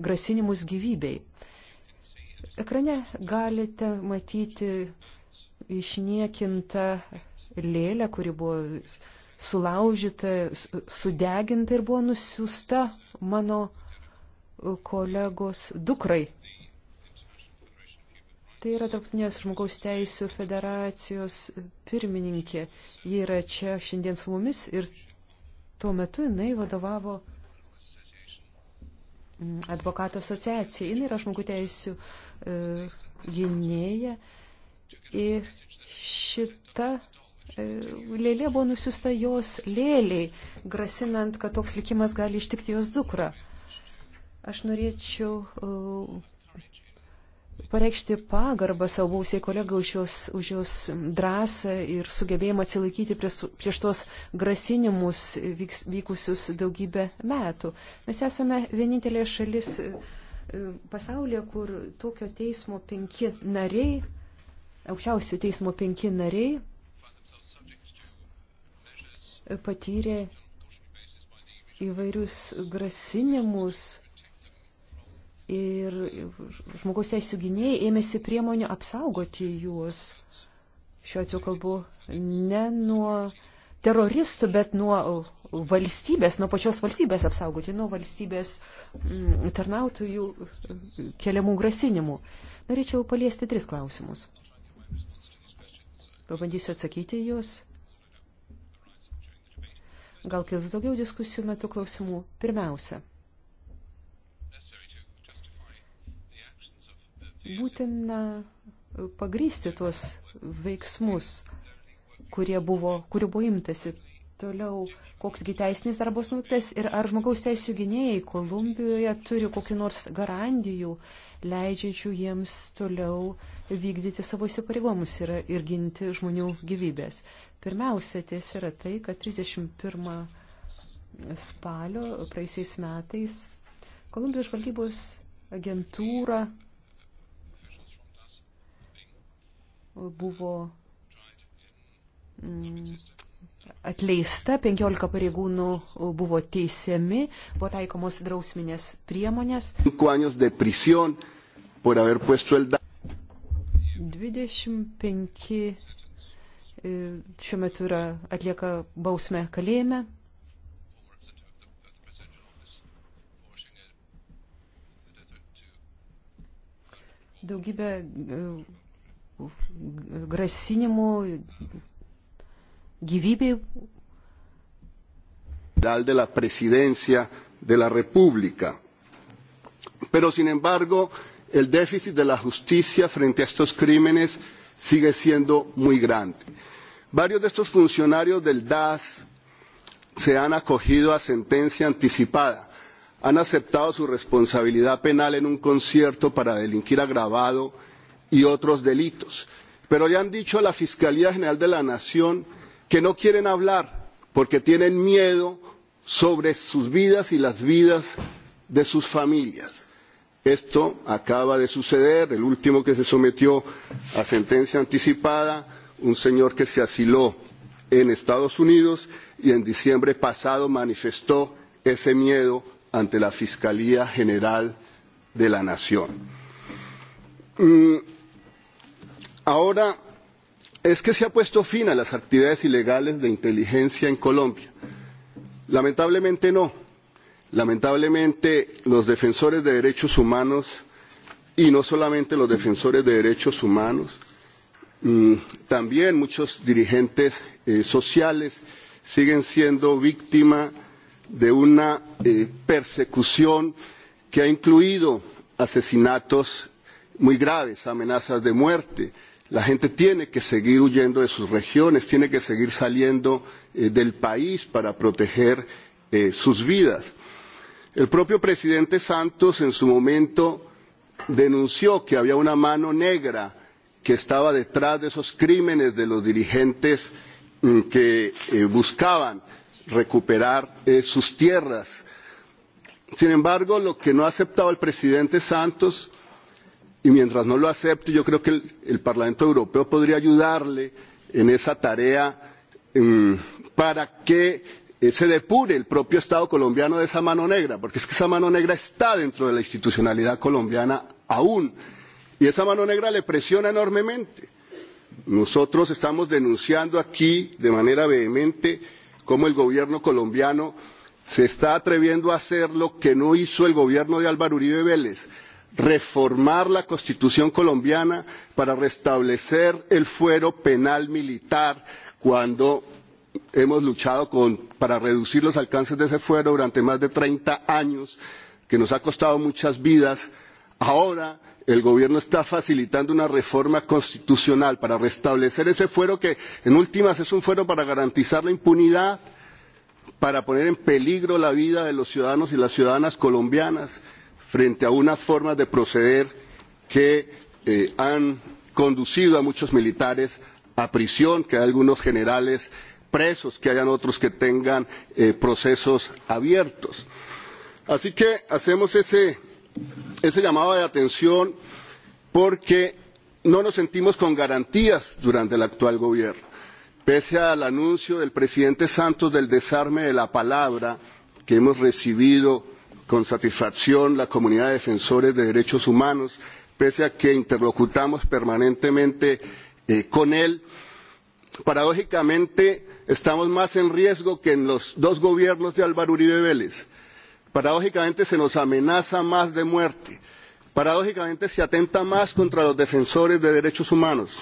grasinimus gyvybei. Ekrane galite matyti išniekintą lėlę, kuri buvo sulaužyta, sudeginta ir buvo nusiusta mano kolegos dukrai. Tai yra Tarptautinės žmogaus teisų federacijos pirmininkė. Ji yra čia šiandien su mumis ir tuo metu jinai vadovavo mm, advokato asociacijai. Jis yra žmogų teisų e, gynėja. Ir šita e, lėlė buvo nusiusta jos lėliai, grasinant, kad toks likimas gali ištikti jos dukrą. Aš norėčiau uh, pareikšti pagarbą savo būsiai kolegai už jos, už jos drąsą ir sugebėjimą atsilaikyti prieš, prieš tos grasinimus vyks, vykusius daugybę metų. Mes esame vienintelė šalis uh, pasaulyje, kur tokio teismo penki nariai, aukščiausio teismo penki nariai patyrė įvairius grasinimus ir žmogaus teisų gynėjai ėmėsi priemonių apsaugoti juos. Šiuo atveju kalbu ne nuo teroristų, bet nuo valstybės, nuo pačios valstybės apsaugoti, nuo valstybės mm, tarnautojų mm, keliamų grasinimų. Norėčiau paliesti tris klausimus. Pabandysiu atsakyti juos. Gal kils daugiau diskusijų metu klausimų. Pirmiausia, būtina e, pagrysti tuos veiksmus, kurie buvo, kurių buvo imtasi. Toliau, koksgi teisinis darbos nuveiktas ir ar žmogaus teisų gynėjai Kolumbijoje turi kokiu nors garantijų, leidžiančių jiems toliau vykdyti savo įsipareigomus ir, ir ginti žmonių gyvybės. Pirmiausia tiesa yra tai, kad 31 spalio praeisiais metais Kolumbijos žvalgybos agentūra buvo mm, atleista, 15 pareigūnų buvo teisiami, buvo taikomos drausminės priemonės. 25 e, šiuo metu yra atlieka bausmę kalėjime. Daugybė e, grasinimų gyvybei. de la presidencia de la República. Pero, sin embargo, el déficit de la justicia frente a estos crímenes sigue siendo muy grande. Varios de estos funcionarios del DAS se han acogido a sentencia anticipada, han aceptado su responsabilidad penal en un concierto para delinquir agravado y otros delitos. Pero le han dicho a la Fiscalía General de la Nación que no quieren hablar porque tienen miedo sobre sus vidas y las vidas de sus familias. Esto acaba de suceder, el último que se sometió a sentencia anticipada, un señor que se asiló en Estados Unidos y en diciembre pasado manifestó ese miedo ante la Fiscalía General de la Nación. Mm, Ahora, es que se ha puesto fin a las actividades ilegales de inteligencia en Colombia. Lamentablemente no. Lamentablemente los defensores de derechos humanos y no solamente los defensores de derechos humanos, mm, también muchos dirigentes eh, sociales siguen siendo víctima de una eh, persecución que ha incluido asesinatos muy graves, amenazas de muerte, eh, La gente tiene que seguir huyendo de sus regiones, tiene que seguir saliendo eh, del país para proteger eh, sus vidas. El propio presidente Santos en su momento denunció que había una mano negra que estaba detrás de esos crímenes de los dirigentes mm, que eh, buscaban recuperar eh, sus tierras. Sin embargo, lo que no ha aceptado el presidente Santos y mientras no lo acepte, yo creo que el, el Parlamento Europeo podría ayudarle en esa tarea um, para que eh, se depure el propio Estado colombiano de esa mano negra, porque es que esa mano negra está dentro de la institucionalidad colombiana aún, y esa mano negra le presiona enormemente. Nosotros estamos denunciando aquí de manera vehemente cómo el gobierno colombiano se está atreviendo a hacer lo que no hizo el gobierno de Álvaro Uribe Vélez, reformar la constitución colombiana para restablecer el fuero penal militar cuando hemos luchado con, para reducir los alcances de ese fuero durante más de 30 años, que nos ha costado muchas vidas. Ahora el gobierno está facilitando una reforma constitucional para restablecer ese fuero que en últimas es un fuero para garantizar la impunidad, para poner en peligro la vida de los ciudadanos y las ciudadanas colombianas frente a unas formas de proceder que eh, han conducido a muchos militares a prisión, que hay algunos generales presos, que hayan otros que tengan eh, procesos abiertos. Así que hacemos ese, ese llamado de atención porque no nos sentimos con garantías durante el actual gobierno. Pese al anuncio del presidente Santos del desarme de la palabra que hemos recibido con satisfacción la comunidad de defensores de derechos humanos, pese a que interlocutamos permanentemente eh, con él. Paradójicamente, estamos más en riesgo que en los dos gobiernos de Álvaro Uribe Vélez. Paradójicamente, se nos amenaza más de muerte. Paradójicamente, se atenta más contra los defensores de derechos humanos.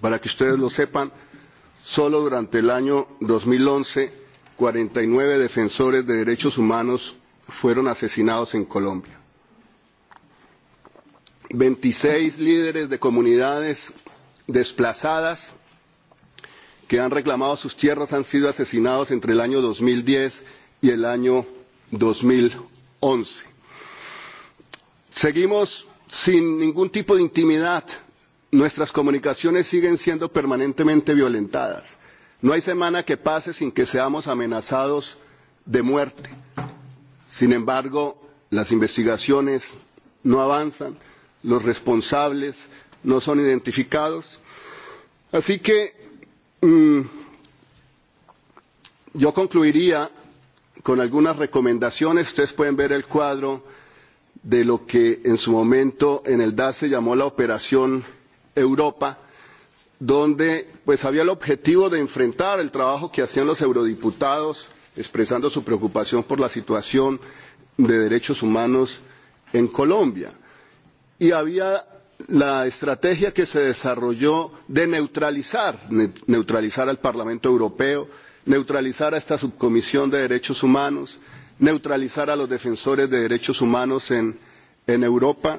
Para que ustedes lo sepan, solo durante el año 2011, 49 defensores de derechos humanos fueron asesinados en Colombia. 26 líderes de comunidades desplazadas que han reclamado sus tierras han sido asesinados entre el año 2010 y el año 2011. Seguimos sin ningún tipo de intimidad. Nuestras comunicaciones siguen siendo permanentemente violentadas. No hay semana que pase sin que seamos amenazados de muerte. Sin embargo, las investigaciones no avanzan, los responsables no son identificados. Así que mmm, yo concluiría con algunas recomendaciones. Ustedes pueden ver el cuadro de lo que en su momento en el DAS se llamó la Operación Europa, donde pues había el objetivo de enfrentar el trabajo que hacían los eurodiputados expresando su preocupación por la situación de derechos humanos en Colombia. Y había la estrategia que se desarrolló de neutralizar, neutralizar al Parlamento Europeo, neutralizar a esta subcomisión de derechos humanos, neutralizar a los defensores de derechos humanos en, en Europa.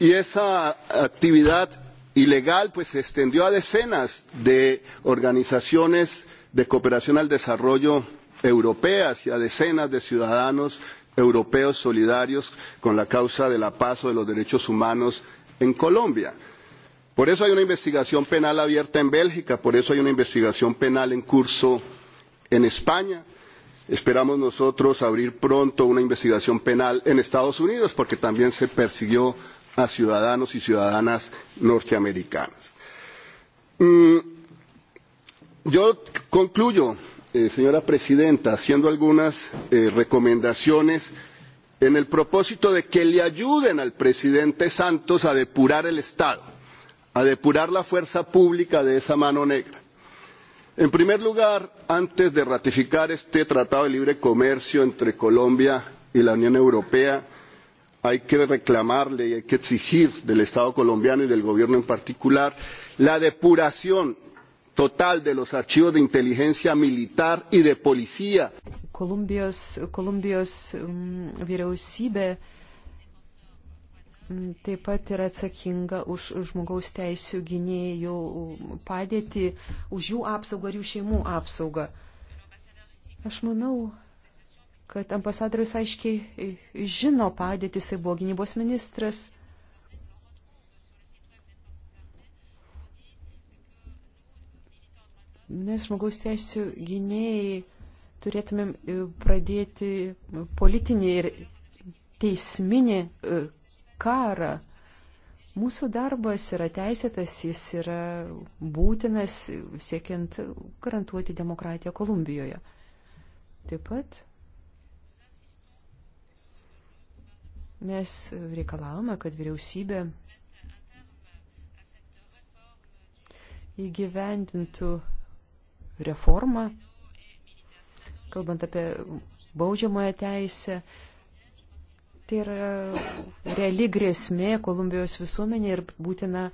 Y esa actividad ilegal pues, se extendió a decenas de organizaciones de cooperación al desarrollo europea hacia decenas de ciudadanos europeos solidarios con la causa de la paz o de los derechos humanos en Colombia. Por eso hay una investigación penal abierta en Bélgica, por eso hay una investigación penal en curso en España. Esperamos nosotros abrir pronto una investigación penal en Estados Unidos, porque también se persiguió a ciudadanos y ciudadanas norteamericanas. Mm yo concluyo, eh, señora presidenta, haciendo algunas eh, recomendaciones en el propósito de que le ayuden al presidente Santos a depurar el Estado, a depurar la fuerza pública de esa mano negra. En primer lugar, antes de ratificar este Tratado de Libre Comercio entre Colombia y la Unión Europea, hay que reclamarle y hay que exigir del Estado colombiano y del Gobierno en particular la depuración total de los archivos de inteligencia militar y de policía. Kolumbijos, Kolumbijos mm, vyriausybė mm, taip pat yra atsakinga už žmogaus teisų gynėjų padėtį, už jų apsaugą ir jų šeimų apsaugą. Aš manau, kad ambasadorius aiškiai žino padėtį, jisai buvo gynybos ministras Mes žmogaus teisų gynėjai turėtumėm e, pradėti politinį ir teisminį e, karą. Mūsų darbas yra teisėtas, jis yra būtinas siekiant garantuoti demokratiją Kolumbijoje. Taip pat mes reikalavome, kad vyriausybė įgyvendintų reformą, kalbant apie baudžiamąją teisę. Tai yra reali grėsmė Kolumbijos visuomenė ir būtina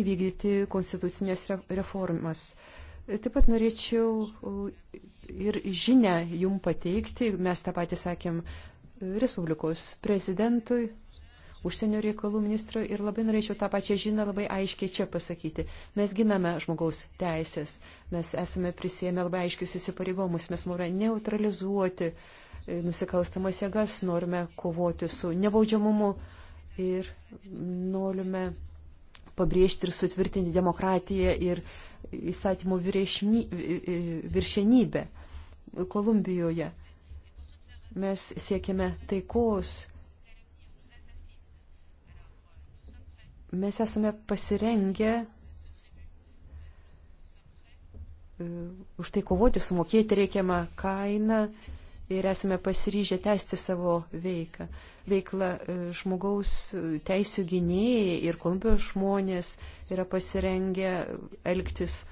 įvykdyti konstitucinės reformas. Taip pat norėčiau uh, ir žinę jum pateikti, mes tą patį sakėm Respublikos prezidentui užsienio reikalų ministro ir labai norėčiau tą pačią žinią labai aiškiai čia pasakyti. Mes giname žmogaus teisės, mes esame prisėmę labai aiškius įsipareigomus, mes norime neutralizuoti e, nusikalstamas jėgas, norime kovoti su nebaudžiamumu ir norime pabrėžti ir sutvirtinti demokratiją ir įstatymų e, e, viršenybę Kolumbijoje. Mes siekime taikos mes esame pasirengę e, už tai kovoti, sumokėti reikiamą kainą ir esame pasiryžę tęsti savo veiką. Veikla e, žmogaus e, teisų gynėjai ir Kolumbijos žmonės yra pasirengę elgtis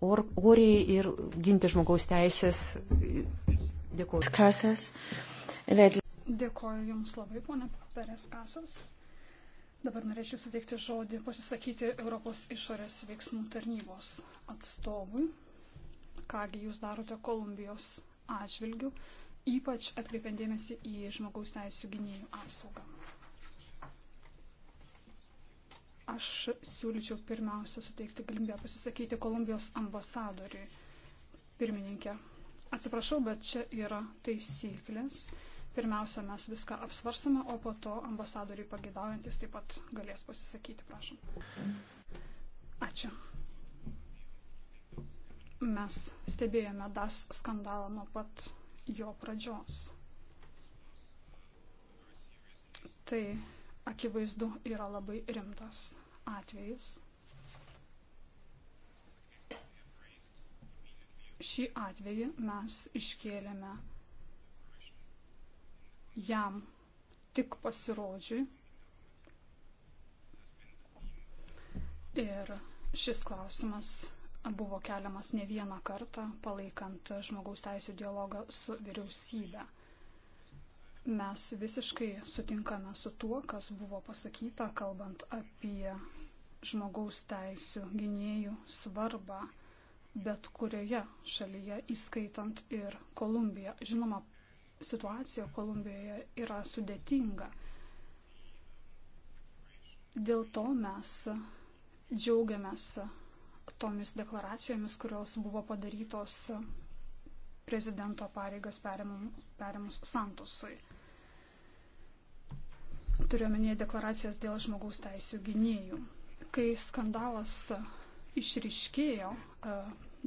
or, oriai ir ginti žmogaus teisės. Dėkuoju. Kasas. Dėkuoju Jums labai, ponė Peres Kasas. Dabar norėčiau suteikti žodį pasisakyti Europos išorės veiksmų tarnybos atstovui. Kągi jūs darote Kolumbijos atžvilgių, ypač atkreipiantėmėsi į žmogaus teisų gynėjų apsaugą. Aš siūlyčiau pirmiausia suteikti galimybę pasisakyti Kolumbijos ambasadoriui. Pirmininkė, atsiprašau, bet čia yra taisyklės Pirmiausia, mes viską apsvarstame, o po to ambasadoriai pagėdaujantis taip pat galės pasisakyti, prašom. Ačiū. Mes stebėjome DAS skandalą nuo pat jo pradžios. Tai akivaizdu yra labai rimtas atvejis. Šį atvejį mes iškėlėme jam tik pasirodžiui. Ir šis klausimas buvo keliamas ne vieną kartą, palaikant žmogaus teisų dialogą su vyriausybė. Mes visiškai sutinkame su tuo, kas buvo pasakyta, kalbant apie žmogaus teisų gynėjų svarbą bet kurioje šalyje, įskaitant ir Kolumbiją. Žinoma, situacija Kolumbijoje yra sudėtinga. Dėl to mes džiaugiamės tomis deklaracijomis, kurios buvo padarytos prezidento pareigas perimus Santosui. Turiuomenėje deklaracijas dėl žmogaus teisų gynėjų. Kai skandalas išriškėjo, e,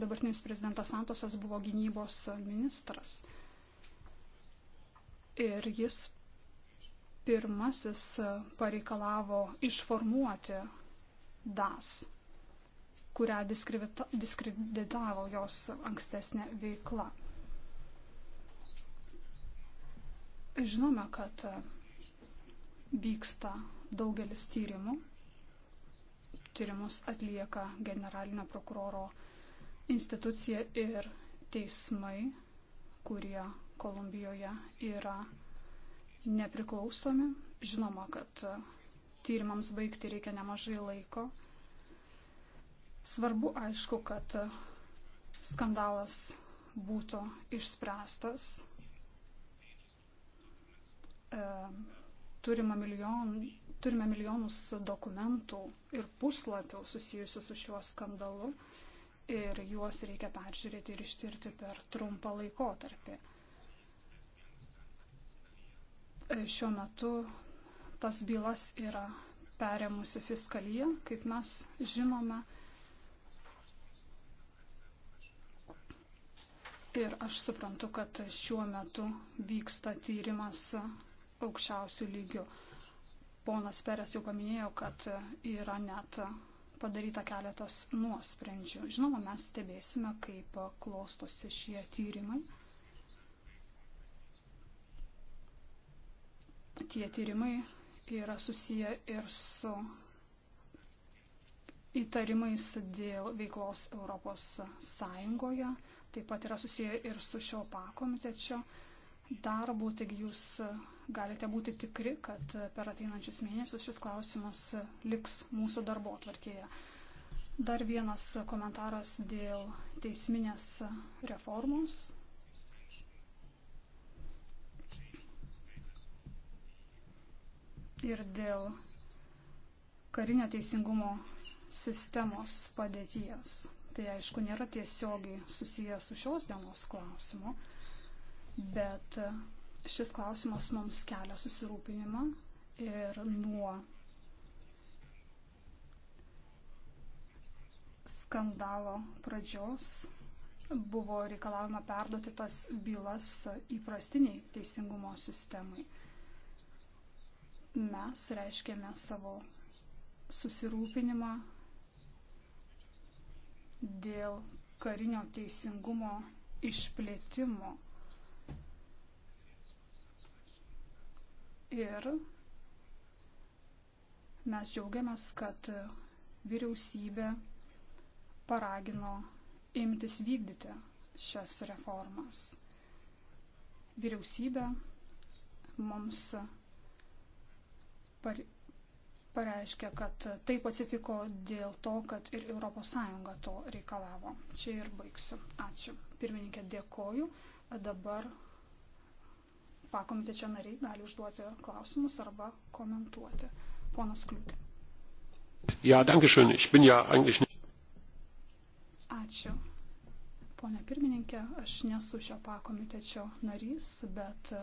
dabartinis prezidentas Santosas buvo gynybos ministras ir jis pirmasis e, pareikalavo išformuoti DAS, kurią diskreditavo jos ankstesnė veikla. Žinome, kad e, vyksta daugelis tyrimų. Tyrimus atlieka generalinio prokuroro institucija ir teismai, kurie Kolumbijoje yra nepriklausomi. Žinoma, kad e, tyrimams baigti reikia nemažai laiko. Svarbu, aišku, kad e, skandalas būtų išspręstas. E, turime, milijon, turime milijonus dokumentų ir puslapių susijusių su šiuo skandalu ir juos reikia peržiūrėti ir ištirti per trumpą laikotarpį. Šiuo metu tas bylas yra perėmusi fiskalyje, kaip mes žinome. Ir aš suprantu, kad šiuo metu vyksta tyrimas aukščiausių lygių. Ponas Peres jau paminėjo, kad yra net padaryta keletas nuosprendžių. Žinoma, mes stebėsime, kaip klostosi šie tyrimai. Tie tyrimai yra susiję ir su įtarimais dėl veiklos Europos Sąjungoje, taip pat yra susiję ir su šio pakomitečio darbu, taigi jūs galite būti tikri, kad per ateinančius mėnesius šis klausimas liks mūsų darbo atvarkėje. Dar vienas komentaras dėl teisminės reformos. ir dėl karinio teisingumo sistemos padėties. Tai aišku, nėra tiesiogiai susijęs su šios dienos klausimu, bet šis klausimas mums kelia susirūpinimą ir nuo skandalo pradžios buvo reikalavima perduoti tas bylas įprastiniai teisingumo sistemai mes reiškėme savo susirūpinimą dėl karinio teisingumo išplėtimo. Ir mes džiaugiamės, kad vyriausybė paragino imtis vykdyti šias reformas. Vyriausybė mums pareiškė, kad taip atsitiko dėl to, kad ir ES to reikalavo. Čia ir baigsiu. Ačiū. Pirmininkė, dėkoju. Dabar pakomitečio nariai gali užduoti klausimus arba komentuoti. Ponas Kliūtė. Ja, dankeschön. Ich bin ja eigentlich nicht. Ačiū. Pone pirmininkė, aš nesu šio pakomitečio narys, bet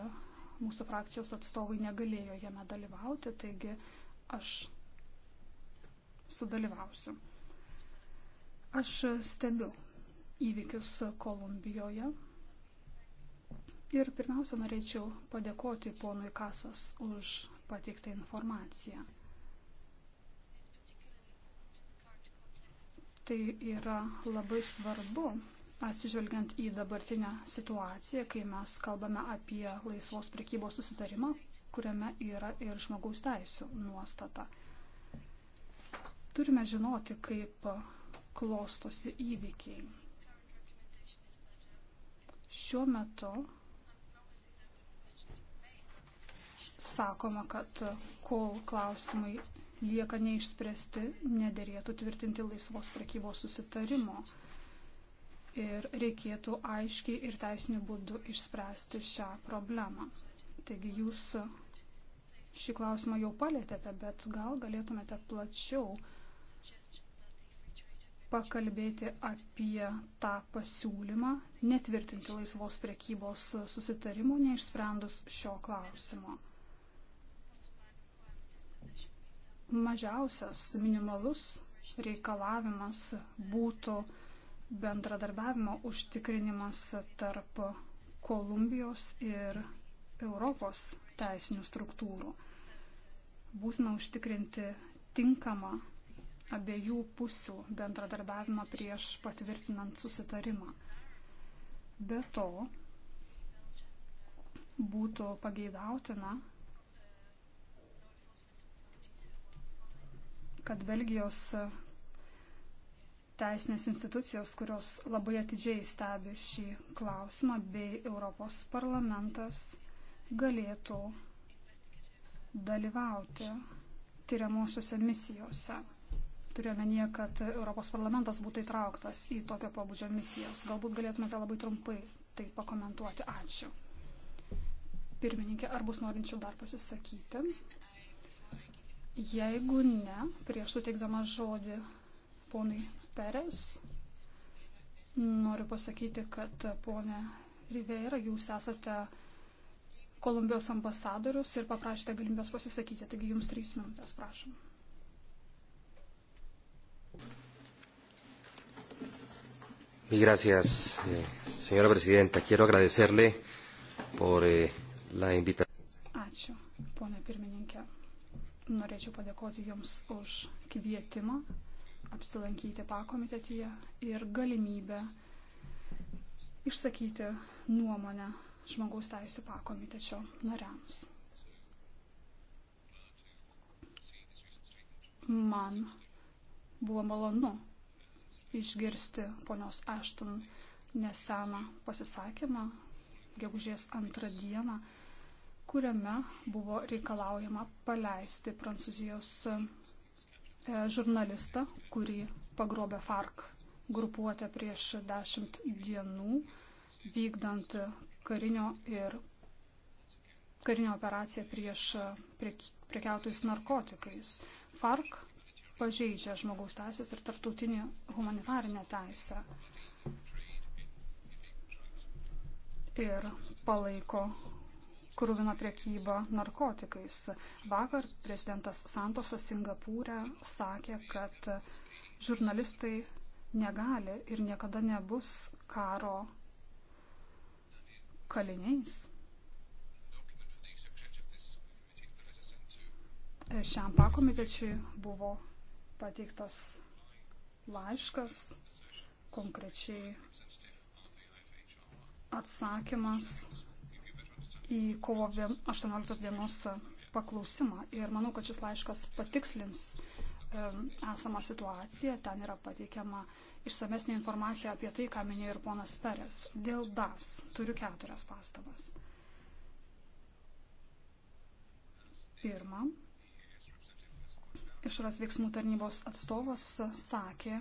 mūsų frakcijos atstovai negalėjo jame dalyvauti, taigi aš sudalyvausiu. Aš stebiu įvykius Kolumbijoje ir pirmiausia norėčiau padėkoti ponui Kasas už pateiktą informaciją. Tai yra labai svarbu atsižvelgiant į dabartinę situaciją, kai mes kalbame apie laisvos prekybos susitarimą, kuriame yra ir žmogaus teisų nuostata. Turime žinoti, kaip klostosi įvykiai. Šiuo metu sakoma, kad kol klausimai lieka neišspręsti, nederėtų tvirtinti laisvos prekybos susitarimo ir reikėtų aiškiai ir teisiniu būdu išspręsti šią problemą. Taigi jūs šį klausimą jau palėtėte, bet gal galėtumėte plačiau pakalbėti apie tą pasiūlymą netvirtinti laisvos prekybos susitarimo neišsprendus šio klausimo. Mažiausias minimalus reikalavimas būtų bendradarbiavimo užtikrinimas tarp Kolumbijos ir Europos teisinių struktūrų. Būtina užtikrinti tinkamą abiejų pusių bendradarbiavimą prieš patvirtinant susitarimą. Be to, būtų pageidautina, kad Belgijos teisinės institucijos, kurios labai atidžiai stebi šį klausimą, bei Europos parlamentas galėtų dalyvauti tyriamosiuose misijose. Turiuomenyje, kad Europos parlamentas būtų įtrauktas į tokio pobūdžio misijas. Galbūt galėtumėte labai trumpai tai pakomentuoti. Ačiū. Pirmininkė, ar bus norinčių dar pasisakyti? Jeigu ne, prieš suteikdama žodį ponui Peres. Noriu pasakyti, kad ponė Rivera, jūs esate Kolumbijos ambasadorius ir paprašėte galimybės pasisakyti, taigi jums trys minutės, prašom. Gracias, eh, señora presidenta. Quiero agradecerle por eh, la invitación. Ačiū, ponė pirmininkė. Norėčiau padėkoti Jums už kvietimą apsilankyti pakomitetyje ir galimybę išsakyti nuomonę žmogaus teisų pakomitečio nariams. Man buvo malonu išgirsti ponios Ashton neseną pasisakymą gegužės antrą dieną, kuriame buvo reikalaujama paleisti Prancūzijos E, žurnalistą, kurį pagrobė FARC grupuotė prieš dešimt dienų, vykdant karinio ir karinio operaciją prieš prekiautojus narkotikais. FARC pažeidžia žmogaus teisės ir tarptautinį humanitarinę teisę. Ir palaiko krūvina priekyba narkotikais. Vakar prezidentas Santosas Singapūrė sakė, kad žurnalistai negali ir niekada nebus karo kaliniais. Šiam pakomitečiui buvo pateiktas laiškas, konkrečiai atsakymas į kovo 18 dienos paklausimą. Ir manau, kad šis laiškas patikslins esamą situaciją. Ten yra pateikiama išsamesnė informacija apie tai, ką minėjo ir ponas Perės. Dėl DAS turiu keturias pastabas. Pirma, išras veiksmų tarnybos atstovas sakė,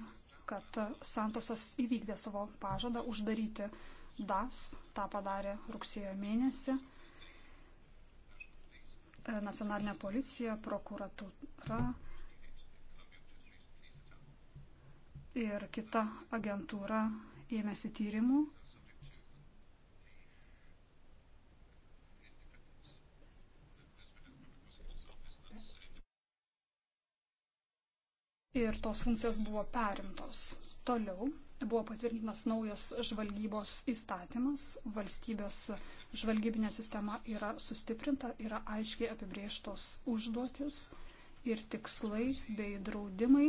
kad Santosas įvykdė savo pažadą uždaryti DAS, tą padarė rugsėjo mėnesį nacionalinė policija, prokuratūra ir kita agentūra ėmėsi tyrimų. Ir tos funkcijos buvo perimtos. Toliau buvo patvirtintas naujas žvalgybos įstatymas. Valstybės žvalgybinė sistema yra sustiprinta, yra aiškiai apibrieštos užduotis ir tikslai bei draudimai.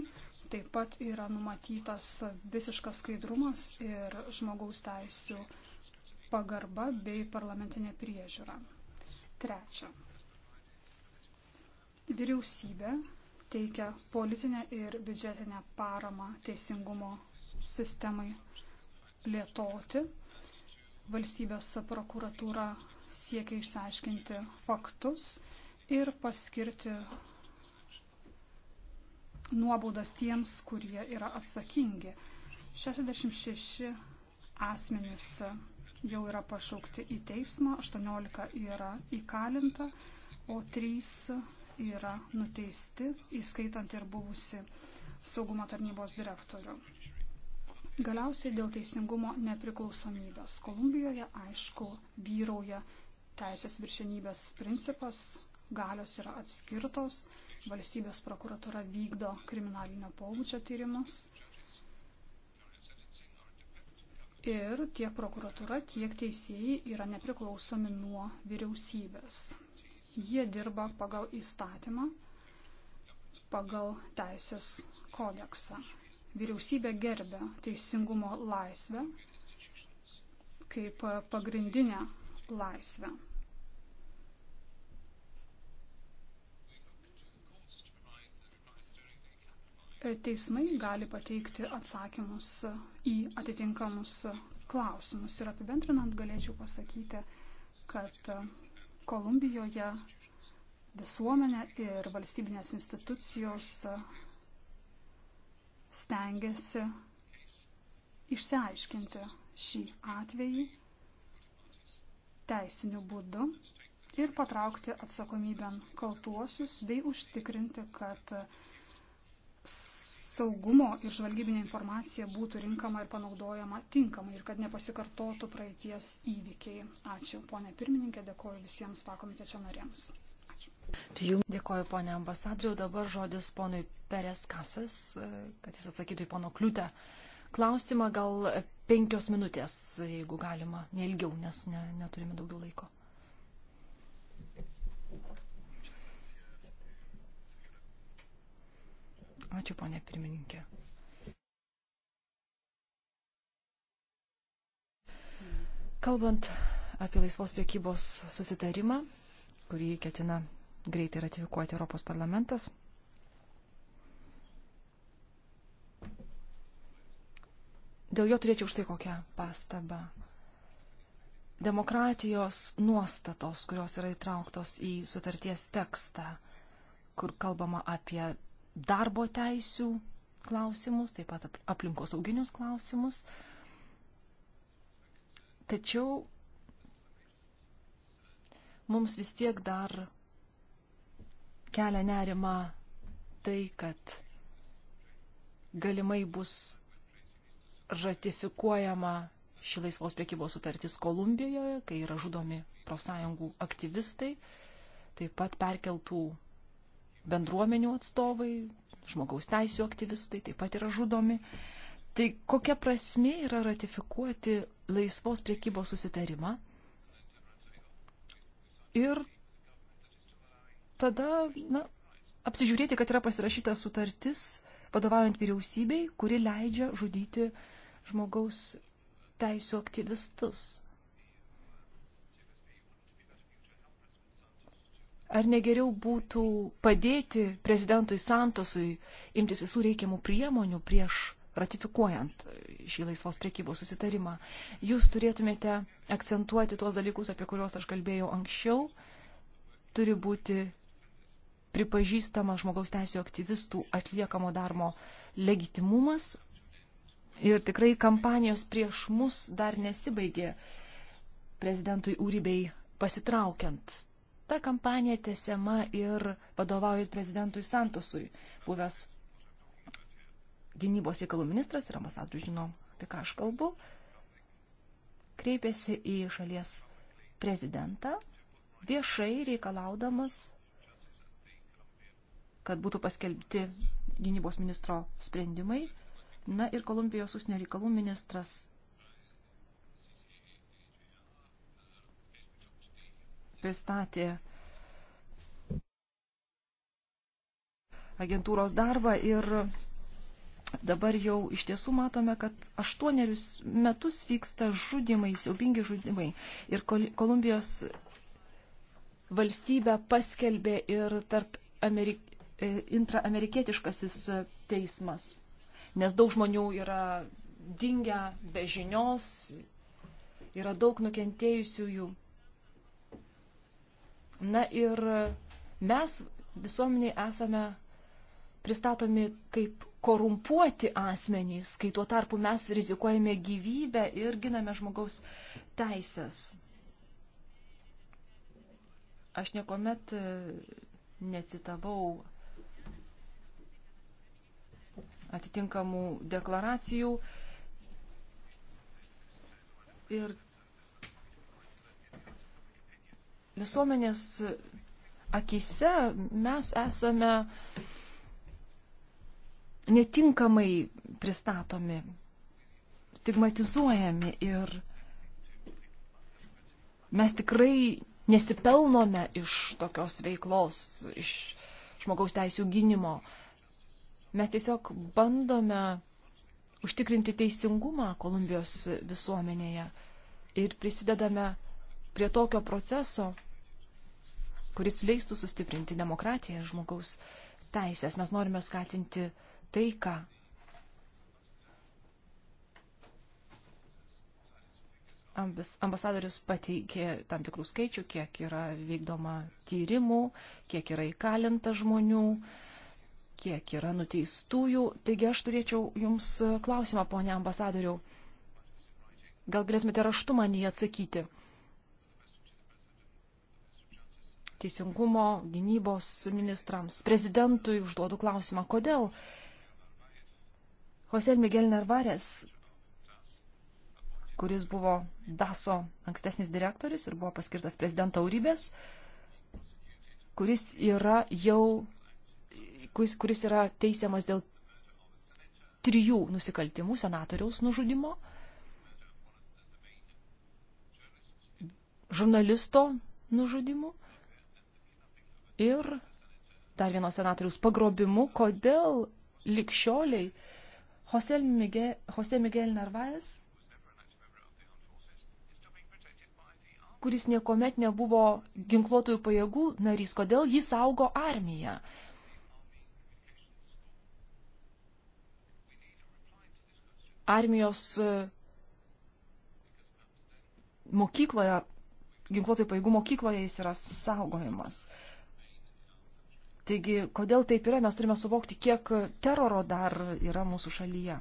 Taip pat yra numatytas visiškas skaidrumas ir žmogaus teisų pagarba bei parlamentinė priežiūra. Trečia. Vyriausybė teikia politinę ir biudžetinę paramą teisingumo sistemai plėtoti valstybės prokuratūra siekia išsiaiškinti faktus ir paskirti nuobaudas tiems, kurie yra atsakingi. 66 asmenys jau yra pašaukti į teismą, 18 yra įkalinta, o 3 yra nuteisti, įskaitant ir buvusi saugumo tarnybos direktorių. Galiausiai dėl teisingumo nepriklausomybės. Kolumbijoje, aišku, vyrauja teisės viršenybės principas, galios yra atskirtos, valstybės prokuratura vykdo kriminalinio pobūdžio tyrimus. Ir tiek prokuratura, tiek teisėjai yra nepriklausomi nuo vyriausybės. Jie dirba pagal įstatymą, pagal teisės kodeksą vyriausybė gerbė teisingumo laisvę kaip pagrindinę laisvę. Teismai gali pateikti atsakymus į atitinkamus klausimus. Ir apibendrinant galėčiau pasakyti, kad Kolumbijoje visuomenė ir valstybinės institucijos stengiasi išsiaiškinti šį atvejį teisiniu būdu ir patraukti atsakomybėn kaltuosius bei užtikrinti, kad saugumo ir žvalgybinė informacija būtų rinkama ir panaudojama tinkamai ir kad nepasikartotų praeities įvykiai. Ačiū, ponė pirmininkė, dėkoju visiems pakomitečio norėms. Dėkoju, ponė ambasadoriau. Dabar žodis ponui Perės Kasas, e, kad jis atsakytų į pono kliūtę. Klausimą gal penkios minutės, jeigu galima, neilgiau, nes ne, neturime daugiau laiko. Ačiū, ponė pirmininkė. Kalbant apie laisvos priekybos susitarimą, kurį ketina greitai ratifikuoti Europos parlamentas. Dėl jo turėčiau štai kokią pastabą. Demokratijos nuostatos, kurios yra įtrauktos į sutarties tekstą, kur kalbama apie darbo teisių klausimus, taip pat aplinkos auginius klausimus. Tačiau mums vis tiek dar kelia nerima tai, kad galimai bus ratifikuojama ši laisvos priekybos sutartis Kolumbijoje, kai yra žudomi profsąjungų aktyvistai, taip pat perkeltų bendruomenių atstovai, žmogaus teisų aktyvistai taip pat yra žudomi. Tai kokia prasme yra ratifikuoti laisvos priekybos susitarimą, ir tada na, apsižiūrėti, kad yra pasirašyta sutartis, vadovaujant vyriausybei, kuri leidžia žudyti žmogaus teisų aktyvistus. Ar negeriau būtų padėti prezidentui Santosui imtis visų reikiamų priemonių prieš ratifikuojant šį laisvos priekybos susitarimą. Jūs turėtumėte akcentuoti tuos dalykus, apie kuriuos aš kalbėjau anksčiau. Turi būti pripažįstamas žmogaus teisėjų aktyvistų atliekamo darbo legitimumas. Ir tikrai kampanijos prieš mus dar nesibaigė prezidentui Uribei pasitraukiant. Ta kampanija tesiama ir vadovaujant prezidentui Santosui, buvęs gynybos reikalų ministras ir ambasadorius žino, apie ką aš kalbu, kreipėsi į šalies prezidentą viešai reikalaudamas, kad būtų paskelbti gynybos ministro sprendimai. Na ir Kolumbijos užsienio reikalų ministras pristatė agentūros darbą ir Dabar jau iš tiesų matome, kad aštuonerius metus vyksta žudimai, siaubingi žudimai. Ir Kolumbijos valstybę paskelbė ir tarp Amerik... E, intraamerikietiškasis teismas. Nes daug žmonių yra dingę be žinios, yra daug nukentėjusiųjų. Na ir mes visuomeniai esame pristatomi kaip korumpuoti asmenys, kai tuo tarpu mes rizikuojame gyvybę ir giname žmogaus teisės. Aš niekuomet e, necitavau atitinkamų deklaracijų ir visuomenės akise mes esame uh, netinkamai pristatomi, stigmatizuojami ir mes tikrai nesipelnome iš tokios veiklos, iš žmogaus teisų gynimo. Mes tiesiog bandome užtikrinti teisingumą Kolumbijos visuomenėje ir prisidedame prie tokio proceso, kuris leistų sustiprinti demokratiją ir žmogaus teisės. Mes norime skatinti uh, taiką. Ambasadorius pateikė tam tikrų skaičių, kiek yra vykdoma tyrimų, kiek yra įkalinta žmonių, kiek yra nuteistųjų. Taigi aš turėčiau Jums klausimą, ponė ambasadoriau. Gal galėtumėte raštu man jį atsakyti? Teisingumo, gynybos ministrams, prezidentui užduodu klausimą, kodėl Jose Miguel Narvarės, kuris buvo DASO ankstesnis direktorius ir buvo paskirtas prezidento Urybės, kuris yra jau, kuris, kuris yra teisiamas dėl trijų nusikaltimų senatoriaus nužudimo, žurnalisto nužudimu ir dar vieno senatoriaus pagrobimu, kodėl likščioliai Jose Miguel, Jose Miguel Narvaez, kuris niekuomet nebuvo ginkluotųjų pajėgų narys, kodėl jis augo armiją. Armijos e, mokykloje, ginkluotųjų pajėgų mokykloje jis yra saugojimas. Taigi, kodėl taip yra, mes turime suvokti, kiek teroro dar yra mūsų šalyje.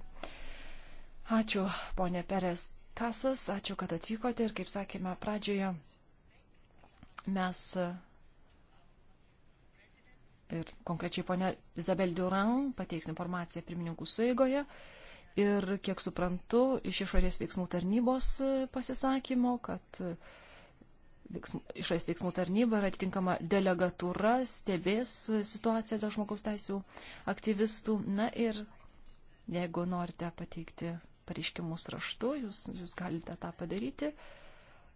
Ačiū, ponė Perės Kasas, ačiū, kad atvykote ir, kaip sakėme pradžioje, mes ir konkrečiai ponė Izabel Duran pateiks informaciją pirmininkų sueigoje. Ir kiek suprantu, iš išorės veiksmų tarnybos pasisakymo, kad uh, veiksmų, išorės veiksmų tarnyba ir atitinkama delegatūra stebės situaciją dėl žmogaus teisų aktyvistų. Na ir jeigu norite pateikti pareiškimus raštu, jūs, jūs galite tą padaryti.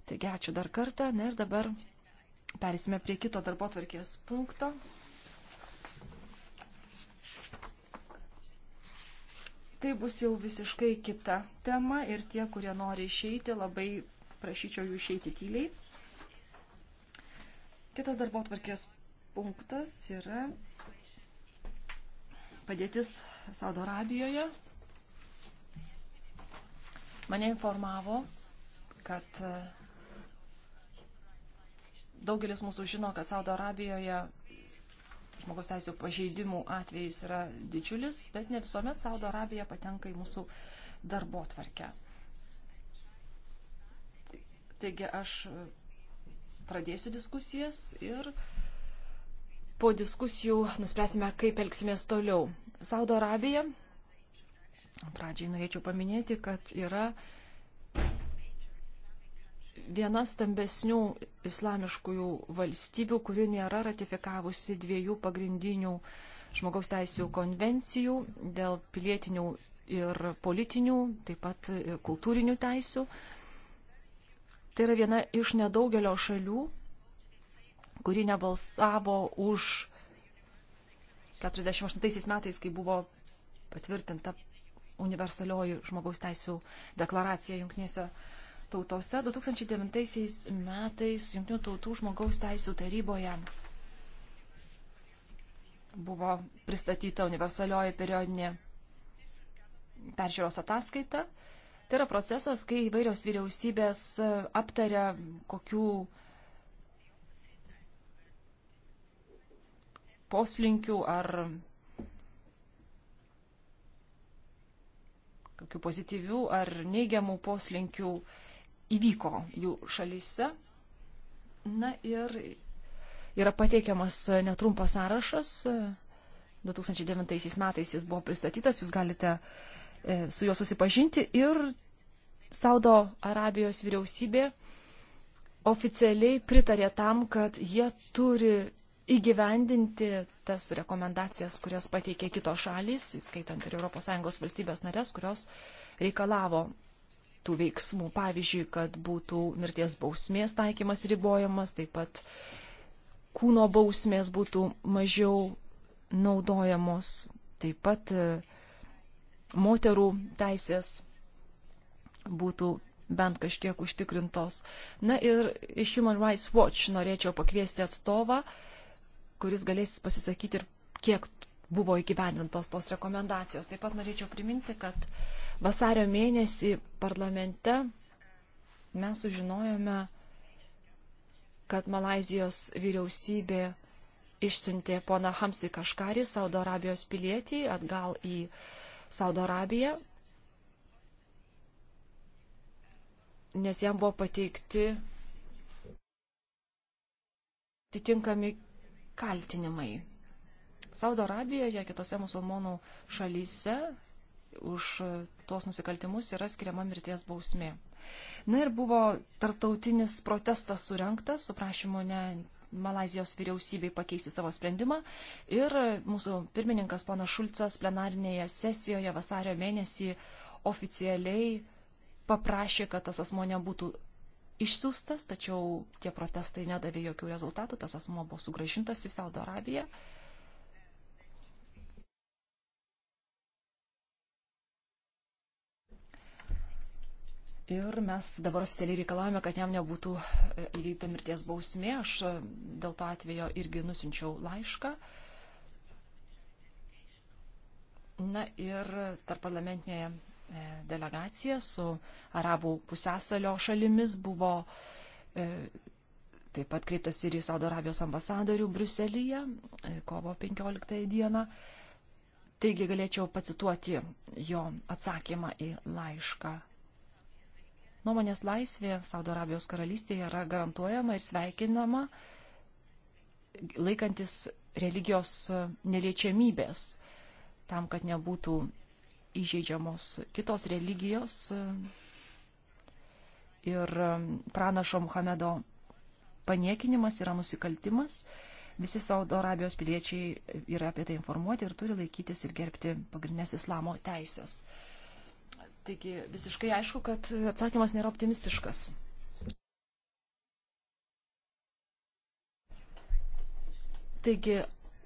Taigi ačiū dar kartą. Na ir dabar perėsime prie kito darbo tvarkės punkto. Tai bus jau visiškai kita tema ir tie, kurie nori išeiti, labai prašyčiau jų išeiti tyliai. Kitas darbo tvarkės punktas yra padėtis Saudo Arabijoje. Mane informavo, kad e, daugelis mūsų žino, kad Saudo Arabijoje žmogaus teisų pažeidimų atvejais yra didžiulis, bet ne visuomet Saudo Arabija patenka į mūsų darbo tvarkę. Taigi aš pradėsiu diskusijas ir po diskusijų nuspręsime, kaip elgsimės toliau. Saudo Arabija. Pradžiai norėčiau paminėti, kad yra viena stambesnių islamiškųjų valstybių, kuri nėra ratifikavusi dviejų pagrindinių žmogaus teisų konvencijų dėl pilietinių ir politinių, taip pat kultūrinių teisų. Tai yra viena iš nedaugelio šalių, kuri nebalsavo už 48 metais, kai buvo patvirtinta universalioji žmogaus teisų deklaracija jungtinėse tautose. 2009 metais jungtinių tautų žmogaus teisų taryboje buvo pristatyta universalioji periodinė peržiūros ataskaita. Tai yra procesas, kai įvairios vyriausybės e, aptaria, kokių poslinkių ar kokių pozityvių ar neigiamų poslinkių įvyko jų šalyse. Na ir yra pateikiamas netrumpas sąrašas. 2009 e, metais jis buvo pristatytas, jūs galite uh, E, su juo susipažinti ir Saudo Arabijos vyriausybė oficialiai pritarė tam, kad jie turi įgyvendinti tas rekomendacijas, kurias pateikė kitos šalys, įskaitant ir ES valstybės narės, kurios reikalavo tų veiksmų. Pavyzdžiui, kad būtų mirties bausmės taikymas ribojamas, taip pat kūno bausmės būtų mažiau naudojamos, taip pat uh, moterų teisės būtų bent kažkiek užtikrintos. Na ir iš Human Rights Watch norėčiau pakviesti atstovą, kuris galės pasisakyti ir kiek buvo įgyvendintos tos rekomendacijos. Taip pat norėčiau priminti, kad vasario mėnesį parlamente mes sužinojome, kad Malazijos vyriausybė išsiuntė poną Hamsi Kaškarį, Saudo Arabijos pilietį, atgal į uh, Saudo Arabiją, nes jam buvo pateikti atitinkami kaltinimai. Saudo Arabijoje, kitose musulmonų šalyse už tuos nusikaltimus yra skiriama mirties bausmė. Na ir buvo tartautinis protestas surinktas su prašymu ne Malazijos vyriausybei pakeisti savo sprendimą. Ir mūsų pirmininkas ponas Šulcas plenarinėje sesijoje vasario mėnesį oficialiai paprašė, kad tas asmo nebūtų išsiųstas, tačiau tie protestai nedavė jokių rezultatų, tas asmo buvo sugražintas į Saudo Arabiją. Ir mes dabar oficialiai reikalavome, kad jam nebūtų e, įvykdyta mirties bausmė. Aš e, dėl to atvejo irgi nusinčiau laišką. Na ir tarp parlamentinėje delegacija su arabų pusęsalio šalimis buvo e, taip pat kreiptas ir į Saudo Arabijos ambasadorių Bruselėje kovo 15 dieną. Taigi galėčiau pacituoti jo atsakymą į laišką Nuomonės laisvė Saudo Arabijos karalystėje yra garantuojama ir sveikinama laikantis religijos neliečiamybės, tam, kad nebūtų įžeidžiamos kitos religijos. Ir pranašo Muhamedo paniekinimas yra nusikaltimas. Visi Saudo Arabijos piliečiai yra apie tai informuoti ir turi laikytis ir gerbti pagrindinės islamo teisės. Taigi visiškai aišku, kad atsakymas nėra optimistiškas. Taigi,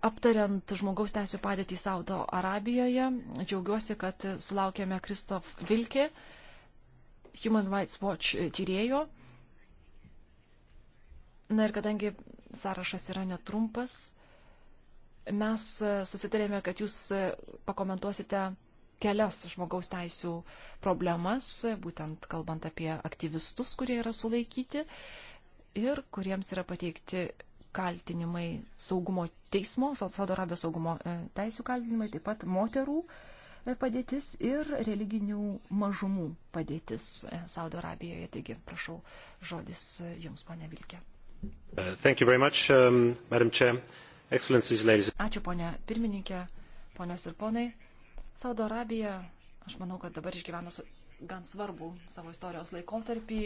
aptariant žmogaus teisų padėtį Saudo Arabijoje, džiaugiuosi, kad sulaukėme Kristof Vilki, Human Rights Watch tyrėjo. Na ir kadangi sąrašas yra netrumpas, mes susitarėme, kad jūs pakomentuosite kelias žmogaus teisų problemas, būtent kalbant apie aktyvistus, kurie yra sulaikyti ir kuriems yra pateikti kaltinimai saugumo teismo, Saudo Arabijos saugumo e, teisų kaltinimai, taip pat moterų e, padėtis ir religinių mažumų padėtis e, Saudo Arabijoje. Taigi, prašau, žodis Jums, ponė Vilkė. Uh, um, Ačiū, ponė pirmininkė, ponios ir ponai. Saudo Arabija, aš manau, kad dabar išgyvena gan svarbu savo istorijos laikotarpį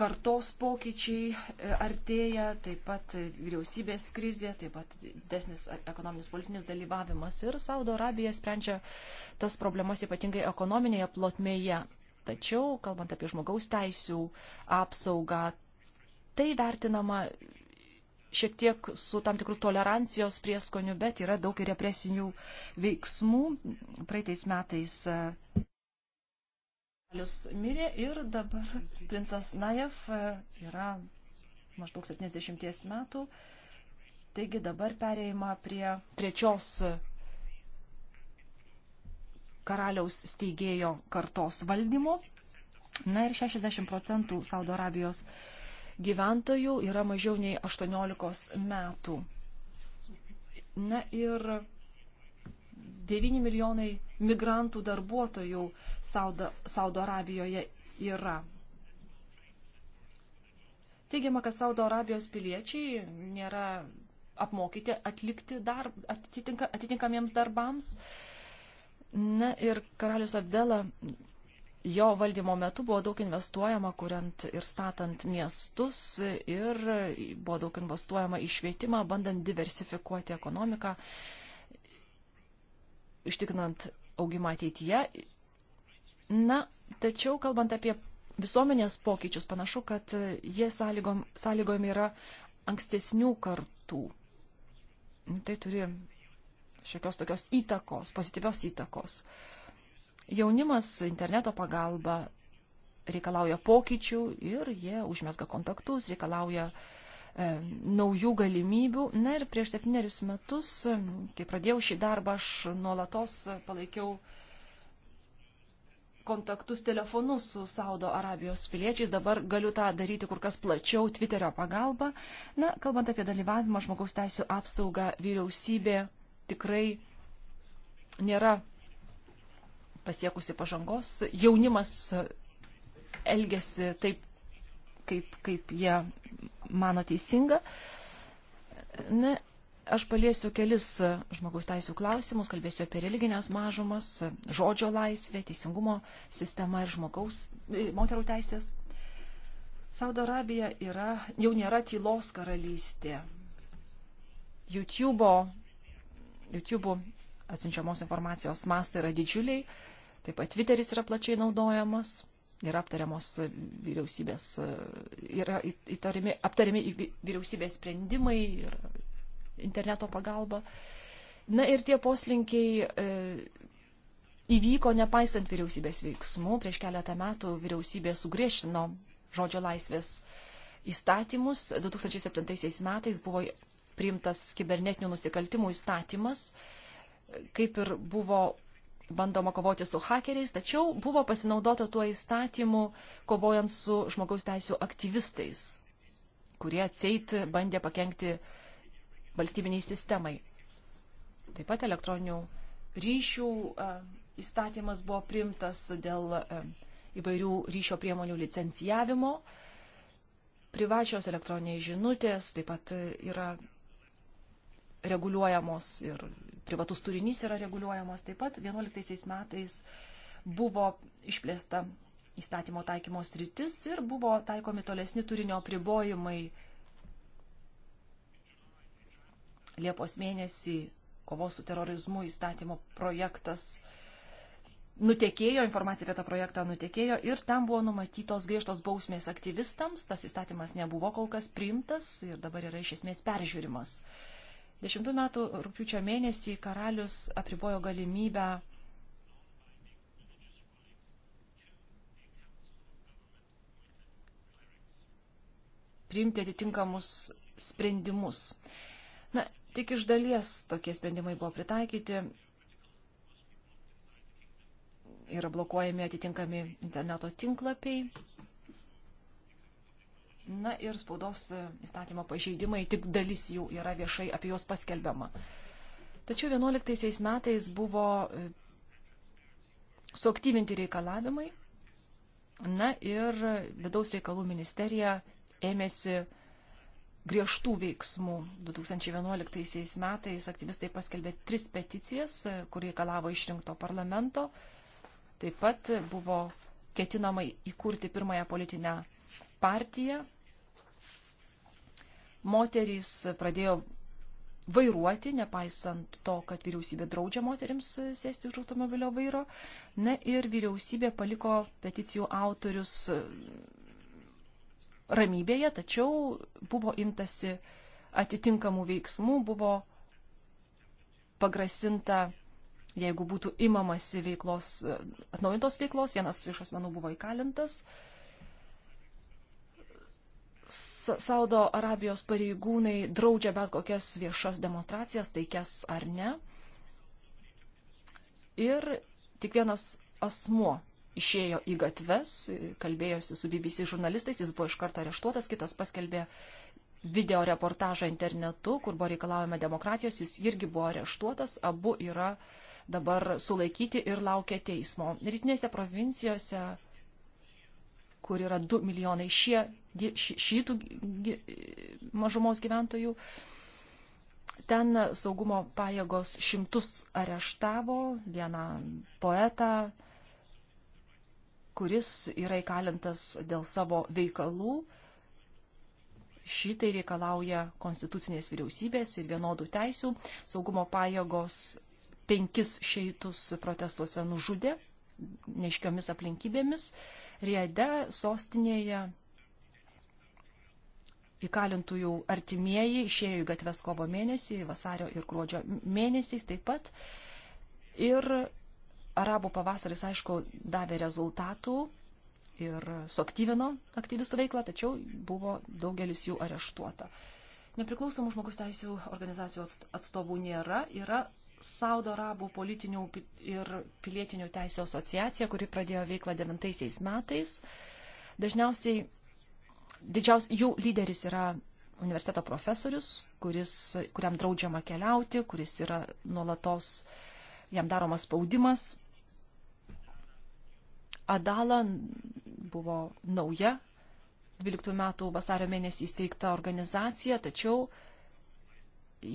kartos pokyčiai e, artėja, taip pat vyriausybės krizė, taip pat desnis ekonominis politinis dalyvavimas ir Saudo Arabija sprendžia tas problemas ypatingai ekonominėje plotmėje. Tačiau, kalbant apie žmogaus teisų apsaugą, tai vertinama šiek tiek su tam tikrų tolerancijos prieskoniu, bet yra daug ir represinių veiksmų. Praeitais metais e, karalius mirė ir dabar princas Najev e, yra maždaug 70 metų. Taigi dabar pereima prie trečios e, karaliaus steigėjo kartos valdymo. Na ir 60 procentų Saudo Arabijos uh, gyventojų yra mažiau nei 18 metų. Na ir 9 milijonai migrantų darbuotojų Saudo, Saudo Arabijoje yra. Teigiama, kad Saudo Arabijos piliečiai nėra apmokyti atlikti darb, atitinka, atitinkamiems darbams. Na ir karalius Abdela jo valdymo metu buvo daug investuojama, kuriant ir statant miestus, ir buvo daug investuojama į švietimą, bandant diversifikuoti ekonomiką, ištikrinant augimą ateityje. Na, tačiau kalbant apie visuomenės pokyčius, panašu, kad jie sąlygom, sąlygom yra ankstesnių kartų. Tai turi šiokios tokios įtakos, pozityvios įtakos. Uh, Jaunimas interneto pagalba reikalauja pokyčių ir jie užmesga kontaktus, reikalauja e, naujų galimybių. Na ir prieš septynerius metus, e, kai pradėjau šį darbą, aš nuolatos palaikiau kontaktus telefonu su Saudo Arabijos piliečiais. Dabar galiu tą daryti kur kas plačiau Twitterio pagalba. Na, kalbant apie dalyvavimą žmogaus teisų apsaugą, vyriausybė tikrai nėra pasiekusi pažangos. Jaunimas elgesi taip, kaip, kaip jie mano teisinga. Na, aš paliesiu kelis žmogaus teisų klausimus, kalbėsiu apie religinės mažumas, žodžio laisvę, teisingumo sistemą ir žmogaus, e, moterų teisės. Saudo Arabija yra, jau nėra tylos karalystė. YouTube'o, YouTube atsiunčiamos informacijos mastai yra didžiuliai Taip pat Twitteris yra plačiai naudojamas, yra aptariamos vyriausybės, yra įtarimi, aptariami vyriausybės sprendimai ir interneto pagalba. Na ir tie poslinkiai e, įvyko nepaisant vyriausybės veiksmų. Prieš keletą metų vyriausybė sugriešino žodžio laisvės įstatymus. 2007 metais buvo priimtas kibernetinių nusikaltimų įstatymas, kaip ir buvo bandoma kovoti su hakeriais, tačiau buvo pasinaudota tuo įstatymu, kovojant su žmogaus teisų aktyvistais, kurie atseit bandė pakengti valstybiniai sistemai. Taip pat elektroninių ryšių įstatymas buvo primtas dėl įvairių ryšio priemonių licencijavimo. Privačios elektroninės žinutės taip pat yra reguliuojamos ir privatus turinys yra reguliuojamas. Taip pat 2011 metais buvo išplėsta įstatymo taikymo sritis ir buvo taikomi tolesni turinio pribojimai. Liepos mėnesį kovos su terorizmu įstatymo projektas nutekėjo, informacija apie tą projektą nutekėjo ir tam buvo numatytos griežtos bausmės aktyvistams. Tas įstatymas nebuvo kol kas priimtas ir dabar yra iš esmės peržiūrimas. Uh, Dešimtų metų rūpiučio mėnesį karalius apribojo galimybę priimti atitinkamus sprendimus. Na, tik iš dalies tokie sprendimai buvo pritaikyti. Yra blokuojami atitinkami interneto tinklapiai, Na ir spaudos įstatymo pažeidimai, tik dalis jų yra viešai apie juos paskelbiama. Tačiau 11 metais buvo e, suaktyvinti reikalavimai. Na ir vidaus reikalų ministerija ėmėsi griežtų veiksmų. 2011 metais aktyvistai paskelbė tris peticijas, e, kur reikalavo išrinkto parlamento. Taip pat buvo ketinama įkurti pirmąją politinę partiją, moterys pradėjo vairuoti, nepaisant to, kad vyriausybė draudžia moteriams sėsti už automobilio vairo. Na ir vyriausybė paliko peticijų autorius e, ramybėje, tačiau buvo imtasi atitinkamų veiksmų, buvo pagrasinta, jeigu būtų imamasi veiklos, e, atnaujintos veiklos, vienas iš asmenų buvo įkalintas, uh, Saudo Arabijos pareigūnai draudžia bet kokias viešas demonstracijas, taikias ar ne. Ir tik vienas asmuo išėjo į gatves, kalbėjosi su BBC žurnalistais, jis buvo iš karto areštuotas, kitas paskelbė video reportažą internetu, kur buvo reikalaujama demokratijos, jis irgi buvo areštuotas, abu yra dabar sulaikyti ir laukia teismo. Rytinėse provincijose, kur yra 2 milijonai šie šytų mažumos gyventojų. Ten saugumo pajėgos šimtus areštavo, vieną poetą, kuris yra įkalintas dėl savo veikalų. Šitai reikalauja konstitucinės vyriausybės ir vienodų teisių. Saugumo pajėgos penkis šeitus protestuose nužudė neiškiomis aplinkybėmis. Riede sostinėje įkalintųjų artimieji išėjo į gatves kovo mėnesį, vasario ir gruodžio mėnesiais taip pat. Ir arabų pavasaris, aišku, davė rezultatų ir suaktyvino aktyvistų veiklą, tačiau buvo daugelis jų areštuota. Nepriklausomų žmogus teisų organizacijų atstovų nėra, yra Saudo arabų politinių ir pilietinių teisų asociacija, kuri pradėjo veiklą 9 metais. Dažniausiai didžiaus, jų lyderis yra universiteto profesorius, kuris, kuriam draudžiama keliauti, kuris yra nuolatos, jam daromas spaudimas. Adala buvo nauja 12 metų vasario mėnesį įsteigta organizacija, tačiau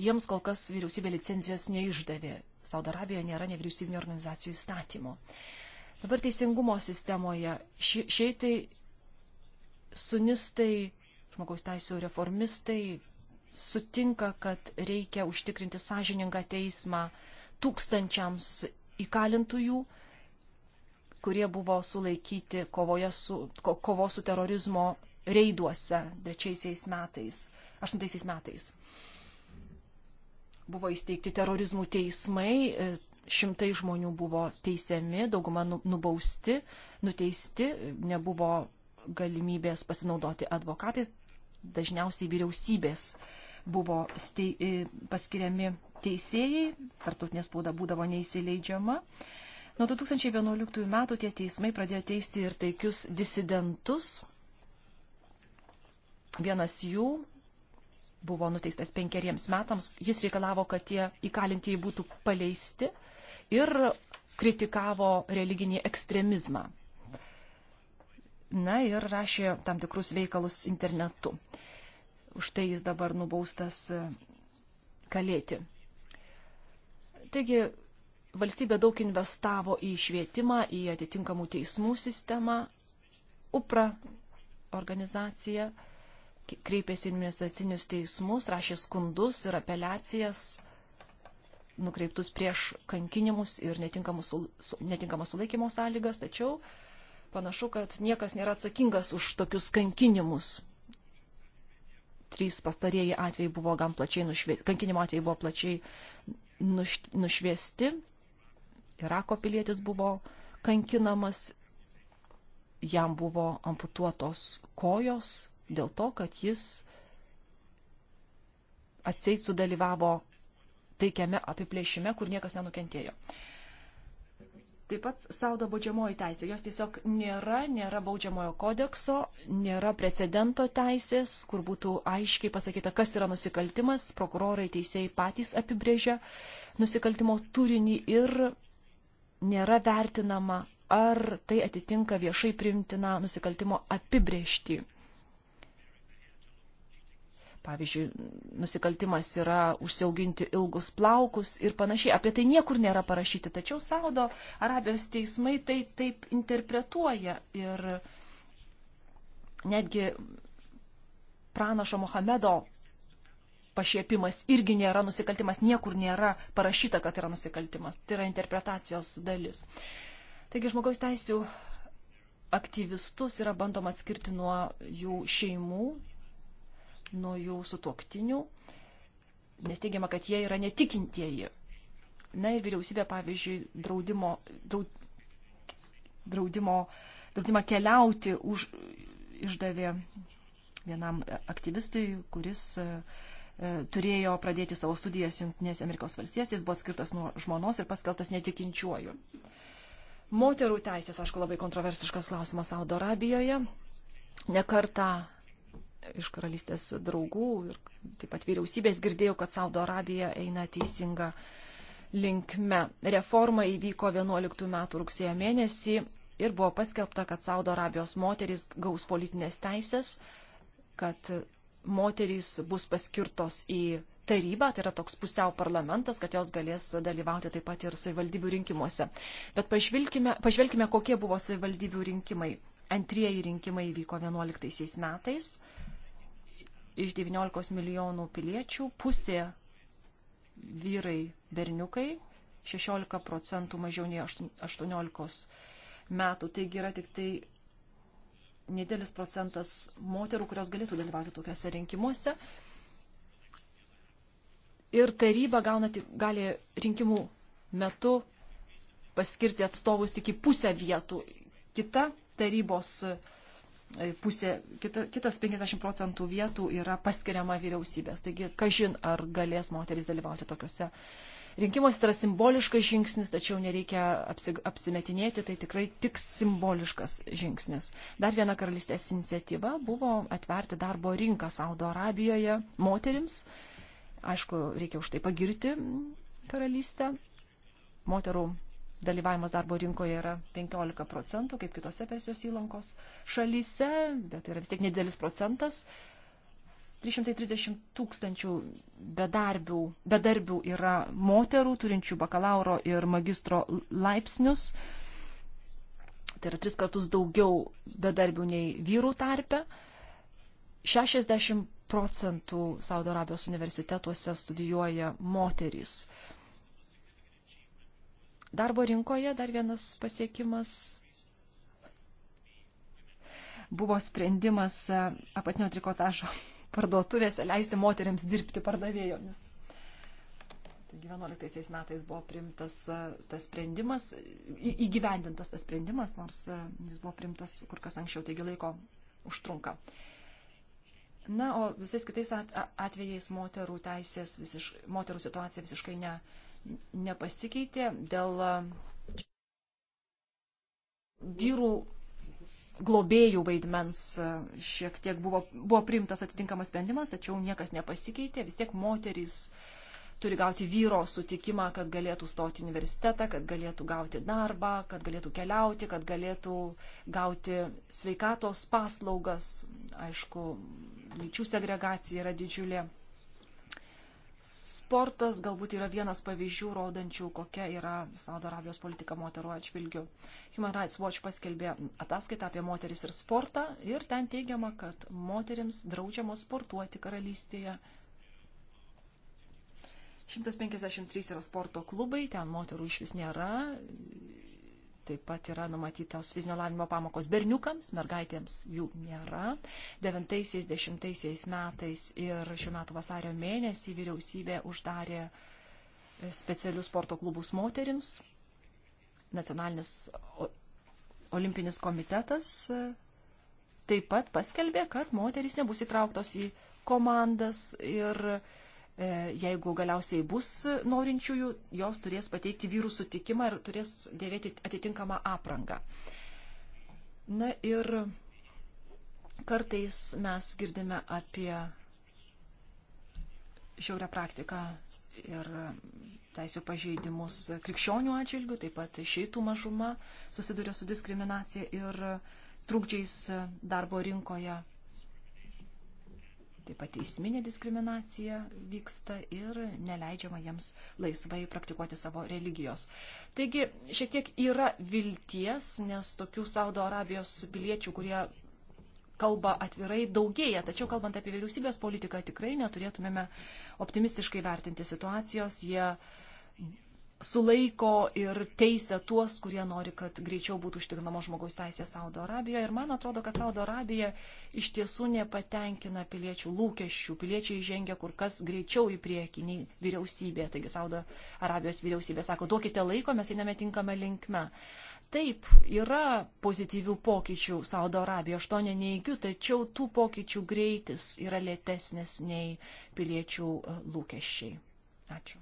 jiems kol kas vyriausybė licencijos neišdavė. Saudo Arabijoje nėra nevyriausybinio organizacijų įstatymo. Dabar teisingumo sistemoje šeitai sunistai, žmogaus teisų reformistai sutinka, kad reikia užtikrinti sąžiningą teismą tūkstančiams įkalintųjų, kurie buvo sulaikyti kovoje su, ko, kovo su terorizmo reiduose trečiaisiais metais, aštuntaisiais metais. Buvo įsteigti terorizmų teismai, e, šimtai žmonių buvo teisiami, dauguma nu, nubausti, nuteisti, nebuvo galimybės pasinaudoti advokatais. Dažniausiai vyriausybės buvo stei, e, paskiriami teisėjai, tartutinė spauda būdavo neįsileidžiama. Nuo 2011 metų tie teismai pradėjo teisti ir taikius disidentus. Vienas jų buvo nuteistas penkeriems metams. Jis reikalavo, kad tie įkalintieji būtų paleisti ir kritikavo religinį ekstremizmą na ir rašė tam tikrus veikalus internetu. Už tai jis dabar nubaustas e, kalėti. Taigi valstybė daug investavo į švietimą, į atitinkamų teismų sistemą. UPRA organizacija kreipėsi į administracinius teismus, rašė skundus ir apeliacijas nukreiptus prieš kankinimus ir netinkamas sulaikymo sąlygas, tačiau uh, Panašu, kad niekas nėra atsakingas už tokius kankinimus. Trys pastarieji atvejai buvo gan plačiai nušviesti, kankinimo atvejai buvo plačiai nuš, nušviesti. Irako pilietis buvo kankinamas, jam buvo amputuotos kojos dėl to, kad jis atseit sudalyvavo taikiame apiplėšime, kur niekas nenukentėjo. Uh, Taip pat saudo baudžiamoji teisė. Jos tiesiog nėra, nėra baudžiamojo kodekso, nėra precedento teisės, kur būtų aiškiai pasakyta, kas yra nusikaltimas. Prokurorai, teisėjai patys apibrėžia nusikaltimo turinį ir nėra vertinama, ar tai atitinka viešai primtiną nusikaltimo apibrėžtį pavyzdžiui, nusikaltimas yra užsiauginti ilgus plaukus ir panašiai. Apie tai niekur nėra parašyti, tačiau Saudo Arabijos teismai tai taip interpretuoja ir netgi pranašo Mohamedo pašiepimas irgi nėra nusikaltimas, niekur nėra parašyta, kad yra nusikaltimas. Tai yra interpretacijos dalis. Taigi žmogaus teisų aktyvistus yra bandoma atskirti nuo jų šeimų, nuo jų sutoktinių, nes teigiama, kad jie yra netikintieji. Na ir vyriausybė, pavyzdžiui, draudimo, draud, draudimo, draudimą keliauti už, išdavė vienam aktyvistui, kuris e, e, turėjo pradėti savo studijas Junktinėse Amerikos valstijose, jis buvo atskirtas nuo žmonos ir paskeltas netikinčiuoju. Moterų teisės, aišku, labai kontroversiškas klausimas Saudo Arabijoje. Nekarta iš karalystės draugų ir taip pat vyriausybės girdėjau, kad Saudo Arabija eina teisinga linkme. Reforma įvyko 11 metų rugsėjo mėnesį ir buvo paskelbta, kad Saudo Arabijos moterys gaus politinės teisės, kad moterys bus paskirtos į taryba, tai yra toks pusiau parlamentas, kad jos galės dalyvauti taip pat ir savivaldybių rinkimuose. Bet pažvelkime, pažvelkime kokie buvo savivaldybių rinkimai. Antrieji rinkimai vyko 11 metais iš 19 milijonų piliečių pusė vyrai berniukai, 16 procentų mažiau nei 18 metų. Taigi yra tik tai nedėlis procentas moterų, kurios galėtų dalyvauti tokiuose rinkimuose. Ir taryba gauna tik, gali rinkimų metu paskirti atstovus tik į pusę vietų. Kita tarybos uh, pusė, kita, kitas 50 procentų vietų yra paskiriama vyriausybės. Taigi, kažin, ar galės moteris dalyvauti tokiuose rinkimuose. Tai yra simboliškas žingsnis, tačiau nereikia apsi, apsimetinėti, tai tikrai tik simboliškas žingsnis. Dar viena karalystės iniciatyva buvo atverti darbo rinką Saudo Arabijoje moterims. Aišku, reikia už tai pagirti karalystę. Moterų dalyvavimas darbo rinkoje yra 15 procentų, kaip kitose Persijos įlankos šalyse, bet yra vis tiek nedėlis procentas. 330 tūkstančių bedarbių, bedarbių yra moterų turinčių bakalauro ir magistro laipsnius. Tai yra tris kartus daugiau bedarbių nei vyrų tarpe. 60 procentų Saudo Arabijos universitetuose studijuoja moterys. Darbo rinkoje dar vienas pasiekimas buvo sprendimas e, apatinio trikotažo parduotuvėse leisti moteriams dirbti pardavėjomis. Taigi 11 metais buvo primtas e, tas sprendimas, į, įgyvendintas tas sprendimas, nors e, jis buvo primtas kur kas anksčiau, taigi laiko užtrunka. Na, o visais kitais atvejais moterų teisės, visiš, moterų situacija visiškai ne, uh, nepasikeitė dėl vyrų globėjų vaidmens šiek tiek buvo, buvo priimtas atitinkamas sprendimas, tačiau niekas nepasikeitė, vis tiek moterys turi gauti vyro sutikimą, kad galėtų stoti universitetą, kad galėtų gauti darbą, kad galėtų keliauti, kad galėtų gauti sveikatos paslaugas. Aišku, lyčių segregacija yra didžiulė Eksportas galbūt yra vienas pavyzdžių, rodančių, kokia yra Saudo Arabijos politika moterų atžvilgių. Human Rights Watch paskelbė ataskaitą apie moteris ir sportą ir ten teigiama, kad moterims draudžiama sportuoti karalystėje. 153 yra sporto klubai, ten moterų iš vis nėra, Taip pat yra numatytos fizinio lavinimo pamokos berniukams, mergaitėms jų nėra. 90-10 metais ir šiuo metu vasario mėnesį vyriausybė uždarė specialius sporto klubus moterims. Nacionalinis olimpinis komitetas e, taip pat paskelbė, kad moterys nebus įtrauktos į komandas ir E, jeigu galiausiai bus norinčiųjų, jos turės pateikti vyrų sutikimą ir turės dėvėti atitinkamą aprangą. Na ir kartais mes girdime apie šiaurę praktiką ir teisų pažeidimus krikščionių atžvilgių, taip pat šeitų mažuma susiduria su diskriminacija ir trūkdžiais darbo rinkoje Taip pat teisminė diskriminacija vyksta ir neleidžiama jiems laisvai praktikuoti savo religijos. Taigi šiek tiek yra vilties, nes tokių Saudo Arabijos piliečių, kurie kalba atvirai, daugėja. Tačiau kalbant apie vyriausybės politiką, tikrai neturėtumėme optimistiškai vertinti situacijos. Jie sulaiko ir teisia tuos, kurie nori, kad greičiau būtų užtikrinamos žmogaus teisės Saudo Arabijoje. Ir man atrodo, kad Saudo Arabija iš tiesų nepatenkina piliečių lūkesčių. Piliečiai žengia kur kas greičiau į priekį nei vyriausybė. Taigi Saudo Arabijos vyriausybė sako, duokite laiko, mes einame tinkamą linkmę. Taip, yra pozityvių pokyčių Saudo Arabijoje, aš to neneigiu, tačiau tų pokyčių greitis yra lėtesnis nei piliečių e, lūkesčiai. Ačiū.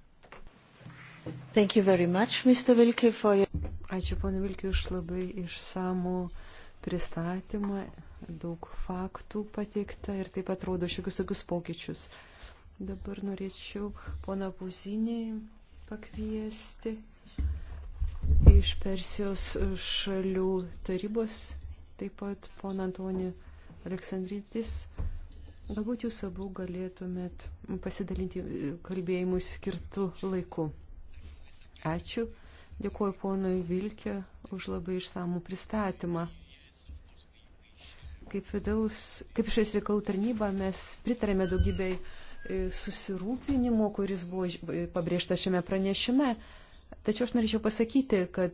Thank you very much, Mr. Vilke, for your... Ačiū, ponė Vilke, už labai išsamų pristatymą, daug faktų pateikta ir taip pat rodo šiokius tokius pokyčius. Dabar norėčiau poną Puzinį pakviesti iš Persijos šalių tarybos, taip pat poną Antonį Aleksandrytis. Galbūt jūs abu galėtumėt pasidalinti kalbėjimui skirtų laiku. Ačiū. Dėkuoju ponui Vilkė už labai išsamų pristatymą. Kaip, vidaus, kaip šiais reikalų tarnyba mes pritarėme daugybei e, susirūpinimo, kuris buvo e, pabrėžta šiame pranešime. Tačiau aš norėčiau pasakyti, kad,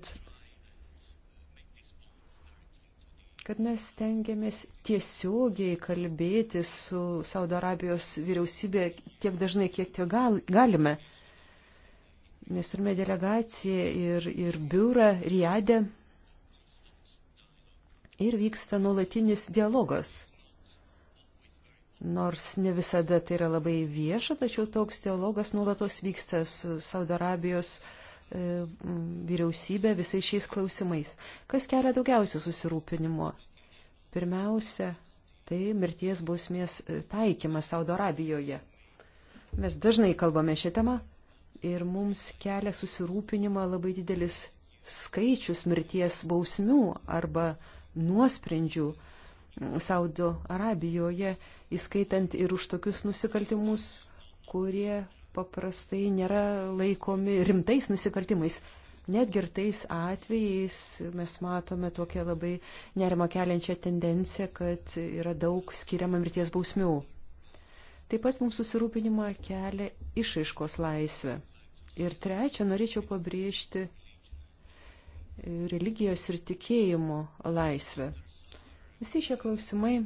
kad mes tengiamės tiesiogiai kalbėti su Saudo Arabijos vyriausybė tiek dažnai, kiek tiek gal, galime. Mes turime delegaciją ir, ir biurą Riadę. Ir vyksta nuolatinis dialogas. Nors ne visada tai yra labai vieša, tačiau toks dialogas nuolatos vyksta su Saudo Arabijos e, vyriausybė visais šiais klausimais. Kas kelia daugiausia susirūpinimo? Pirmiausia, tai mirties bausmės e, taikymas Saudo Arabijoje. Mes dažnai kalbame šią temą ir mums kelia susirūpinimą labai didelis skaičius mirties bausmių arba nuosprendžių Saudo Arabijoje, įskaitant ir už tokius nusikaltimus, kurie paprastai nėra laikomi rimtais nusikaltimais. Netgi ir tais atvejais mes matome tokią labai nerimą keliančią tendenciją, kad yra daug skiriama mirties bausmių. Taip pat mums susirūpinimą kelia išaiškos laisvė. Ir trečia, norėčiau pabrėžti e, religijos ir tikėjimo laisvę. Visi šie klausimai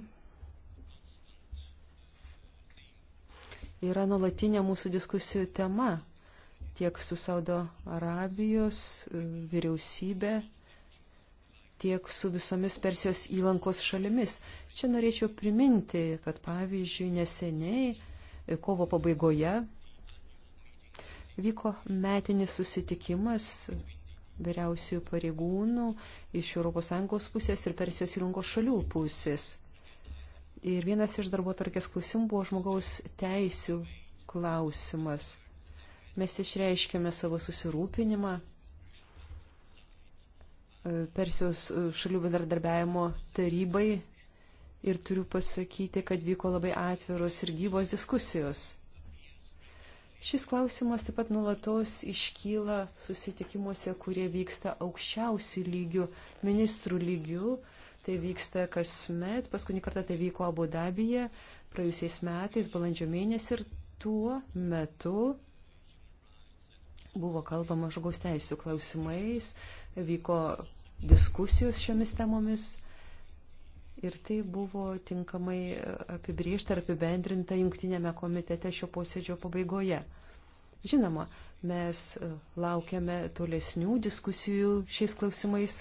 yra nuolatinė mūsų diskusijų tema tiek su Saudo Arabijos e, vyriausybė, tiek su visomis Persijos įlankos šalimis. Čia norėčiau priminti, kad pavyzdžiui neseniai e, kovo pabaigoje vyko metinis susitikimas vyriausių pareigūnų iš ES pusės ir Persijos įlungos šalių pusės. Ir vienas iš darbo tarkės klausimų buvo žmogaus teisių klausimas. Mes išreiškėme savo susirūpinimą e, Persijos e, šalių bendradarbiajimo tarybai ir turiu pasakyti, kad vyko labai atviros ir gyvos diskusijos. Šis klausimas taip pat nulatos iškyla susitikimuose, kurie vyksta aukščiausių lygių, ministrų lygių. Tai vyksta kasmet, paskutinį kartą tai vyko Abu Dabyje, praėjusiais metais, balandžio mėnesį ir tuo metu buvo kalbama žmogaus teisų klausimais, vyko diskusijos šiomis temomis. Ir tai buvo tinkamai apibriežta ir apibendrinta jungtinėme komitete šio posėdžio pabaigoje. Žinoma, mes laukiame tolesnių diskusijų šiais klausimais.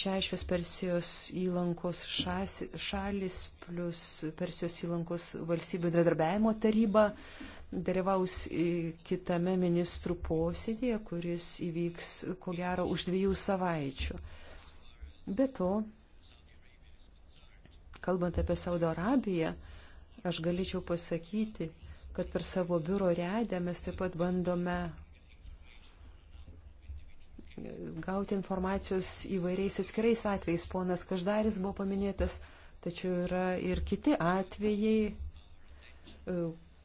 Šešios Persijos įlankos šas, šalis plus Persijos įlankos valstybių bendradarbiajimo taryba dalyvaus kitame ministrų posėdėje, kuris įvyks ko gero už dviejų savaičių. Be to, Kalbant apie Saudo Arabiją, aš galėčiau pasakyti, kad per savo biuro redę mes taip pat bandome gauti informacijos įvairiais atskirais atvejais. Ponas Každaris buvo paminėtas, tačiau yra ir kiti atvejai, e,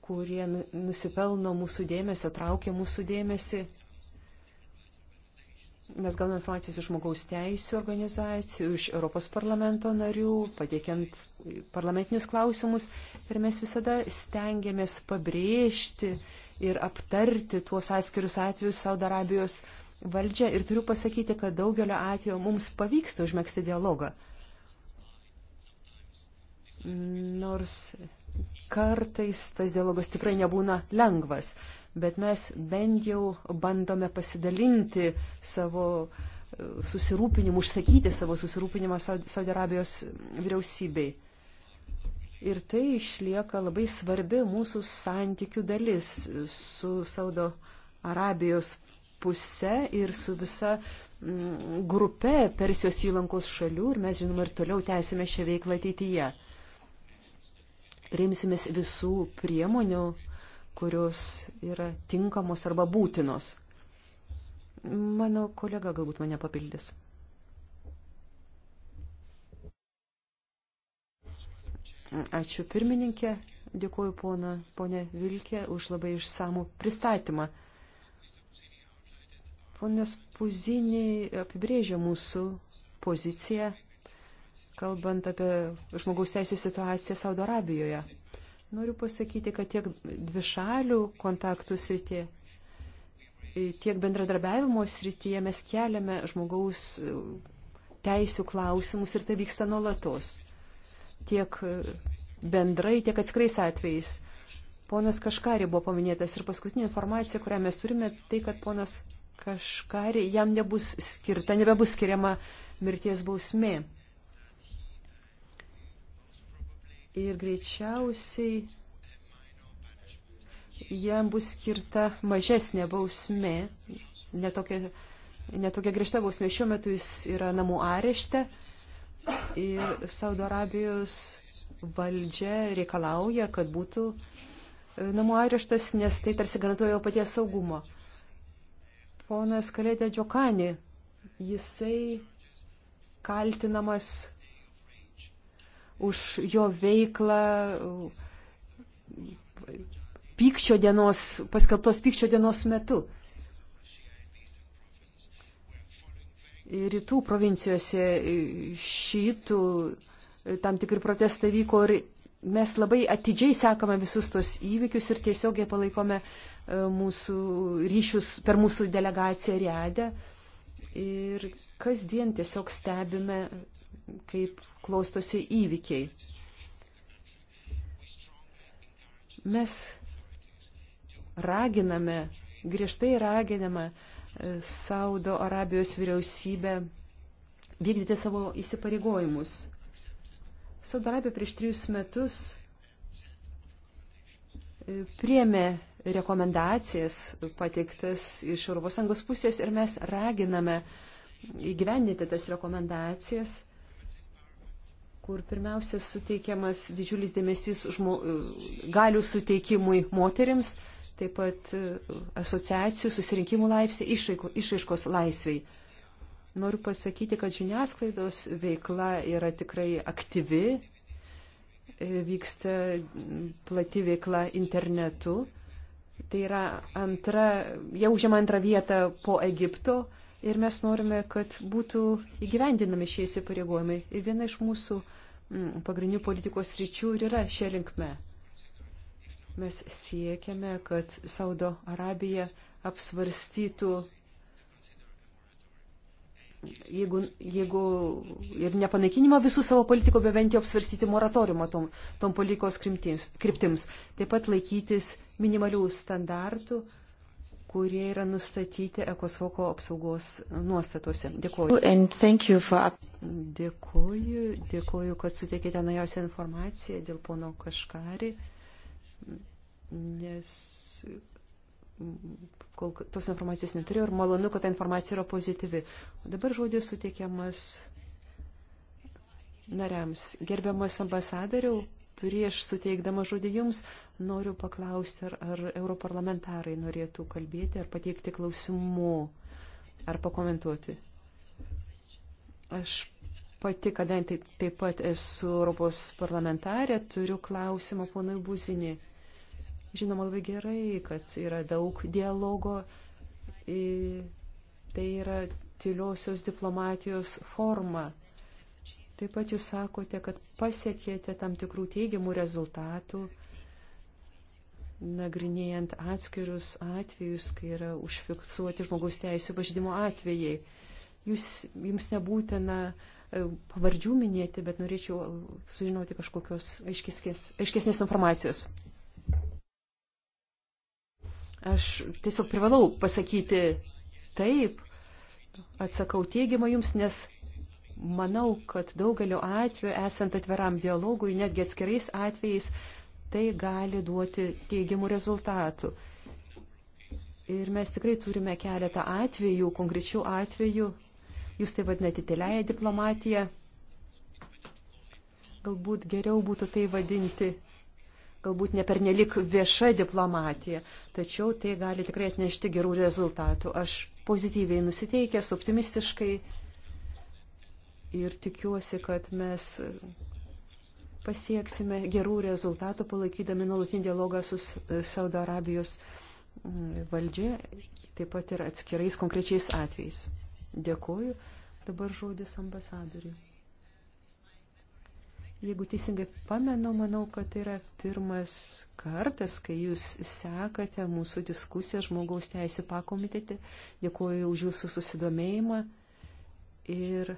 kurie nu-, nusipelno mūsų dėmesio, traukia mūsų dėmesį. Mes gauname informacijos iš žmogaus teisų organizacijų, iš Europos parlamento narių, pateikiant parlamentinius klausimus ir mes visada stengiamės pabrėžti ir aptarti tuos atskirius atvejus Saudo Arabijos valdžia ir turiu pasakyti, kad daugelio atveju mums pavyksta užmėgsti dialogą. Nors kartais tas dialogas tikrai nebūna lengvas bet mes bent jau bandome pasidalinti savo e, susirūpinimu, užsakyti savo susirūpinimą Saudi Arabijos vyriausybei. Ir tai išlieka labai svarbi mūsų santykių dalis su Saudo Arabijos puse ir su visa mm, grupe Persijos įlankos šalių ir mes žinoma ir toliau tęsime šią veiklą ateityje. Rimsimės visų priemonių, kurios yra tinkamos arba būtinos. Mano kolega galbūt mane papildys. Ačiū pirmininkė, dėkuoju pona, ponė Vilkė už labai išsamų pristatymą. Ponas Puzinį apibrėžia mūsų poziciją, kalbant apie žmogaus teisų situaciją Saudo Arabijoje. Noriu pasakyti, kad tiek dvišalių kontaktų srityje, tiek bendradarbiavimo srityje mes keliame žmogaus e, teisų klausimus ir tai vyksta nuolatos. Tiek e, bendrai, tiek atskrais atvejais. Ponas Kaškari buvo paminėtas ir paskutinė informacija, kurią mes turime, tai kad ponas Kaškari jam nebus skirta, nebebus skiriama mirties bausmė. ir greičiausiai jam bus skirta mažesnė bausmė, netokia, netokia griežta bausmė. Šiuo metu jis yra namų arešte ir Saudo Arabijos valdžia reikalauja, kad būtų e, namų areštas, nes tai tarsi garantuoja jo paties saugumo. Ponas Kalėdė Džokani, jisai kaltinamas už jo veiklą pykčio dienos, paskelbtos pykčio dienos metu. Rytų provincijose šitų tam tikri protestai vyko ir mes labai atidžiai sekame visus tos įvykius ir tiesiogiai palaikome e, mūsų ryšius per mūsų delegaciją Riadę. Ir kasdien tiesiog stebime kaip klostosi įvykiai. Mes raginame, griežtai raginame Saudo Arabijos vyriausybę vykdyti savo įsipareigojimus. Saudo Arabija prieš trijus metus e, priemė rekomendacijas pateiktas iš ES pusės ir mes raginame įgyvendinti tas rekomendacijas kur pirmiausia suteikiamas didžiulis dėmesys žmo, galių suteikimui moterims, taip pat e, asociacijų susirinkimų laipsnį išraiko, išraiškos laisviai. Noriu pasakyti, kad žiniasklaidos veikla yra tikrai aktyvi, e, vyksta plati veikla internetu. Tai yra antra, jau užima antrą vietą po Egipto ir mes norime, kad būtų įgyvendinami šie įsipareigojimai. Ir viena iš mūsų uh, Mm, pagrindinių politikos ryčių ir yra šia linkme. Mes siekiame, kad Saudo Arabija apsvarstytų, jeigu, jeigu ir nepanaikinimo visų savo politikų, bet bent jau apsvarstyti moratoriumą tom, tom politikos kryptims, kryptims. Taip pat laikytis minimalių standartų kurie yra nustatyti ekosvoko apsaugos nuostatose. Dėkuoju. For... Dėkuoju, dėkuoju, kad suteikėte naujausią informaciją dėl pono Kaškari, nes kol tos informacijos neturiu ir malonu, kad ta informacija yra pozityvi. O dabar žodis suteikiamas nariams. Gerbiamas ambasadoriau, prieš suteikdama žodį jums noriu paklausti, ar, ar europarlamentarai norėtų kalbėti, ar pateikti klausimų, ar pakomentuoti. Aš pati, kadangi taip pat esu Europos parlamentarė, turiu klausimą ponui Buzinį. Žinoma, labai gerai, kad yra daug dialogo. Tai yra tyliosios diplomatijos forma. Taip pat jūs sakote, kad pasiekėte tam tikrų teigiamų rezultatų, nagrinėjant atskirius atvejus, kai yra užfiksuoti žmogaus teisų pažydimo atvejai. Jūs, jums nebūtina e, pavardžių minėti, bet norėčiau sužinoti kažkokios aiškesnės, aiškesnės informacijos. Aš tiesiog privalau pasakyti taip, atsakau teigiamą jums, nes manau, kad daugeliu atveju, esant atviram dialogui, netgi atskirais atvejais, tai gali duoti teigiamų rezultatų. Ir mes tikrai turime keletą atvejų, konkrečių atvejų. Jūs tai vadinate tyliają diplomatiją. Galbūt geriau būtų tai vadinti, galbūt ne pernelik vieša diplomatija, tačiau tai gali tikrai atnešti gerų rezultatų. Aš pozityviai nusiteikęs, optimistiškai ir tikiuosi, kad mes pasieksime gerų rezultatų, palaikydami nuolatinį dialogą su Saudo Arabijos mm, valdžia, taip pat ir atskirais konkrečiais atvejais. Dėkuoju. Dabar žodis ambasadoriui. Jeigu teisingai pamenu, manau, kad tai yra pirmas kartas, kai jūs sekate mūsų diskusiją žmogaus teisų pakomitete. Dėkuoju už jūsų susidomėjimą ir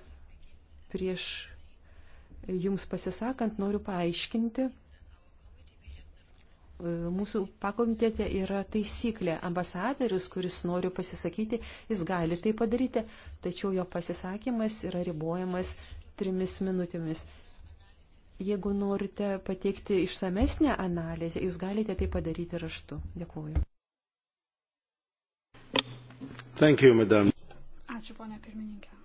Prieš jums pasisakant noriu paaiškinti. E, mūsų pakomitėte yra taisyklė. Ambasadorius, kuris nori pasisakyti, jis gali tai padaryti, tačiau jo pasisakymas yra ribojamas trimis minutėmis. Jeigu norite pateikti išsamesnę analizę, jūs galite tai padaryti raštu. Dėkuoju. Thank you, madam. Ačiū, ponia pirmininkė.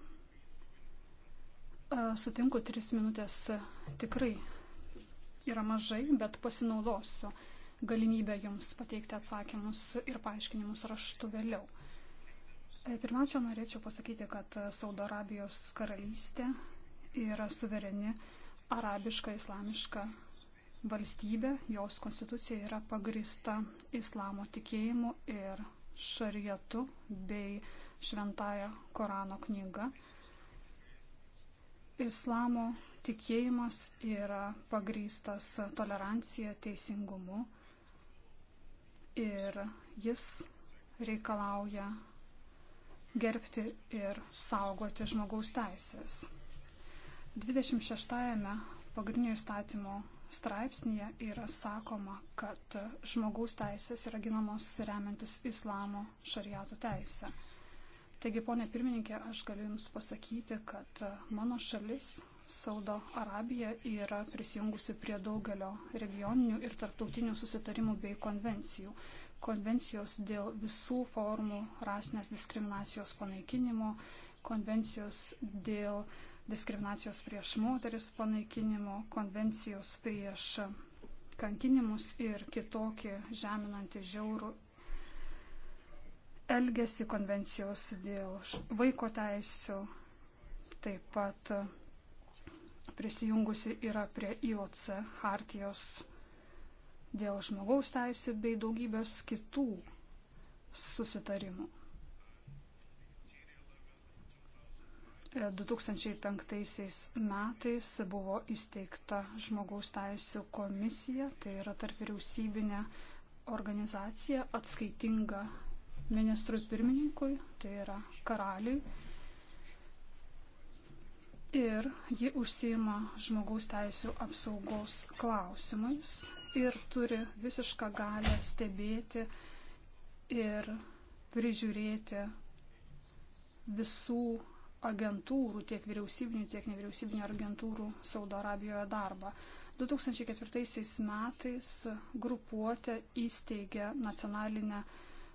Sutinku, tris minutės tikrai yra mažai, bet pasinaudosiu galimybę jums pateikti atsakymus ir paaiškinimus raštu vėliau. E, pirmiausia, norėčiau pasakyti, kad Saudo Arabijos karalystė yra suvereni arabiška, islamiška valstybė, jos konstitucija yra pagrista islamo tikėjimu ir šarietu bei šventąją Korano knygą. Islamo tikėjimas yra pagrystas tolerancija, teisingumu ir jis reikalauja gerbti ir saugoti žmogaus teisės. 26-ame pagrindinio įstatymo straipsnėje yra sakoma, kad žmogaus teisės yra ginamos remiantis islamo šariato teisę. Taigi, ponė pirmininkė, aš galiu Jums pasakyti, kad mano šalis, Saudo Arabija, yra prisijungusi prie daugelio regioninių ir tarptautinių susitarimų bei konvencijų. Konvencijos dėl visų formų rasinės diskriminacijos panaikinimo, konvencijos dėl diskriminacijos prieš moteris panaikinimo, konvencijos prieš kankinimus ir kitokį žeminantį žiaurų elgesi konvencijos dėl vaiko teisų, taip pat prisijungusi yra prie IOC hartijos dėl žmogaus teisų bei daugybės kitų susitarimų. 2005 e, metais buvo įsteigta žmogaus teisų komisija, tai yra tarp vyriausybinė organizacija atskaitinga ministrui pirmininkui, tai yra karaliui. Ir ji užsima žmogaus teisų apsaugos klausimais ir turi visišką galę stebėti ir prižiūrėti visų agentūrų, tiek vyriausybinių, tiek nevyriausybinių agentūrų Saudo Arabijoje darbą. 2004 metais grupuotė įsteigė nacionalinę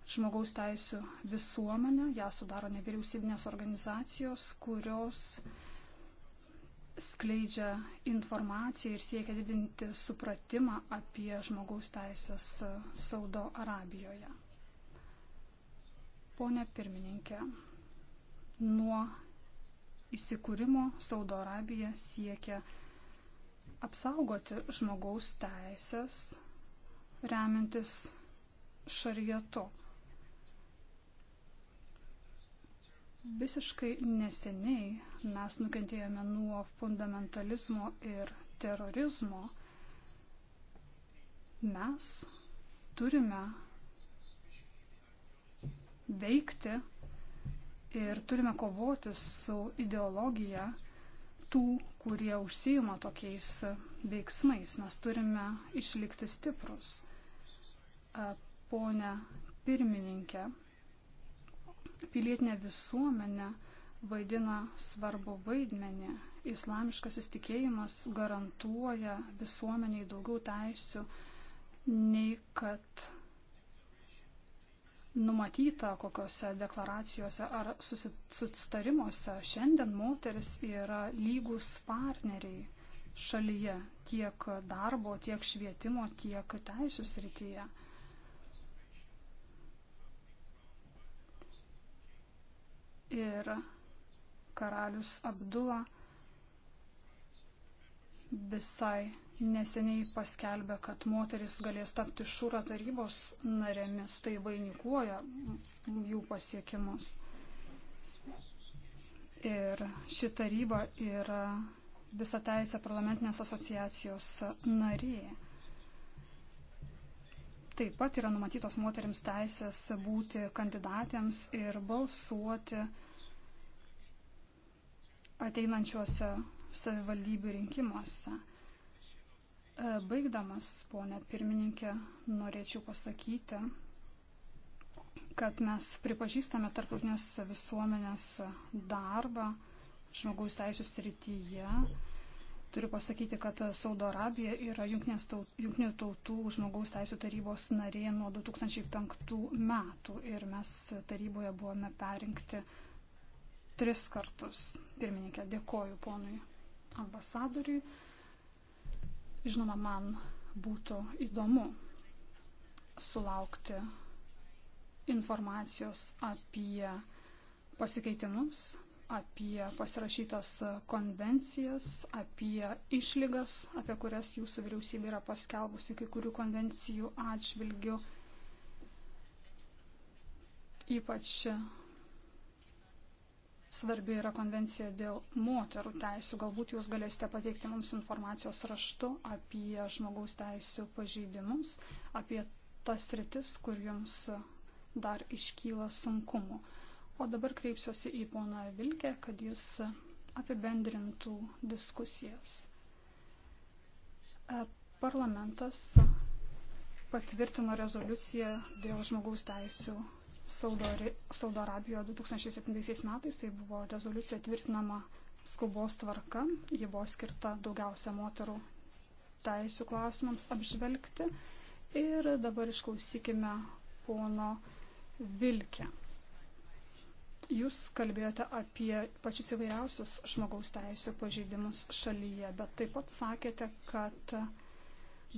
žmogaus teisų visuomenę. Ja sudaro nevyriausybinės organizacijos, kurios skleidžia informaciją ir siekia didinti supratimą apie žmogaus teisės Saudo Arabijoje. Pone pirmininkė, nuo įsikūrimo Saudo Arabija siekia apsaugoti žmogaus teisės, remintis šarietu. Visiškai neseniai mes nukentėjome nuo fundamentalizmo ir terorizmo. Mes turime veikti ir turime kovoti su ideologija tų, kurie užsijima tokiais veiksmais. Mes turime išlikti stiprus. Pone pirmininkė, pilietinė visuomenė vaidina svarbu vaidmenį. Islamiškas įstikėjimas garantuoja visuomeniai daugiau teisių nei kad numatyta kokiuose deklaracijose ar susitarimuose. Šiandien moteris yra lygus partneriai šalyje tiek darbo, tiek švietimo, tiek teisų srityje. ir karalius Abdula visai neseniai paskelbė, kad moteris galės tapti šūro tarybos narėmis, tai vainikuoja jų pasiekimus. Ir ši taryba yra visą teisę parlamentinės asociacijos narė. Taip pat yra numatytos moteriams teisės būti kandidatėms ir balsuoti ateinančiuose savivaldybių rinkimuose. E, baigdamas, ponė pirmininkė, norėčiau pasakyti, kad mes pripažįstame tarptautinės visuomenės darbą žmogaus teisų srityje Turiu pasakyti, kad Saudo Arabija yra Junktinių tautų žmogaus teisų tarybos narė nuo 2005 metų ir mes taryboje buvome perinkti tris kartus. Pirmininkė, dėkoju ponui ambasadoriui. Žinoma, man būtų įdomu sulaukti informacijos apie pasikeitimus apie pasirašytas konvencijas, apie išlygas, apie kurias jūsų vyriausybė yra paskelbusi kai kurių konvencijų atžvilgių, ypač svarbi yra konvencija dėl moterų teisų. Galbūt jūs galėsite pateikti mums informacijos raštu apie žmogaus teisų pažeidimus, apie tas rytis, kur jums dar iškyla sunkumu. O dabar kreipsiuosi į poną Vilkę, kad jis apibendrintų diskusijas. E, parlamentas patvirtino rezoliuciją dėl žmogaus teisų Saudo Arabijoje 2007 metais. Tai buvo rezoliucija tvirtinama skubos tvarka. Ji buvo skirta daugiausia moterų teisų klausimams apžvelgti. Ir dabar išklausykime pono Vilkę. Jūs kalbėjote apie pačius įvairiausius žmogaus teisų pažeidimus šalyje, bet taip pat sakėte, kad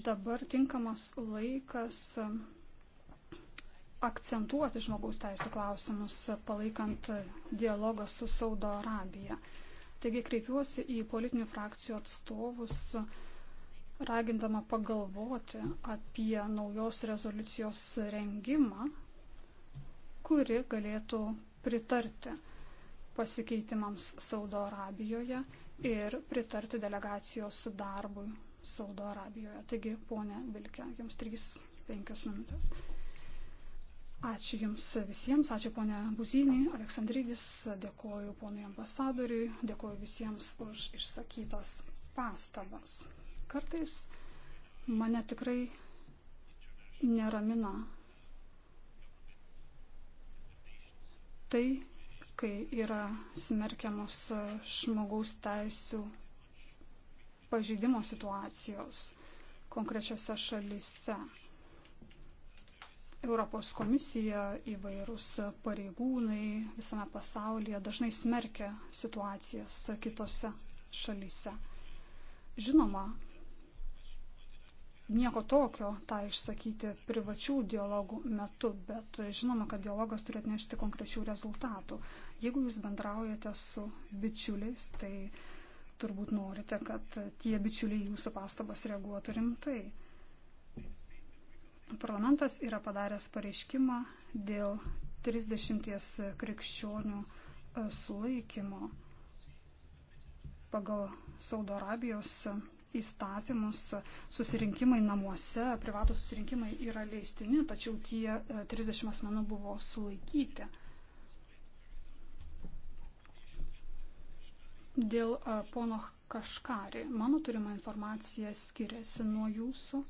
dabar tinkamas laikas akcentuoti žmogaus teisų klausimus, palaikant dialogą su Saudo Arabija. Taigi kreipiuosi į politinių frakcijų atstovus, ragindama pagalvoti apie naujos rezoliucijos rengimą, kuri galėtų pritarti pasikeitimams Saudo Arabijoje ir pritarti delegacijos darbui Saudo Arabijoje. Taigi, ponė Vilke, jums 3-5 minutės. Ačiū Jums visiems, ačiū ponė Buzinį, Aleksandrydis, dėkoju ponui ambasadoriui, dėkoju visiems už išsakytas pastabas. Kartais mane tikrai neramina tai, kai yra smerkiamos žmogaus teisų pažeidimo situacijos konkrečiose šalyse. Europos komisija įvairūs pareigūnai visame pasaulyje dažnai smerkia situacijas kitose šalyse. Žinoma, nieko tokio tą išsakyti privačių dialogų metu, bet žinoma, kad dialogas turi atnešti konkrečių rezultatų. Jeigu jūs bendraujate su bičiuliais, tai turbūt norite, kad tie bičiuliai jūsų pastabas reaguotų rimtai. Parlamentas yra padaręs pareiškimą dėl 30 krikščionių e, sulaikymo pagal Saudo Arabijos įstatymus susirinkimai namuose, privatų susirinkimai yra leistini, tačiau tie 30 e, asmenų buvo sulaikyti. Dėl e, pono Kaškari, mano turima informacija skiriasi nuo jūsų.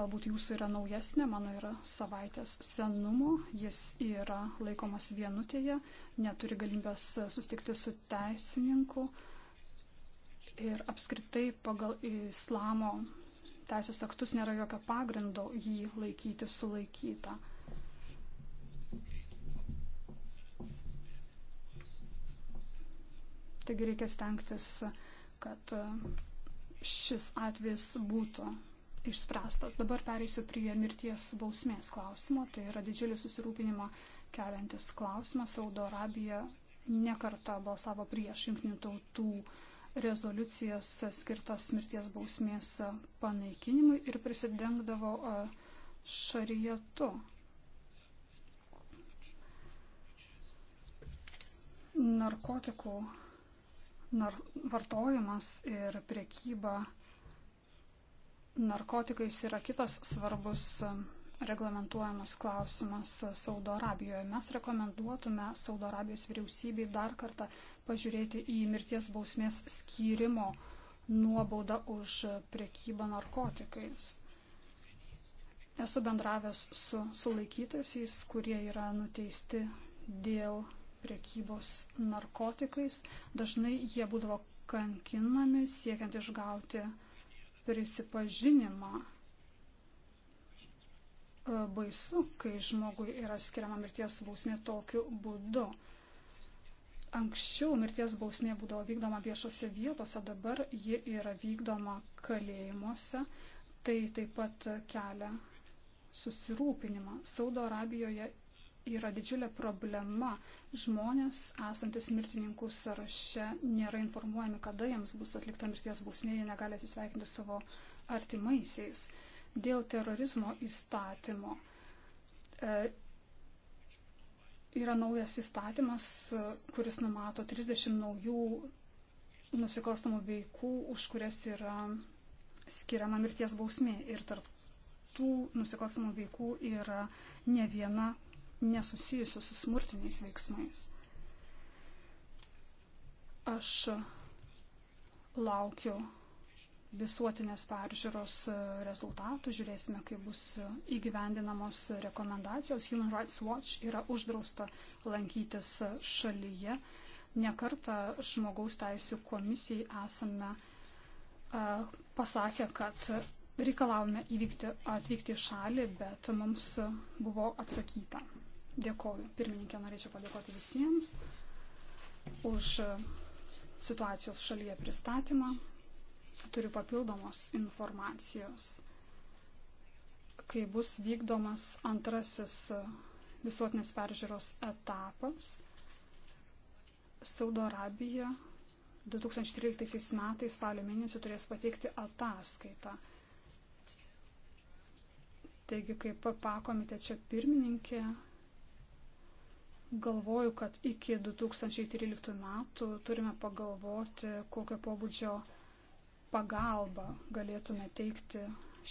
Galbūt jūsų yra naujesnė, mano yra savaitės senumo, jis yra laikomas vienutėje, neturi galimybės e, sustikti su teisininku. Uh, ir apskritai pagal islamo teisės aktus nėra jokio pagrindo jį laikyti sulaikytą. Taigi reikia stengtis, kad šis atvejis būtų išspręstas. Dabar pereisiu prie mirties bausmės klausimo. Tai yra didžiulį susirūpinimą keliantis klausimas. Saudo Arabija nekarta balsavo prieš jungtinių tautų uh, rezoliucijas skirtas mirties bausmės panaikinimui ir prisidengdavo šarijatu. Narkotikų nar vartojimas ir priekyba narkotikais yra kitas svarbus reglamentuojamas klausimas Saudo Arabijoje. Mes rekomenduotume Saudo Arabijos vyriausybei dar kartą pažiūrėti į mirties bausmės skyrimo nuobaudą už prekybą narkotikais. Esu bendravęs su sulaikytaisiais, kurie yra nuteisti dėl prekybos narkotikais. Dažnai jie būdavo kankinami siekiant išgauti prisipažinimą baisu, kai žmogui yra skiriama mirties bausmė tokiu būdu. Anksčiau mirties bausmė būdavo vykdoma viešose vietose, dabar ji yra vykdoma kalėjimuose. Tai taip pat kelia susirūpinimą. Saudo Arabijoje yra didžiulė problema. Žmonės, esantis mirtininkų sąraše, nėra informuojami, kada jiems bus atlikta mirties bausmė, jie negali atsisveikinti savo artimaisiais. Dėl terorizmo įstatymo e, yra naujas įstatymas, kuris numato 30 naujų nusikalstamų veikų, už kurias yra skiriama mirties bausmė. Ir tarp tų nusikalstamų veikų yra ne viena nesusijusiu su smurtiniais veiksmais. Aš laukiu visuotinės peržiūros e, rezultatų, žiūrėsime, kaip bus įgyvendinamos rekomendacijos. Human Rights Watch yra uždrausta lankytis šalyje. Nekartą žmogaus teisų komisijai esame e, pasakę, kad reikalavome įvykti, atvykti į šalį, bet mums buvo atsakyta. Dėkoju. Pirmininkė, norėčiau padėkoti visiems už e, situacijos šalyje pristatymą turi papildomos informacijos, kai bus vykdomas antrasis visuotinės peržiūros etapas. Saudo Arabija 2013 metais spalio mėnesį turės pateikti ataskaitą. Taigi, kaip pakomite čia pirmininkė, galvoju, kad iki 2013 metų turime pagalvoti, kokio pobūdžio pagalbą galėtume teikti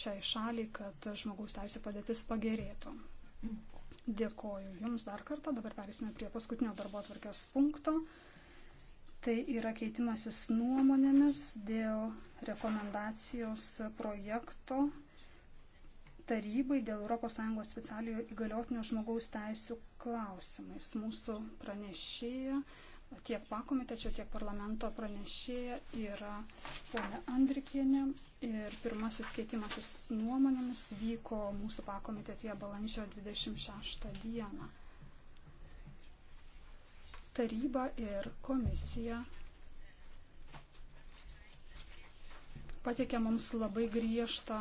šiai šaliai, kad žmogaus teisų padėtis pagerėtų. Dėkoju Jums dar kartą. Dabar perėsime prie paskutinio darbo atvarkės punkto. Tai yra keitimasis nuomonėmis dėl rekomendacijos projekto tarybai dėl ES specialiojo įgaliotinio žmogaus teisų klausimais. Mūsų pranešėja tiek pakomitečio, tiek parlamento pranešėja yra ponė Andrikienė. Ir pirmasis keitimasis nuomonėmis vyko mūsų pakomitetėje balandžio 26 dieną. Taryba ir komisija pateikė mums labai griežtą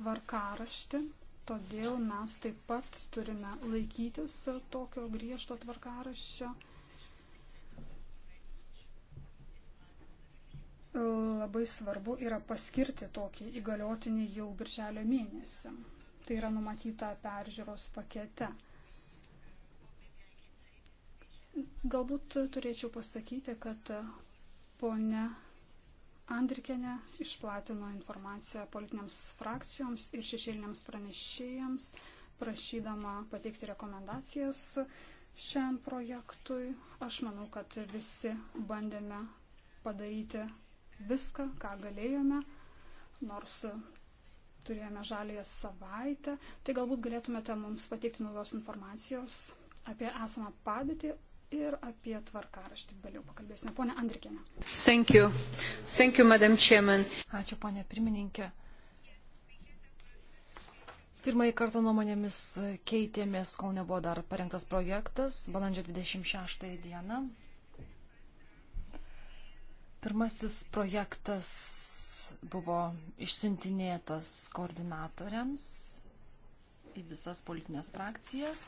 tvarkaraštį, todėl mes taip pat turime laikytis tokio griežto tvarkaraščio. labai svarbu yra paskirti tokį įgaliotinį jau birželio mėnesį. Tai yra numatyta peržiūros pakete. Galbūt turėčiau pasakyti, kad ponia Andrikenė išplatino informaciją politiniams frakcijoms ir šešėliniams pranešėjams, prašydama pateikti rekomendacijas šiam projektui. Aš manau, kad visi bandėme padaryti viską, ką galėjome, nors turėjome žalėje savaitę. Tai galbūt galėtumėte mums pateikti naujos informacijos apie esamą padėtį ir apie tvarkaraštį. Vėliau pakalbėsime. Pone Andrikėne. Thank you. Thank you, Madam Chairman. Ačiū, ponė pirmininkė. Pirmąjį kartą nuomonėmis keitėmės, kol nebuvo dar parengtas projektas, balandžio 26 dieną. Pirmasis projektas buvo išsiuntinėtas koordinatoriams į visas politinės frakcijas.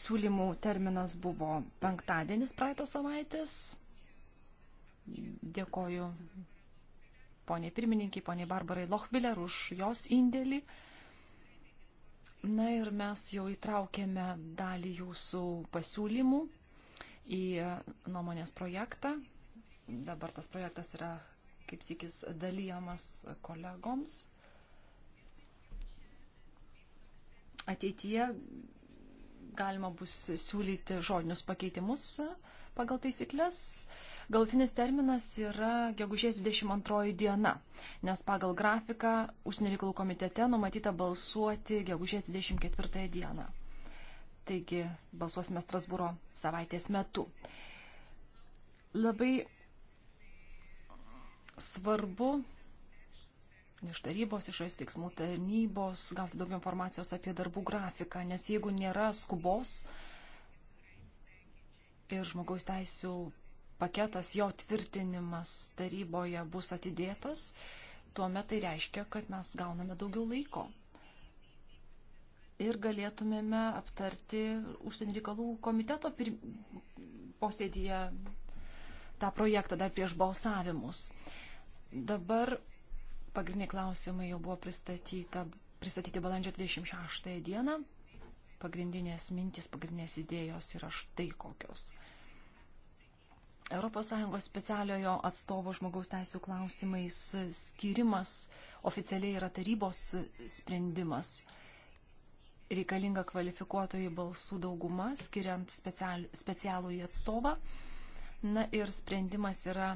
Siūlymų terminas buvo penktadienis praeito savaitės. Dėkoju poniai pirmininkiai, poniai Barbarai Lochbiller už jos indėlį. Na ir mes jau įtraukėme dalį jūsų pasiūlymų į nuomonės projektą. Dabar tas projektas yra kaip sėkis dalyjamas kolegoms. Ateityje galima bus siūlyti žodinius pakeitimus pagal taisyklės. Galutinis terminas yra gegužės 22 diena, nes pagal grafiką užsienio reikalų komitete numatyta balsuoti gegužės 24 dieną. Taigi balsuosime Strasbūro savaitės metu. Labai svarbu iš tarybos, iš veiksmų tarnybos gauti daugiau informacijos apie darbų grafiką, nes jeigu nėra skubos ir žmogaus teisų paketas, jo tvirtinimas taryboje bus atidėtas, tuomet tai reiškia, kad mes gauname daugiau laiko ir galėtumėme aptarti užsienio reikalų komiteto pir... posėdėje tą projektą dar prieš balsavimus. Dabar pagrindiniai klausimai jau buvo pristatyti balandžio 26 dieną. Pagrindinės mintys, pagrindinės idėjos yra štai kokios. ES specialiojo atstovo žmogaus teisų klausimais skirimas oficialiai yra tarybos sprendimas reikalinga kvalifikuotojai balsų dauguma, skiriant specialų į atstovą. Na ir sprendimas yra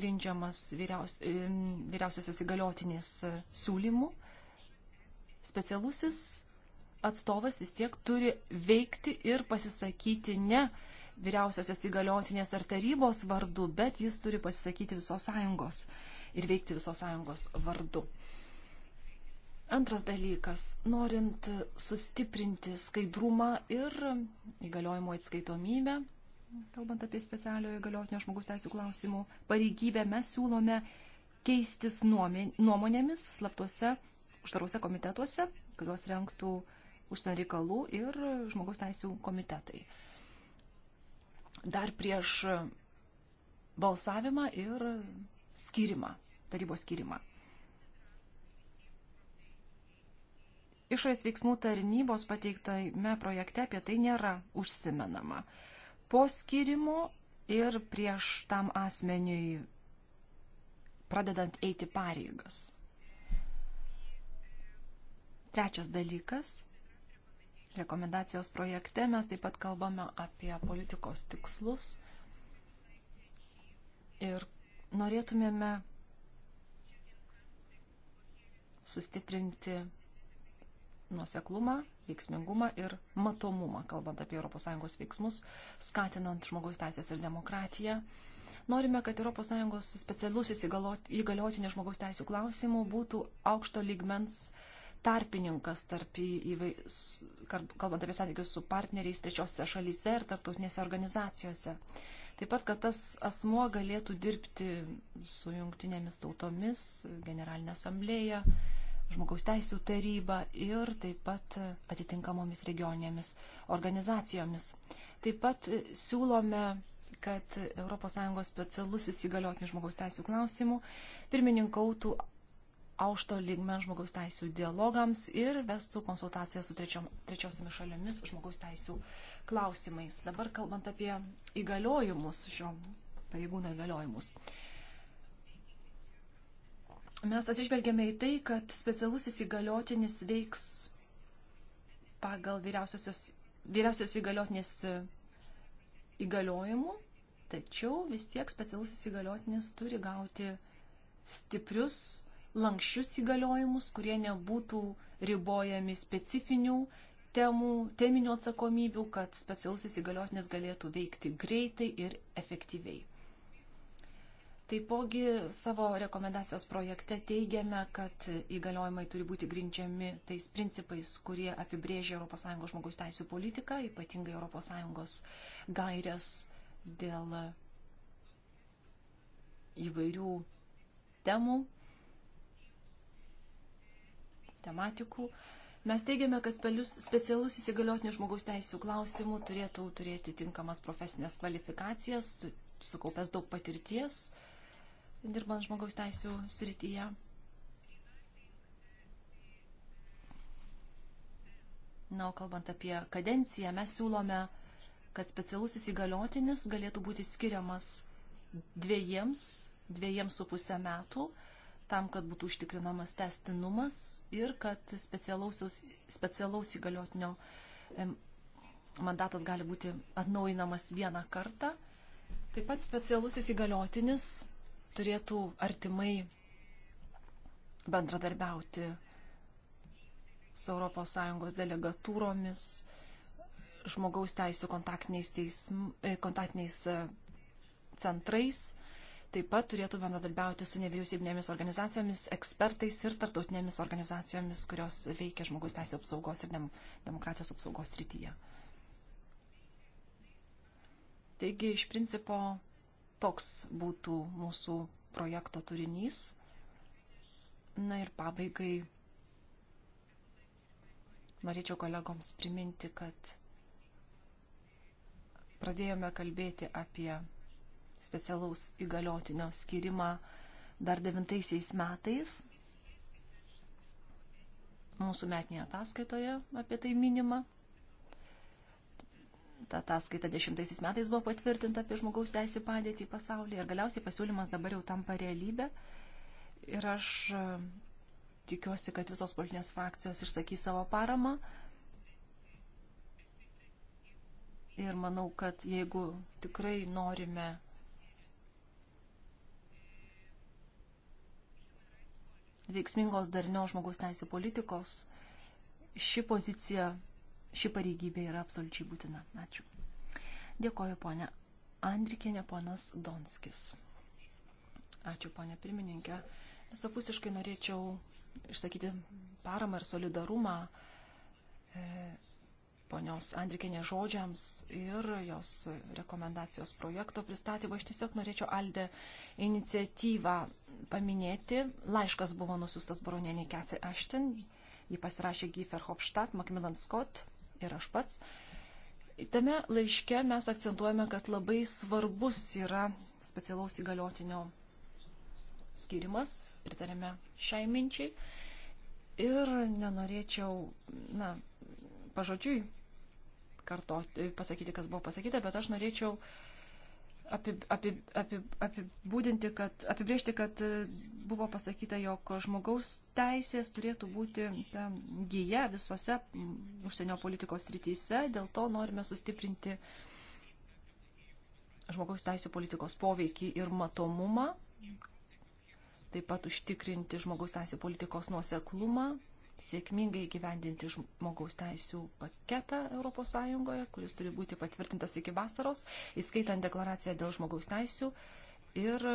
grindžiamas vyriaus, e, vyriausiosios įgaliotinės e, siūlymų. Specialusis atstovas vis tiek turi veikti ir pasisakyti ne vyriausiosios įgaliotinės ar tarybos vardu, bet jis turi pasisakyti visos sąjungos ir veikti visos sąjungos vardu. Antras dalykas, norint sustiprinti skaidrumą ir įgaliojimo atskaitomybę, kalbant apie specialiojo įgaliotinio žmogus teisų klausimų pareigybę, mes siūlome keistis nuomonėmis slaptuose uždaruose komitetuose, kuriuos renktų užsienio reikalų ir žmogus teisų komitetai. Dar prieš balsavimą ir skirimą, tarybos skirimą. Išorės veiksmų tarnybos pateiktame projekte apie tai nėra užsimenama. Po skirimo ir prieš tam asmeniui pradedant eiti pareigas. Trečias dalykas. Rekomendacijos projekte mes taip pat kalbame apie politikos tikslus ir norėtumėme sustiprinti nuoseklumą, veiksmingumą ir matomumą, kalbant apie ES veiksmus, skatinant žmogaus teisės ir demokratiją. Norime, kad ES specialusis įgaliotinė žmogaus teisų klausimų būtų aukšto lygmens tarpininkas, tarp įvai, kalbant apie santykius su partneriais trečiosiose šalyse ir tarptautinėse organizacijose. Taip pat, kad tas asmuo galėtų dirbti su jungtinėmis tautomis, generalinė asamblėja, žmogaus teisų taryba ir taip pat atitinkamomis regioninėmis organizacijomis. Taip pat siūlome kad ES specialusis įgaliotinis žmogaus teisų klausimų pirmininkautų aukšto lygmens žmogaus teisų dialogams ir vestų konsultaciją su trečiom, trečiosiomis šalėmis žmogaus teisų klausimais. Dabar kalbant apie įgaliojimus, šio pareigūno įgaliojimus. Uh, mes atsižvelgėme į tai, kad specialusis įgaliotinis veiks pagal vyriausiosios, vyriausios įgaliotinės e, įgaliojimų, tačiau vis tiek specialusis įgaliotinis turi gauti stiprius, lankščius įgaliojimus, kurie nebūtų ribojami specifinių temų, teminių atsakomybių, kad specialusis įgaliotinis galėtų veikti greitai ir efektyviai. Taipogi savo rekomendacijos projekte teigiame, kad įgaliojimai turi būti grindžiami tais principais, kurie apibrėžia ES žmogaus teisų politiką, ypatingai ES gairias dėl įvairių temų, tematikų. Mes teigiame, kad specialus įsigaliotinių žmogaus teisų klausimų turėtų turėti tinkamas profesinės kvalifikacijas, sukaupęs daug patirties dirbant žmogaus teisų srityje. Na, o kalbant apie kadenciją, mes siūlome, kad specialusis įgaliotinis galėtų būti skiriamas dviejiems, dviejiems su pusę metų, tam, kad būtų užtikrinamas testinumas ir kad specialaus įgaliotinio mandatas gali būti atnaujinamas vieną kartą. Taip pat specialusis įgaliotinis turėtų artimai bendradarbiauti su ES delegatūromis, žmogaus teisų kontaktiniais, teism, e, kontaktiniais e, centrais. Taip pat turėtų bendradarbiauti su nevyriausybinėmis organizacijomis, ekspertais ir tarptautinėmis organizacijomis, kurios veikia žmogaus teisų apsaugos ir dem, demokratijos apsaugos rytyje. Taigi, iš principo, Toks būtų mūsų projekto turinys. Na ir pabaigai norėčiau kolegoms priminti, kad pradėjome kalbėti apie specialaus įgaliotinio skirimą dar devintaisiais metais. Mūsų metinėje ataskaitoje apie tai minima ta ataskaita dešimtaisiais metais buvo patvirtinta apie žmogaus teisų padėtį pasaulyje ir galiausiai pasiūlymas dabar jau tampa realybė. Ir aš e, tikiuosi, kad visos politinės frakcijos išsakys savo paramą. Ir manau, kad jeigu tikrai norime veiksmingos darnios žmogaus teisų politikos, ši pozicija ši pareigybė yra absoliučiai būtina. Ačiū. Dėkoju, ponė Andrikėne, ponas Donskis. Ačiū, ponė pirmininkė. Visapusiškai norėčiau išsakyti paramą ir solidarumą e, ponios Andrikėnė žodžiams ir jos rekomendacijos projekto pristatymo. Aš tiesiog norėčiau Aldę iniciatyvą paminėti. Laiškas buvo nusiustas baronienė Kathy Ashton jį pasirašė Giefer Hofstadt, Macmillan Scott ir aš pats. Tame laiške mes akcentuojame, kad labai svarbus yra specialaus įgaliotinio skirimas, pritarėme šiai minčiai. Ir nenorėčiau, na, pažodžiui karto pasakyti, kas buvo pasakyta, bet aš norėčiau uh, apib, apib, apib, apibūdinti, kad, apibriežti, kad e, buvo pasakyta, jog žmogaus teisės turėtų būti e, gyja visose užsienio politikos rytyse, dėl to norime sustiprinti žmogaus teisų politikos poveikį ir matomumą, taip pat užtikrinti žmogaus teisų politikos nuoseklumą sėkmingai gyvendinti žmogaus teisų paketą ES, kuris turi būti patvirtintas iki vasaros, įskaitant deklaraciją dėl žmogaus teisų ir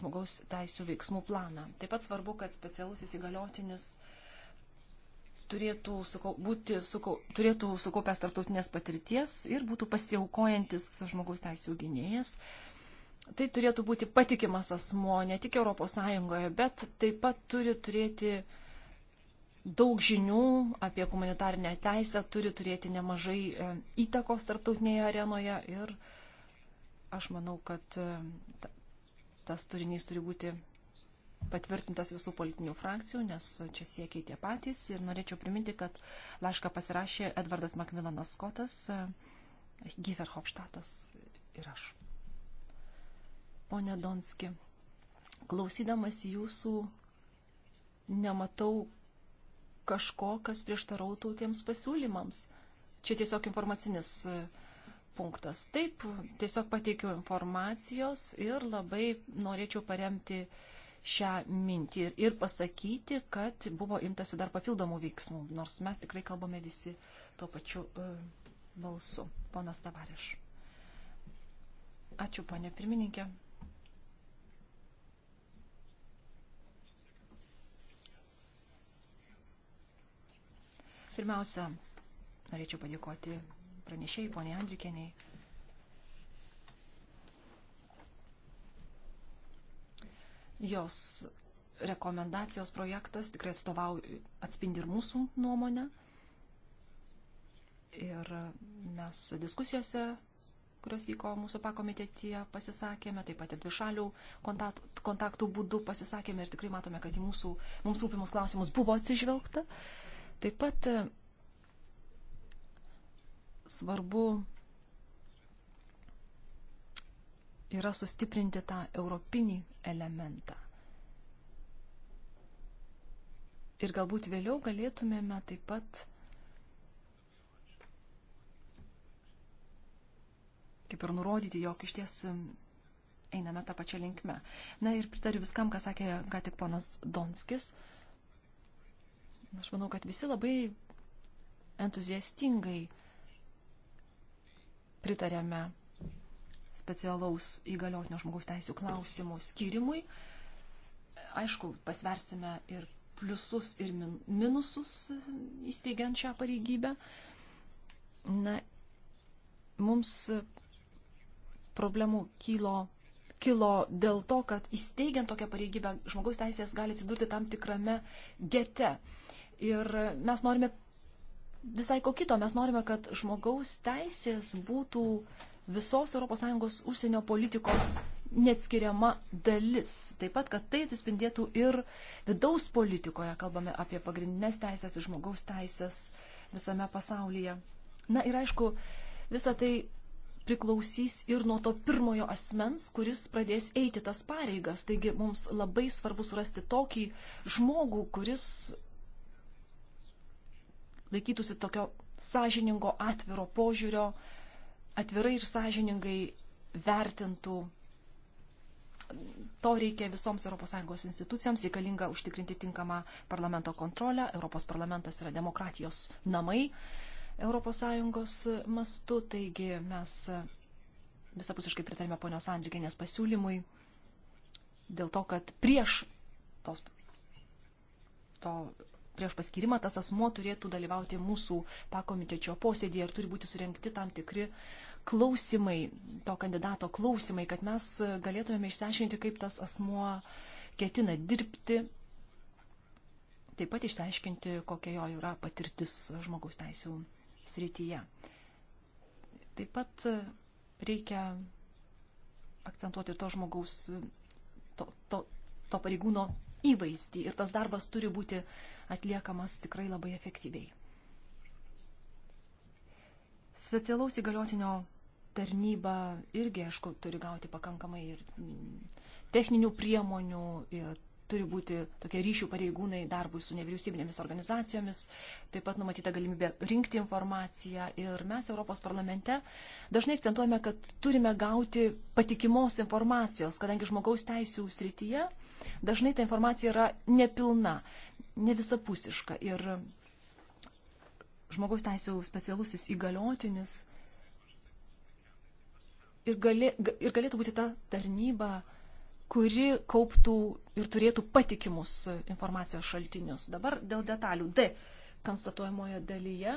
žmogaus teisų veiksmų planą. Taip pat svarbu, kad specialus įsigaliotinis turėtų, sukau, būti, sukau, turėtų sukaupęs tarptautinės patirties ir būtų pasiaukojantis žmogaus teisų gynėjas. Tai turėtų būti patikimas asmo ne tik ES, bet taip pat turi turėti uh, daug žinių apie humanitarinę teisę, turi turėti nemažai e, įtakos tarptautinėje arenoje ir aš manau, kad e, tas turinys turi būti patvirtintas visų politinių frakcijų, nes čia siekiai tie patys. Ir norėčiau priminti, kad laišką pasirašė Edvardas Makmilanas Skotas, e, Giverhofštatas ir aš. Pone Donski, klausydamas jūsų, nematau kažko, kas prieštarautų tiems pasiūlymams. Čia tiesiog informacinis e, punktas. Taip, tiesiog pateikiau informacijos ir labai norėčiau paremti šią mintį ir pasakyti, kad buvo imtasi dar papildomų veiksmų, nors mes tikrai kalbame visi tuo pačiu e, balsu. Ponas Tavariš. Ačiū, ponė pirmininkė. Pirmiausia, norėčiau padėkoti pranešėjai, poniai Andrikeniai. Jos rekomendacijos projektas tikrai atstovau, atspindi ir mūsų nuomonę. Ir mes diskusijose, kurios vyko mūsų pakomitetyje, pasisakėme, taip pat ir dvišalių kontaktų būdų pasisakėme ir tikrai matome, kad į mūsų, mums rūpimus klausimus buvo atsižvelgta. Uh, Taip pat e, svarbu yra sustiprinti tą europinį elementą. Ir galbūt vėliau galėtumėme taip pat, kaip ir nurodyti, jog iš ties e, einame tą pačią linkmę. Na ir pritariu viskam, ką sakė ką tik ponas Donskis. Aš manau, kad visi labai entuziastingai pritarėme specialaus įgaliotinio žmogaus teisų klausimų skirimui. Aišku, pasversime ir pliusus, ir min minusus įsteigiant šią pareigybę. Na, mums problemų kilo, kilo dėl to, kad įsteigiant tokią pareigybę žmogaus teisės gali atsidurti tam tikrame gete. Uh, Ir mes norime visai ko kito, mes norime, kad žmogaus teisės būtų visos ES užsienio politikos neatskiriama dalis. Taip pat, kad tai atsispindėtų ir vidaus politikoje, kalbame apie pagrindinės teisės ir žmogaus teisės visame pasaulyje. Na ir aišku, visa tai priklausys ir nuo to pirmojo asmens, kuris pradės eiti tas pareigas. Taigi mums labai svarbu surasti tokį žmogų, kuris laikytųsi tokio sąžiningo atviro požiūrio, atvirai ir sąžiningai vertintų. To reikia visoms ES institucijoms, reikalinga užtikrinti tinkamą parlamento kontrolę. Europos parlamentas yra demokratijos namai ES mastu, taigi mes visapusiškai pritarėme ponios Andrikinės pasiūlymui dėl to, kad prieš tos, to prieš paskirimą tas asmo turėtų dalyvauti mūsų pakomitečio posėdėje ir turi būti surinkti tam tikri klausimai, to kandidato klausimai, kad mes galėtumėme išsiaiškinti, kaip tas asmuo ketina dirbti, taip pat išsiaiškinti, kokia jo yra patirtis žmogaus teisų srityje. Taip pat reikia akcentuoti ir to žmogaus, to, to, to pareigūno įvaizdį ir tas darbas turi būti atliekamas tikrai labai efektyviai. Specialaus įgaliotinio tarnyba irgi, aišku, turi gauti pakankamai ir mm, techninių priemonių, ir turi būti tokie ryšių pareigūnai darbui su nevyriausybinėmis organizacijomis, taip pat numatyta galimybė rinkti informaciją. Ir mes Europos parlamente dažnai akcentuojame, kad turime gauti patikimos informacijos, kadangi žmogaus teisų srityje dažnai ta informacija yra nepilna ne visapusiška. Ir žmogaus teisėjų specialusis įgaliotinis ir, gali, ir galėtų būti ta tarnyba, kuri kauptų ir turėtų patikimus informacijos šaltinius. Dabar dėl detalių. D. Konstatuojamoje dalyje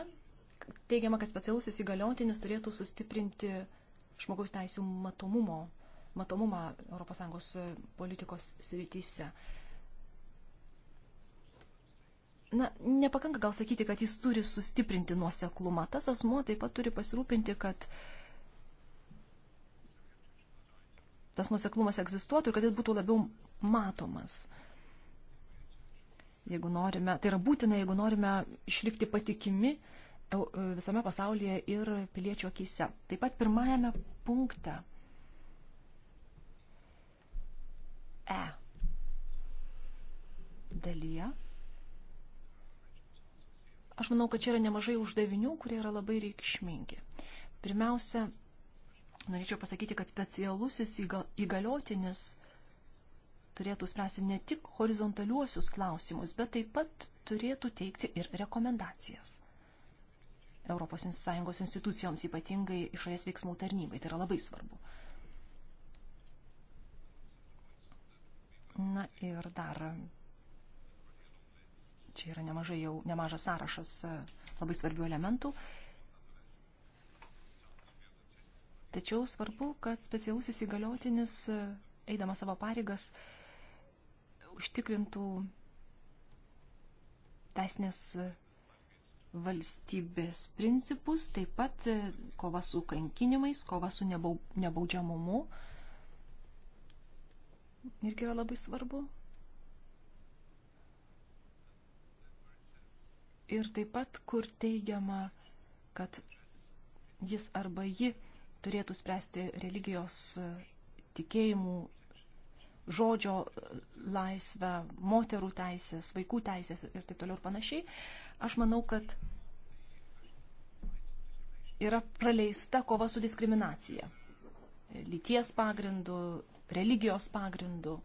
teigiama, kad specialusis įgaliotinis turėtų sustiprinti žmogaus teisų matomumo, matomumą ES politikos srityse na, nepakanka gal sakyti, kad jis turi sustiprinti nuoseklumą. Tas asmo taip pat turi pasirūpinti, kad tas nuoseklumas egzistuotų ir kad jis būtų labiau matomas. Jeigu norime, tai yra būtina, jeigu norime išlikti patikimi visame pasaulyje ir piliečio akise. Taip pat pirmajame punkte. E. Dalyje Aš manau, kad čia yra nemažai uždavinių, kurie yra labai reikšmingi. Pirmiausia, norėčiau pasakyti, kad specialusis įgaliotinis turėtų spręsti ne tik horizontaliuosius klausimus, bet taip pat turėtų teikti ir rekomendacijas. Europos Sąjungos institucijoms, ypatingai išorės veiksmų tarnybai, tai yra labai svarbu. Na ir dar Čia yra nemažai jau, nemažas sąrašas e, labai svarbių elementų. Tačiau svarbu, kad specialusis įgaliotinis, e, eidamas savo pareigas, užtikrintų teisinės e, valstybės principus, taip pat kova su kankinimais, kova su nebaudžiamumu. Irgi yra labai svarbu. ir taip pat, kur teigiama, kad jis arba ji turėtų spręsti religijos e, tikėjimų, žodžio e, laisvę, moterų teisės, vaikų teisės ir taip toliau ir panašiai. Aš manau, kad yra praleista kova su diskriminacija. Lyties pagrindu, religijos pagrindu,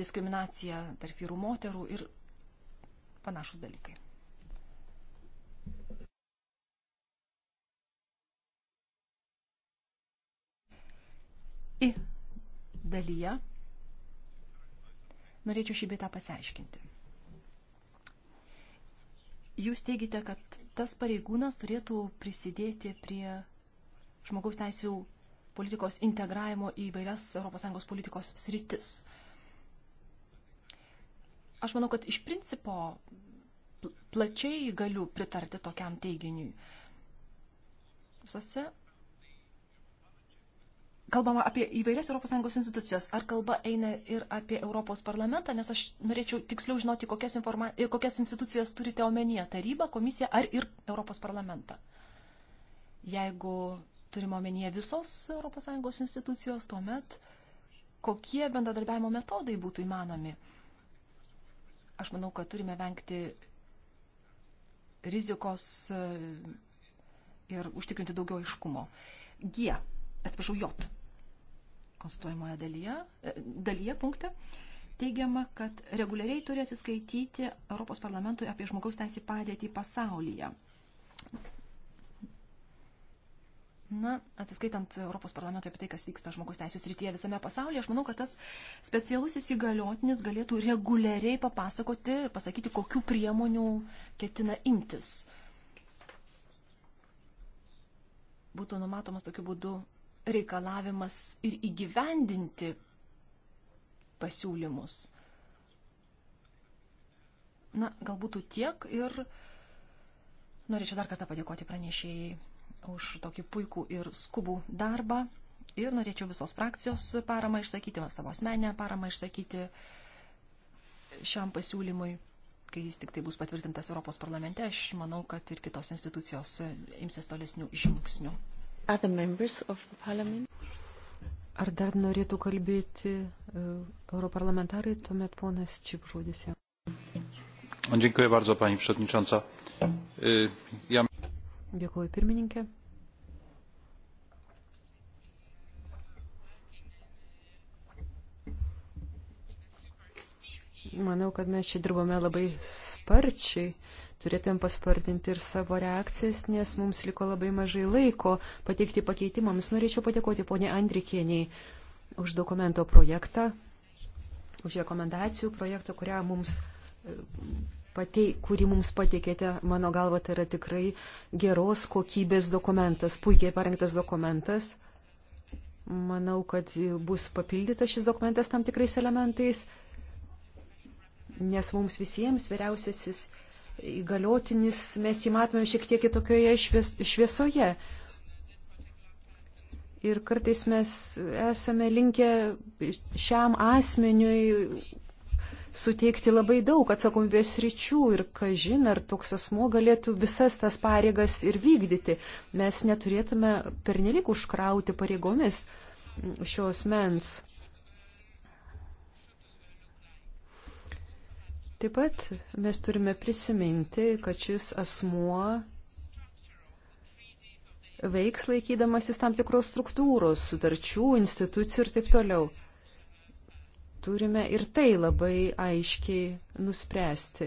diskriminacija tarp vyrų moterų ir panašus dalykai. I dalyje norėčiau šį bitą pasiaiškinti. Jūs teigite, kad tas pareigūnas turėtų prisidėti prie žmogaus teisų politikos integravimo į vairias ES politikos sritis. Aš manau, kad iš principo plačiai galiu pritarti tokiam teiginiui. Visose kalbama apie įvairias ES institucijas, ar kalba eina ir apie Europos parlamentą, nes aš norėčiau tiksliau žinoti, kokias, informa... E, kokias institucijas turite omenyje - tarybą, komisiją ar ir Europos parlamentą. Jeigu turime omenyje visos ES institucijos, tuomet kokie bendradarbiavimo metodai būtų įmanomi. Aš manau, kad turime vengti rizikos e, ir užtikrinti daugiau aiškumo. G. Atsiprašau, J. Konstituojamoje dalyje, e, dalyje punkte teigiama, kad reguliariai turi atsiskaityti Europos parlamentui apie žmogaus teisį padėtį pasaulyje. Na, atsiskaitant Europos parlamento apie tai, kas vyksta žmogus teisų srityje visame pasaulyje, aš manau, kad tas specialusis įgaliotinis galėtų reguliariai papasakoti ir pasakyti, kokių priemonių ketina imtis. Būtų numatomas tokiu būdu reikalavimas ir įgyvendinti pasiūlymus. Na, galbūt tiek ir norėčiau dar kartą padėkoti pranešėjai už tokį puikų ir skubų darbą. Ir norėčiau visos frakcijos paramą išsakyti, savo asmenę paramą išsakyti šiam pasiūlymui, kai jis tik tai bus patvirtintas Europos parlamente. Aš manau, kad ir kitos institucijos imsis tolesnių žingsnių. Ar dar norėtų kalbėti e, europarlamentarai, tuomet ponas Čipžodis. Dziękuję bardzo Pani Przewodnicząca. E, ja... Dėkuoju pirmininkė. Manau, kad mes čia dirbame labai sparčiai. Turėtumėm paspartinti ir savo reakcijas, nes mums liko labai mažai laiko pateikti pakeitimams. Norėčiau padėkoti ponė Andrikieniai už dokumento projektą, už rekomendacijų projektą, kurią mums patei, kurį mums pateikėte, mano galva, tai yra tikrai geros kokybės dokumentas, puikiai parengtas dokumentas. Manau, kad bus papildytas šis dokumentas tam tikrais elementais, nes mums visiems vyriausiasis įgaliotinis mes jį matome šiek tiek kitokioje švies, šviesoje. Ir kartais mes esame linkę šiam asmeniui suteikti labai daug atsakomybės ryčių ir kažin, ar toks asmo galėtų visas tas pareigas ir vykdyti. Mes neturėtume pernelik užkrauti pareigomis šios mens. Taip pat mes turime prisiminti, kad šis asmuo veiks laikydamasis tam tikros struktūros, sutarčių, institucijų ir taip toliau. Turime ir tai labai aiškiai nuspręsti.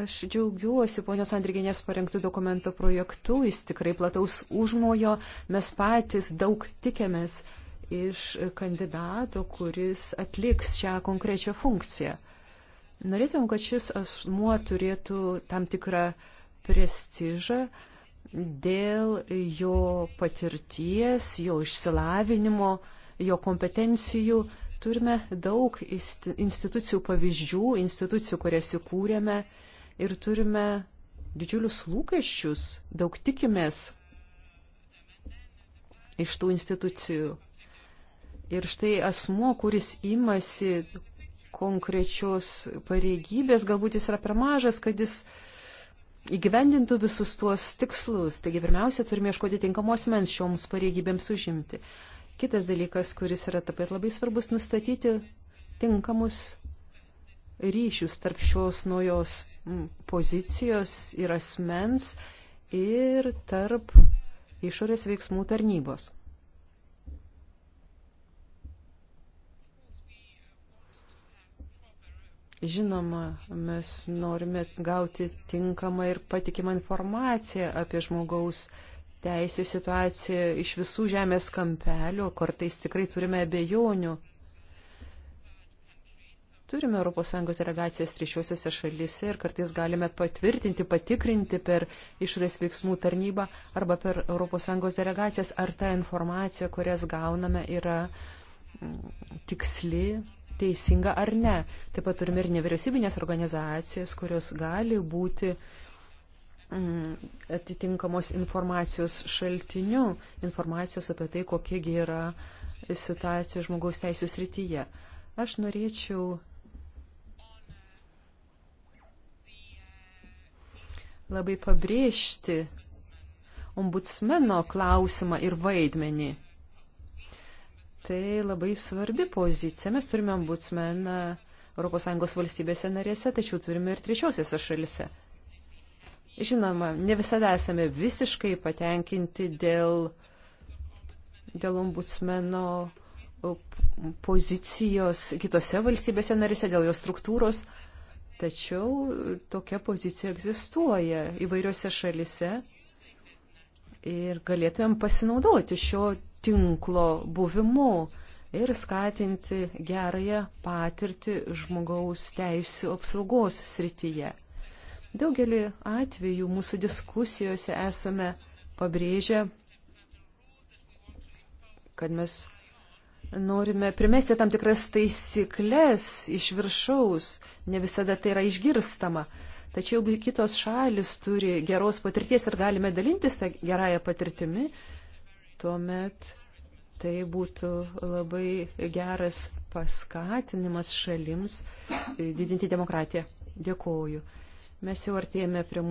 Aš džiaugiuosi ponios Andriginės parengtų dokumento projektų, jis tikrai plataus užmojo, mes patys daug tikėmės iš kandidato, kuris atliks šią konkrečią funkciją. Norėtum, kad šis asmuo turėtų tam tikrą prestižą dėl jo patirties, jo išsilavinimo, jo kompetencijų, Turime daug institucijų pavyzdžių, institucijų, kurias įkūrėme ir turime didžiulius lūkesčius, daug tikimės iš tų institucijų. Ir štai asmuo, kuris imasi konkrečios pareigybės, galbūt jis yra per mažas, kad jis įgyvendintų visus tuos tikslus. Taigi pirmiausia, turime ieškoti tinkamos mens šioms pareigybėms užimti. Kitas dalykas, kuris yra taip pat labai svarbus, nustatyti tinkamus ryšius tarp šios naujos pozicijos ir asmens ir tarp išorės veiksmų tarnybos. Žinoma, mes norime gauti tinkamą ir patikimą informaciją apie žmogaus uh, teisų situaciją iš visų žemės kampelių, kartais tikrai turime abejonių. Turime ES delegacijas trečiosiuose šalyse ir kartais galime patvirtinti, patikrinti per išorės veiksmų tarnybą arba per ES delegacijas, ar ta informacija, kurias gauname, yra mm, tiksli, teisinga ar ne. Taip pat turime ir nevyriausybinės organizacijas, kurios gali būti uh, Mm, atitinkamos informacijos šaltiniu, informacijos apie tai, kokiegi yra situacija žmogaus teisų srityje. Aš norėčiau labai pabrėžti ombudsmeno klausimą ir vaidmenį. Tai labai svarbi pozicija. Mes turime ombudsmeną ES valstybėse narėse, tačiau turime ir trečiosiose šalise. Žinoma, ne visada esame visiškai patenkinti dėl, dėl ombudsmeno pozicijos kitose valstybėse narise, dėl jo struktūros, tačiau tokia pozicija egzistuoja įvairiose šalise ir galėtumėm pasinaudoti šio tinklo buvimu ir skatinti gerąją patirtį žmogaus teisų apsaugos srityje. Daugelį atvejų mūsų diskusijose esame pabrėžę, kad mes norime primesti tam tikras taisyklės iš viršaus, ne visada tai yra išgirstama. Tačiau jeigu kitos šalis turi geros patirties ir galime dalintis tą gerąją patirtimį, tuomet tai būtų labai geras paskatinimas šalims didinti demokratiją. Dėkuoju. Mes jau artėjame prie mūsų.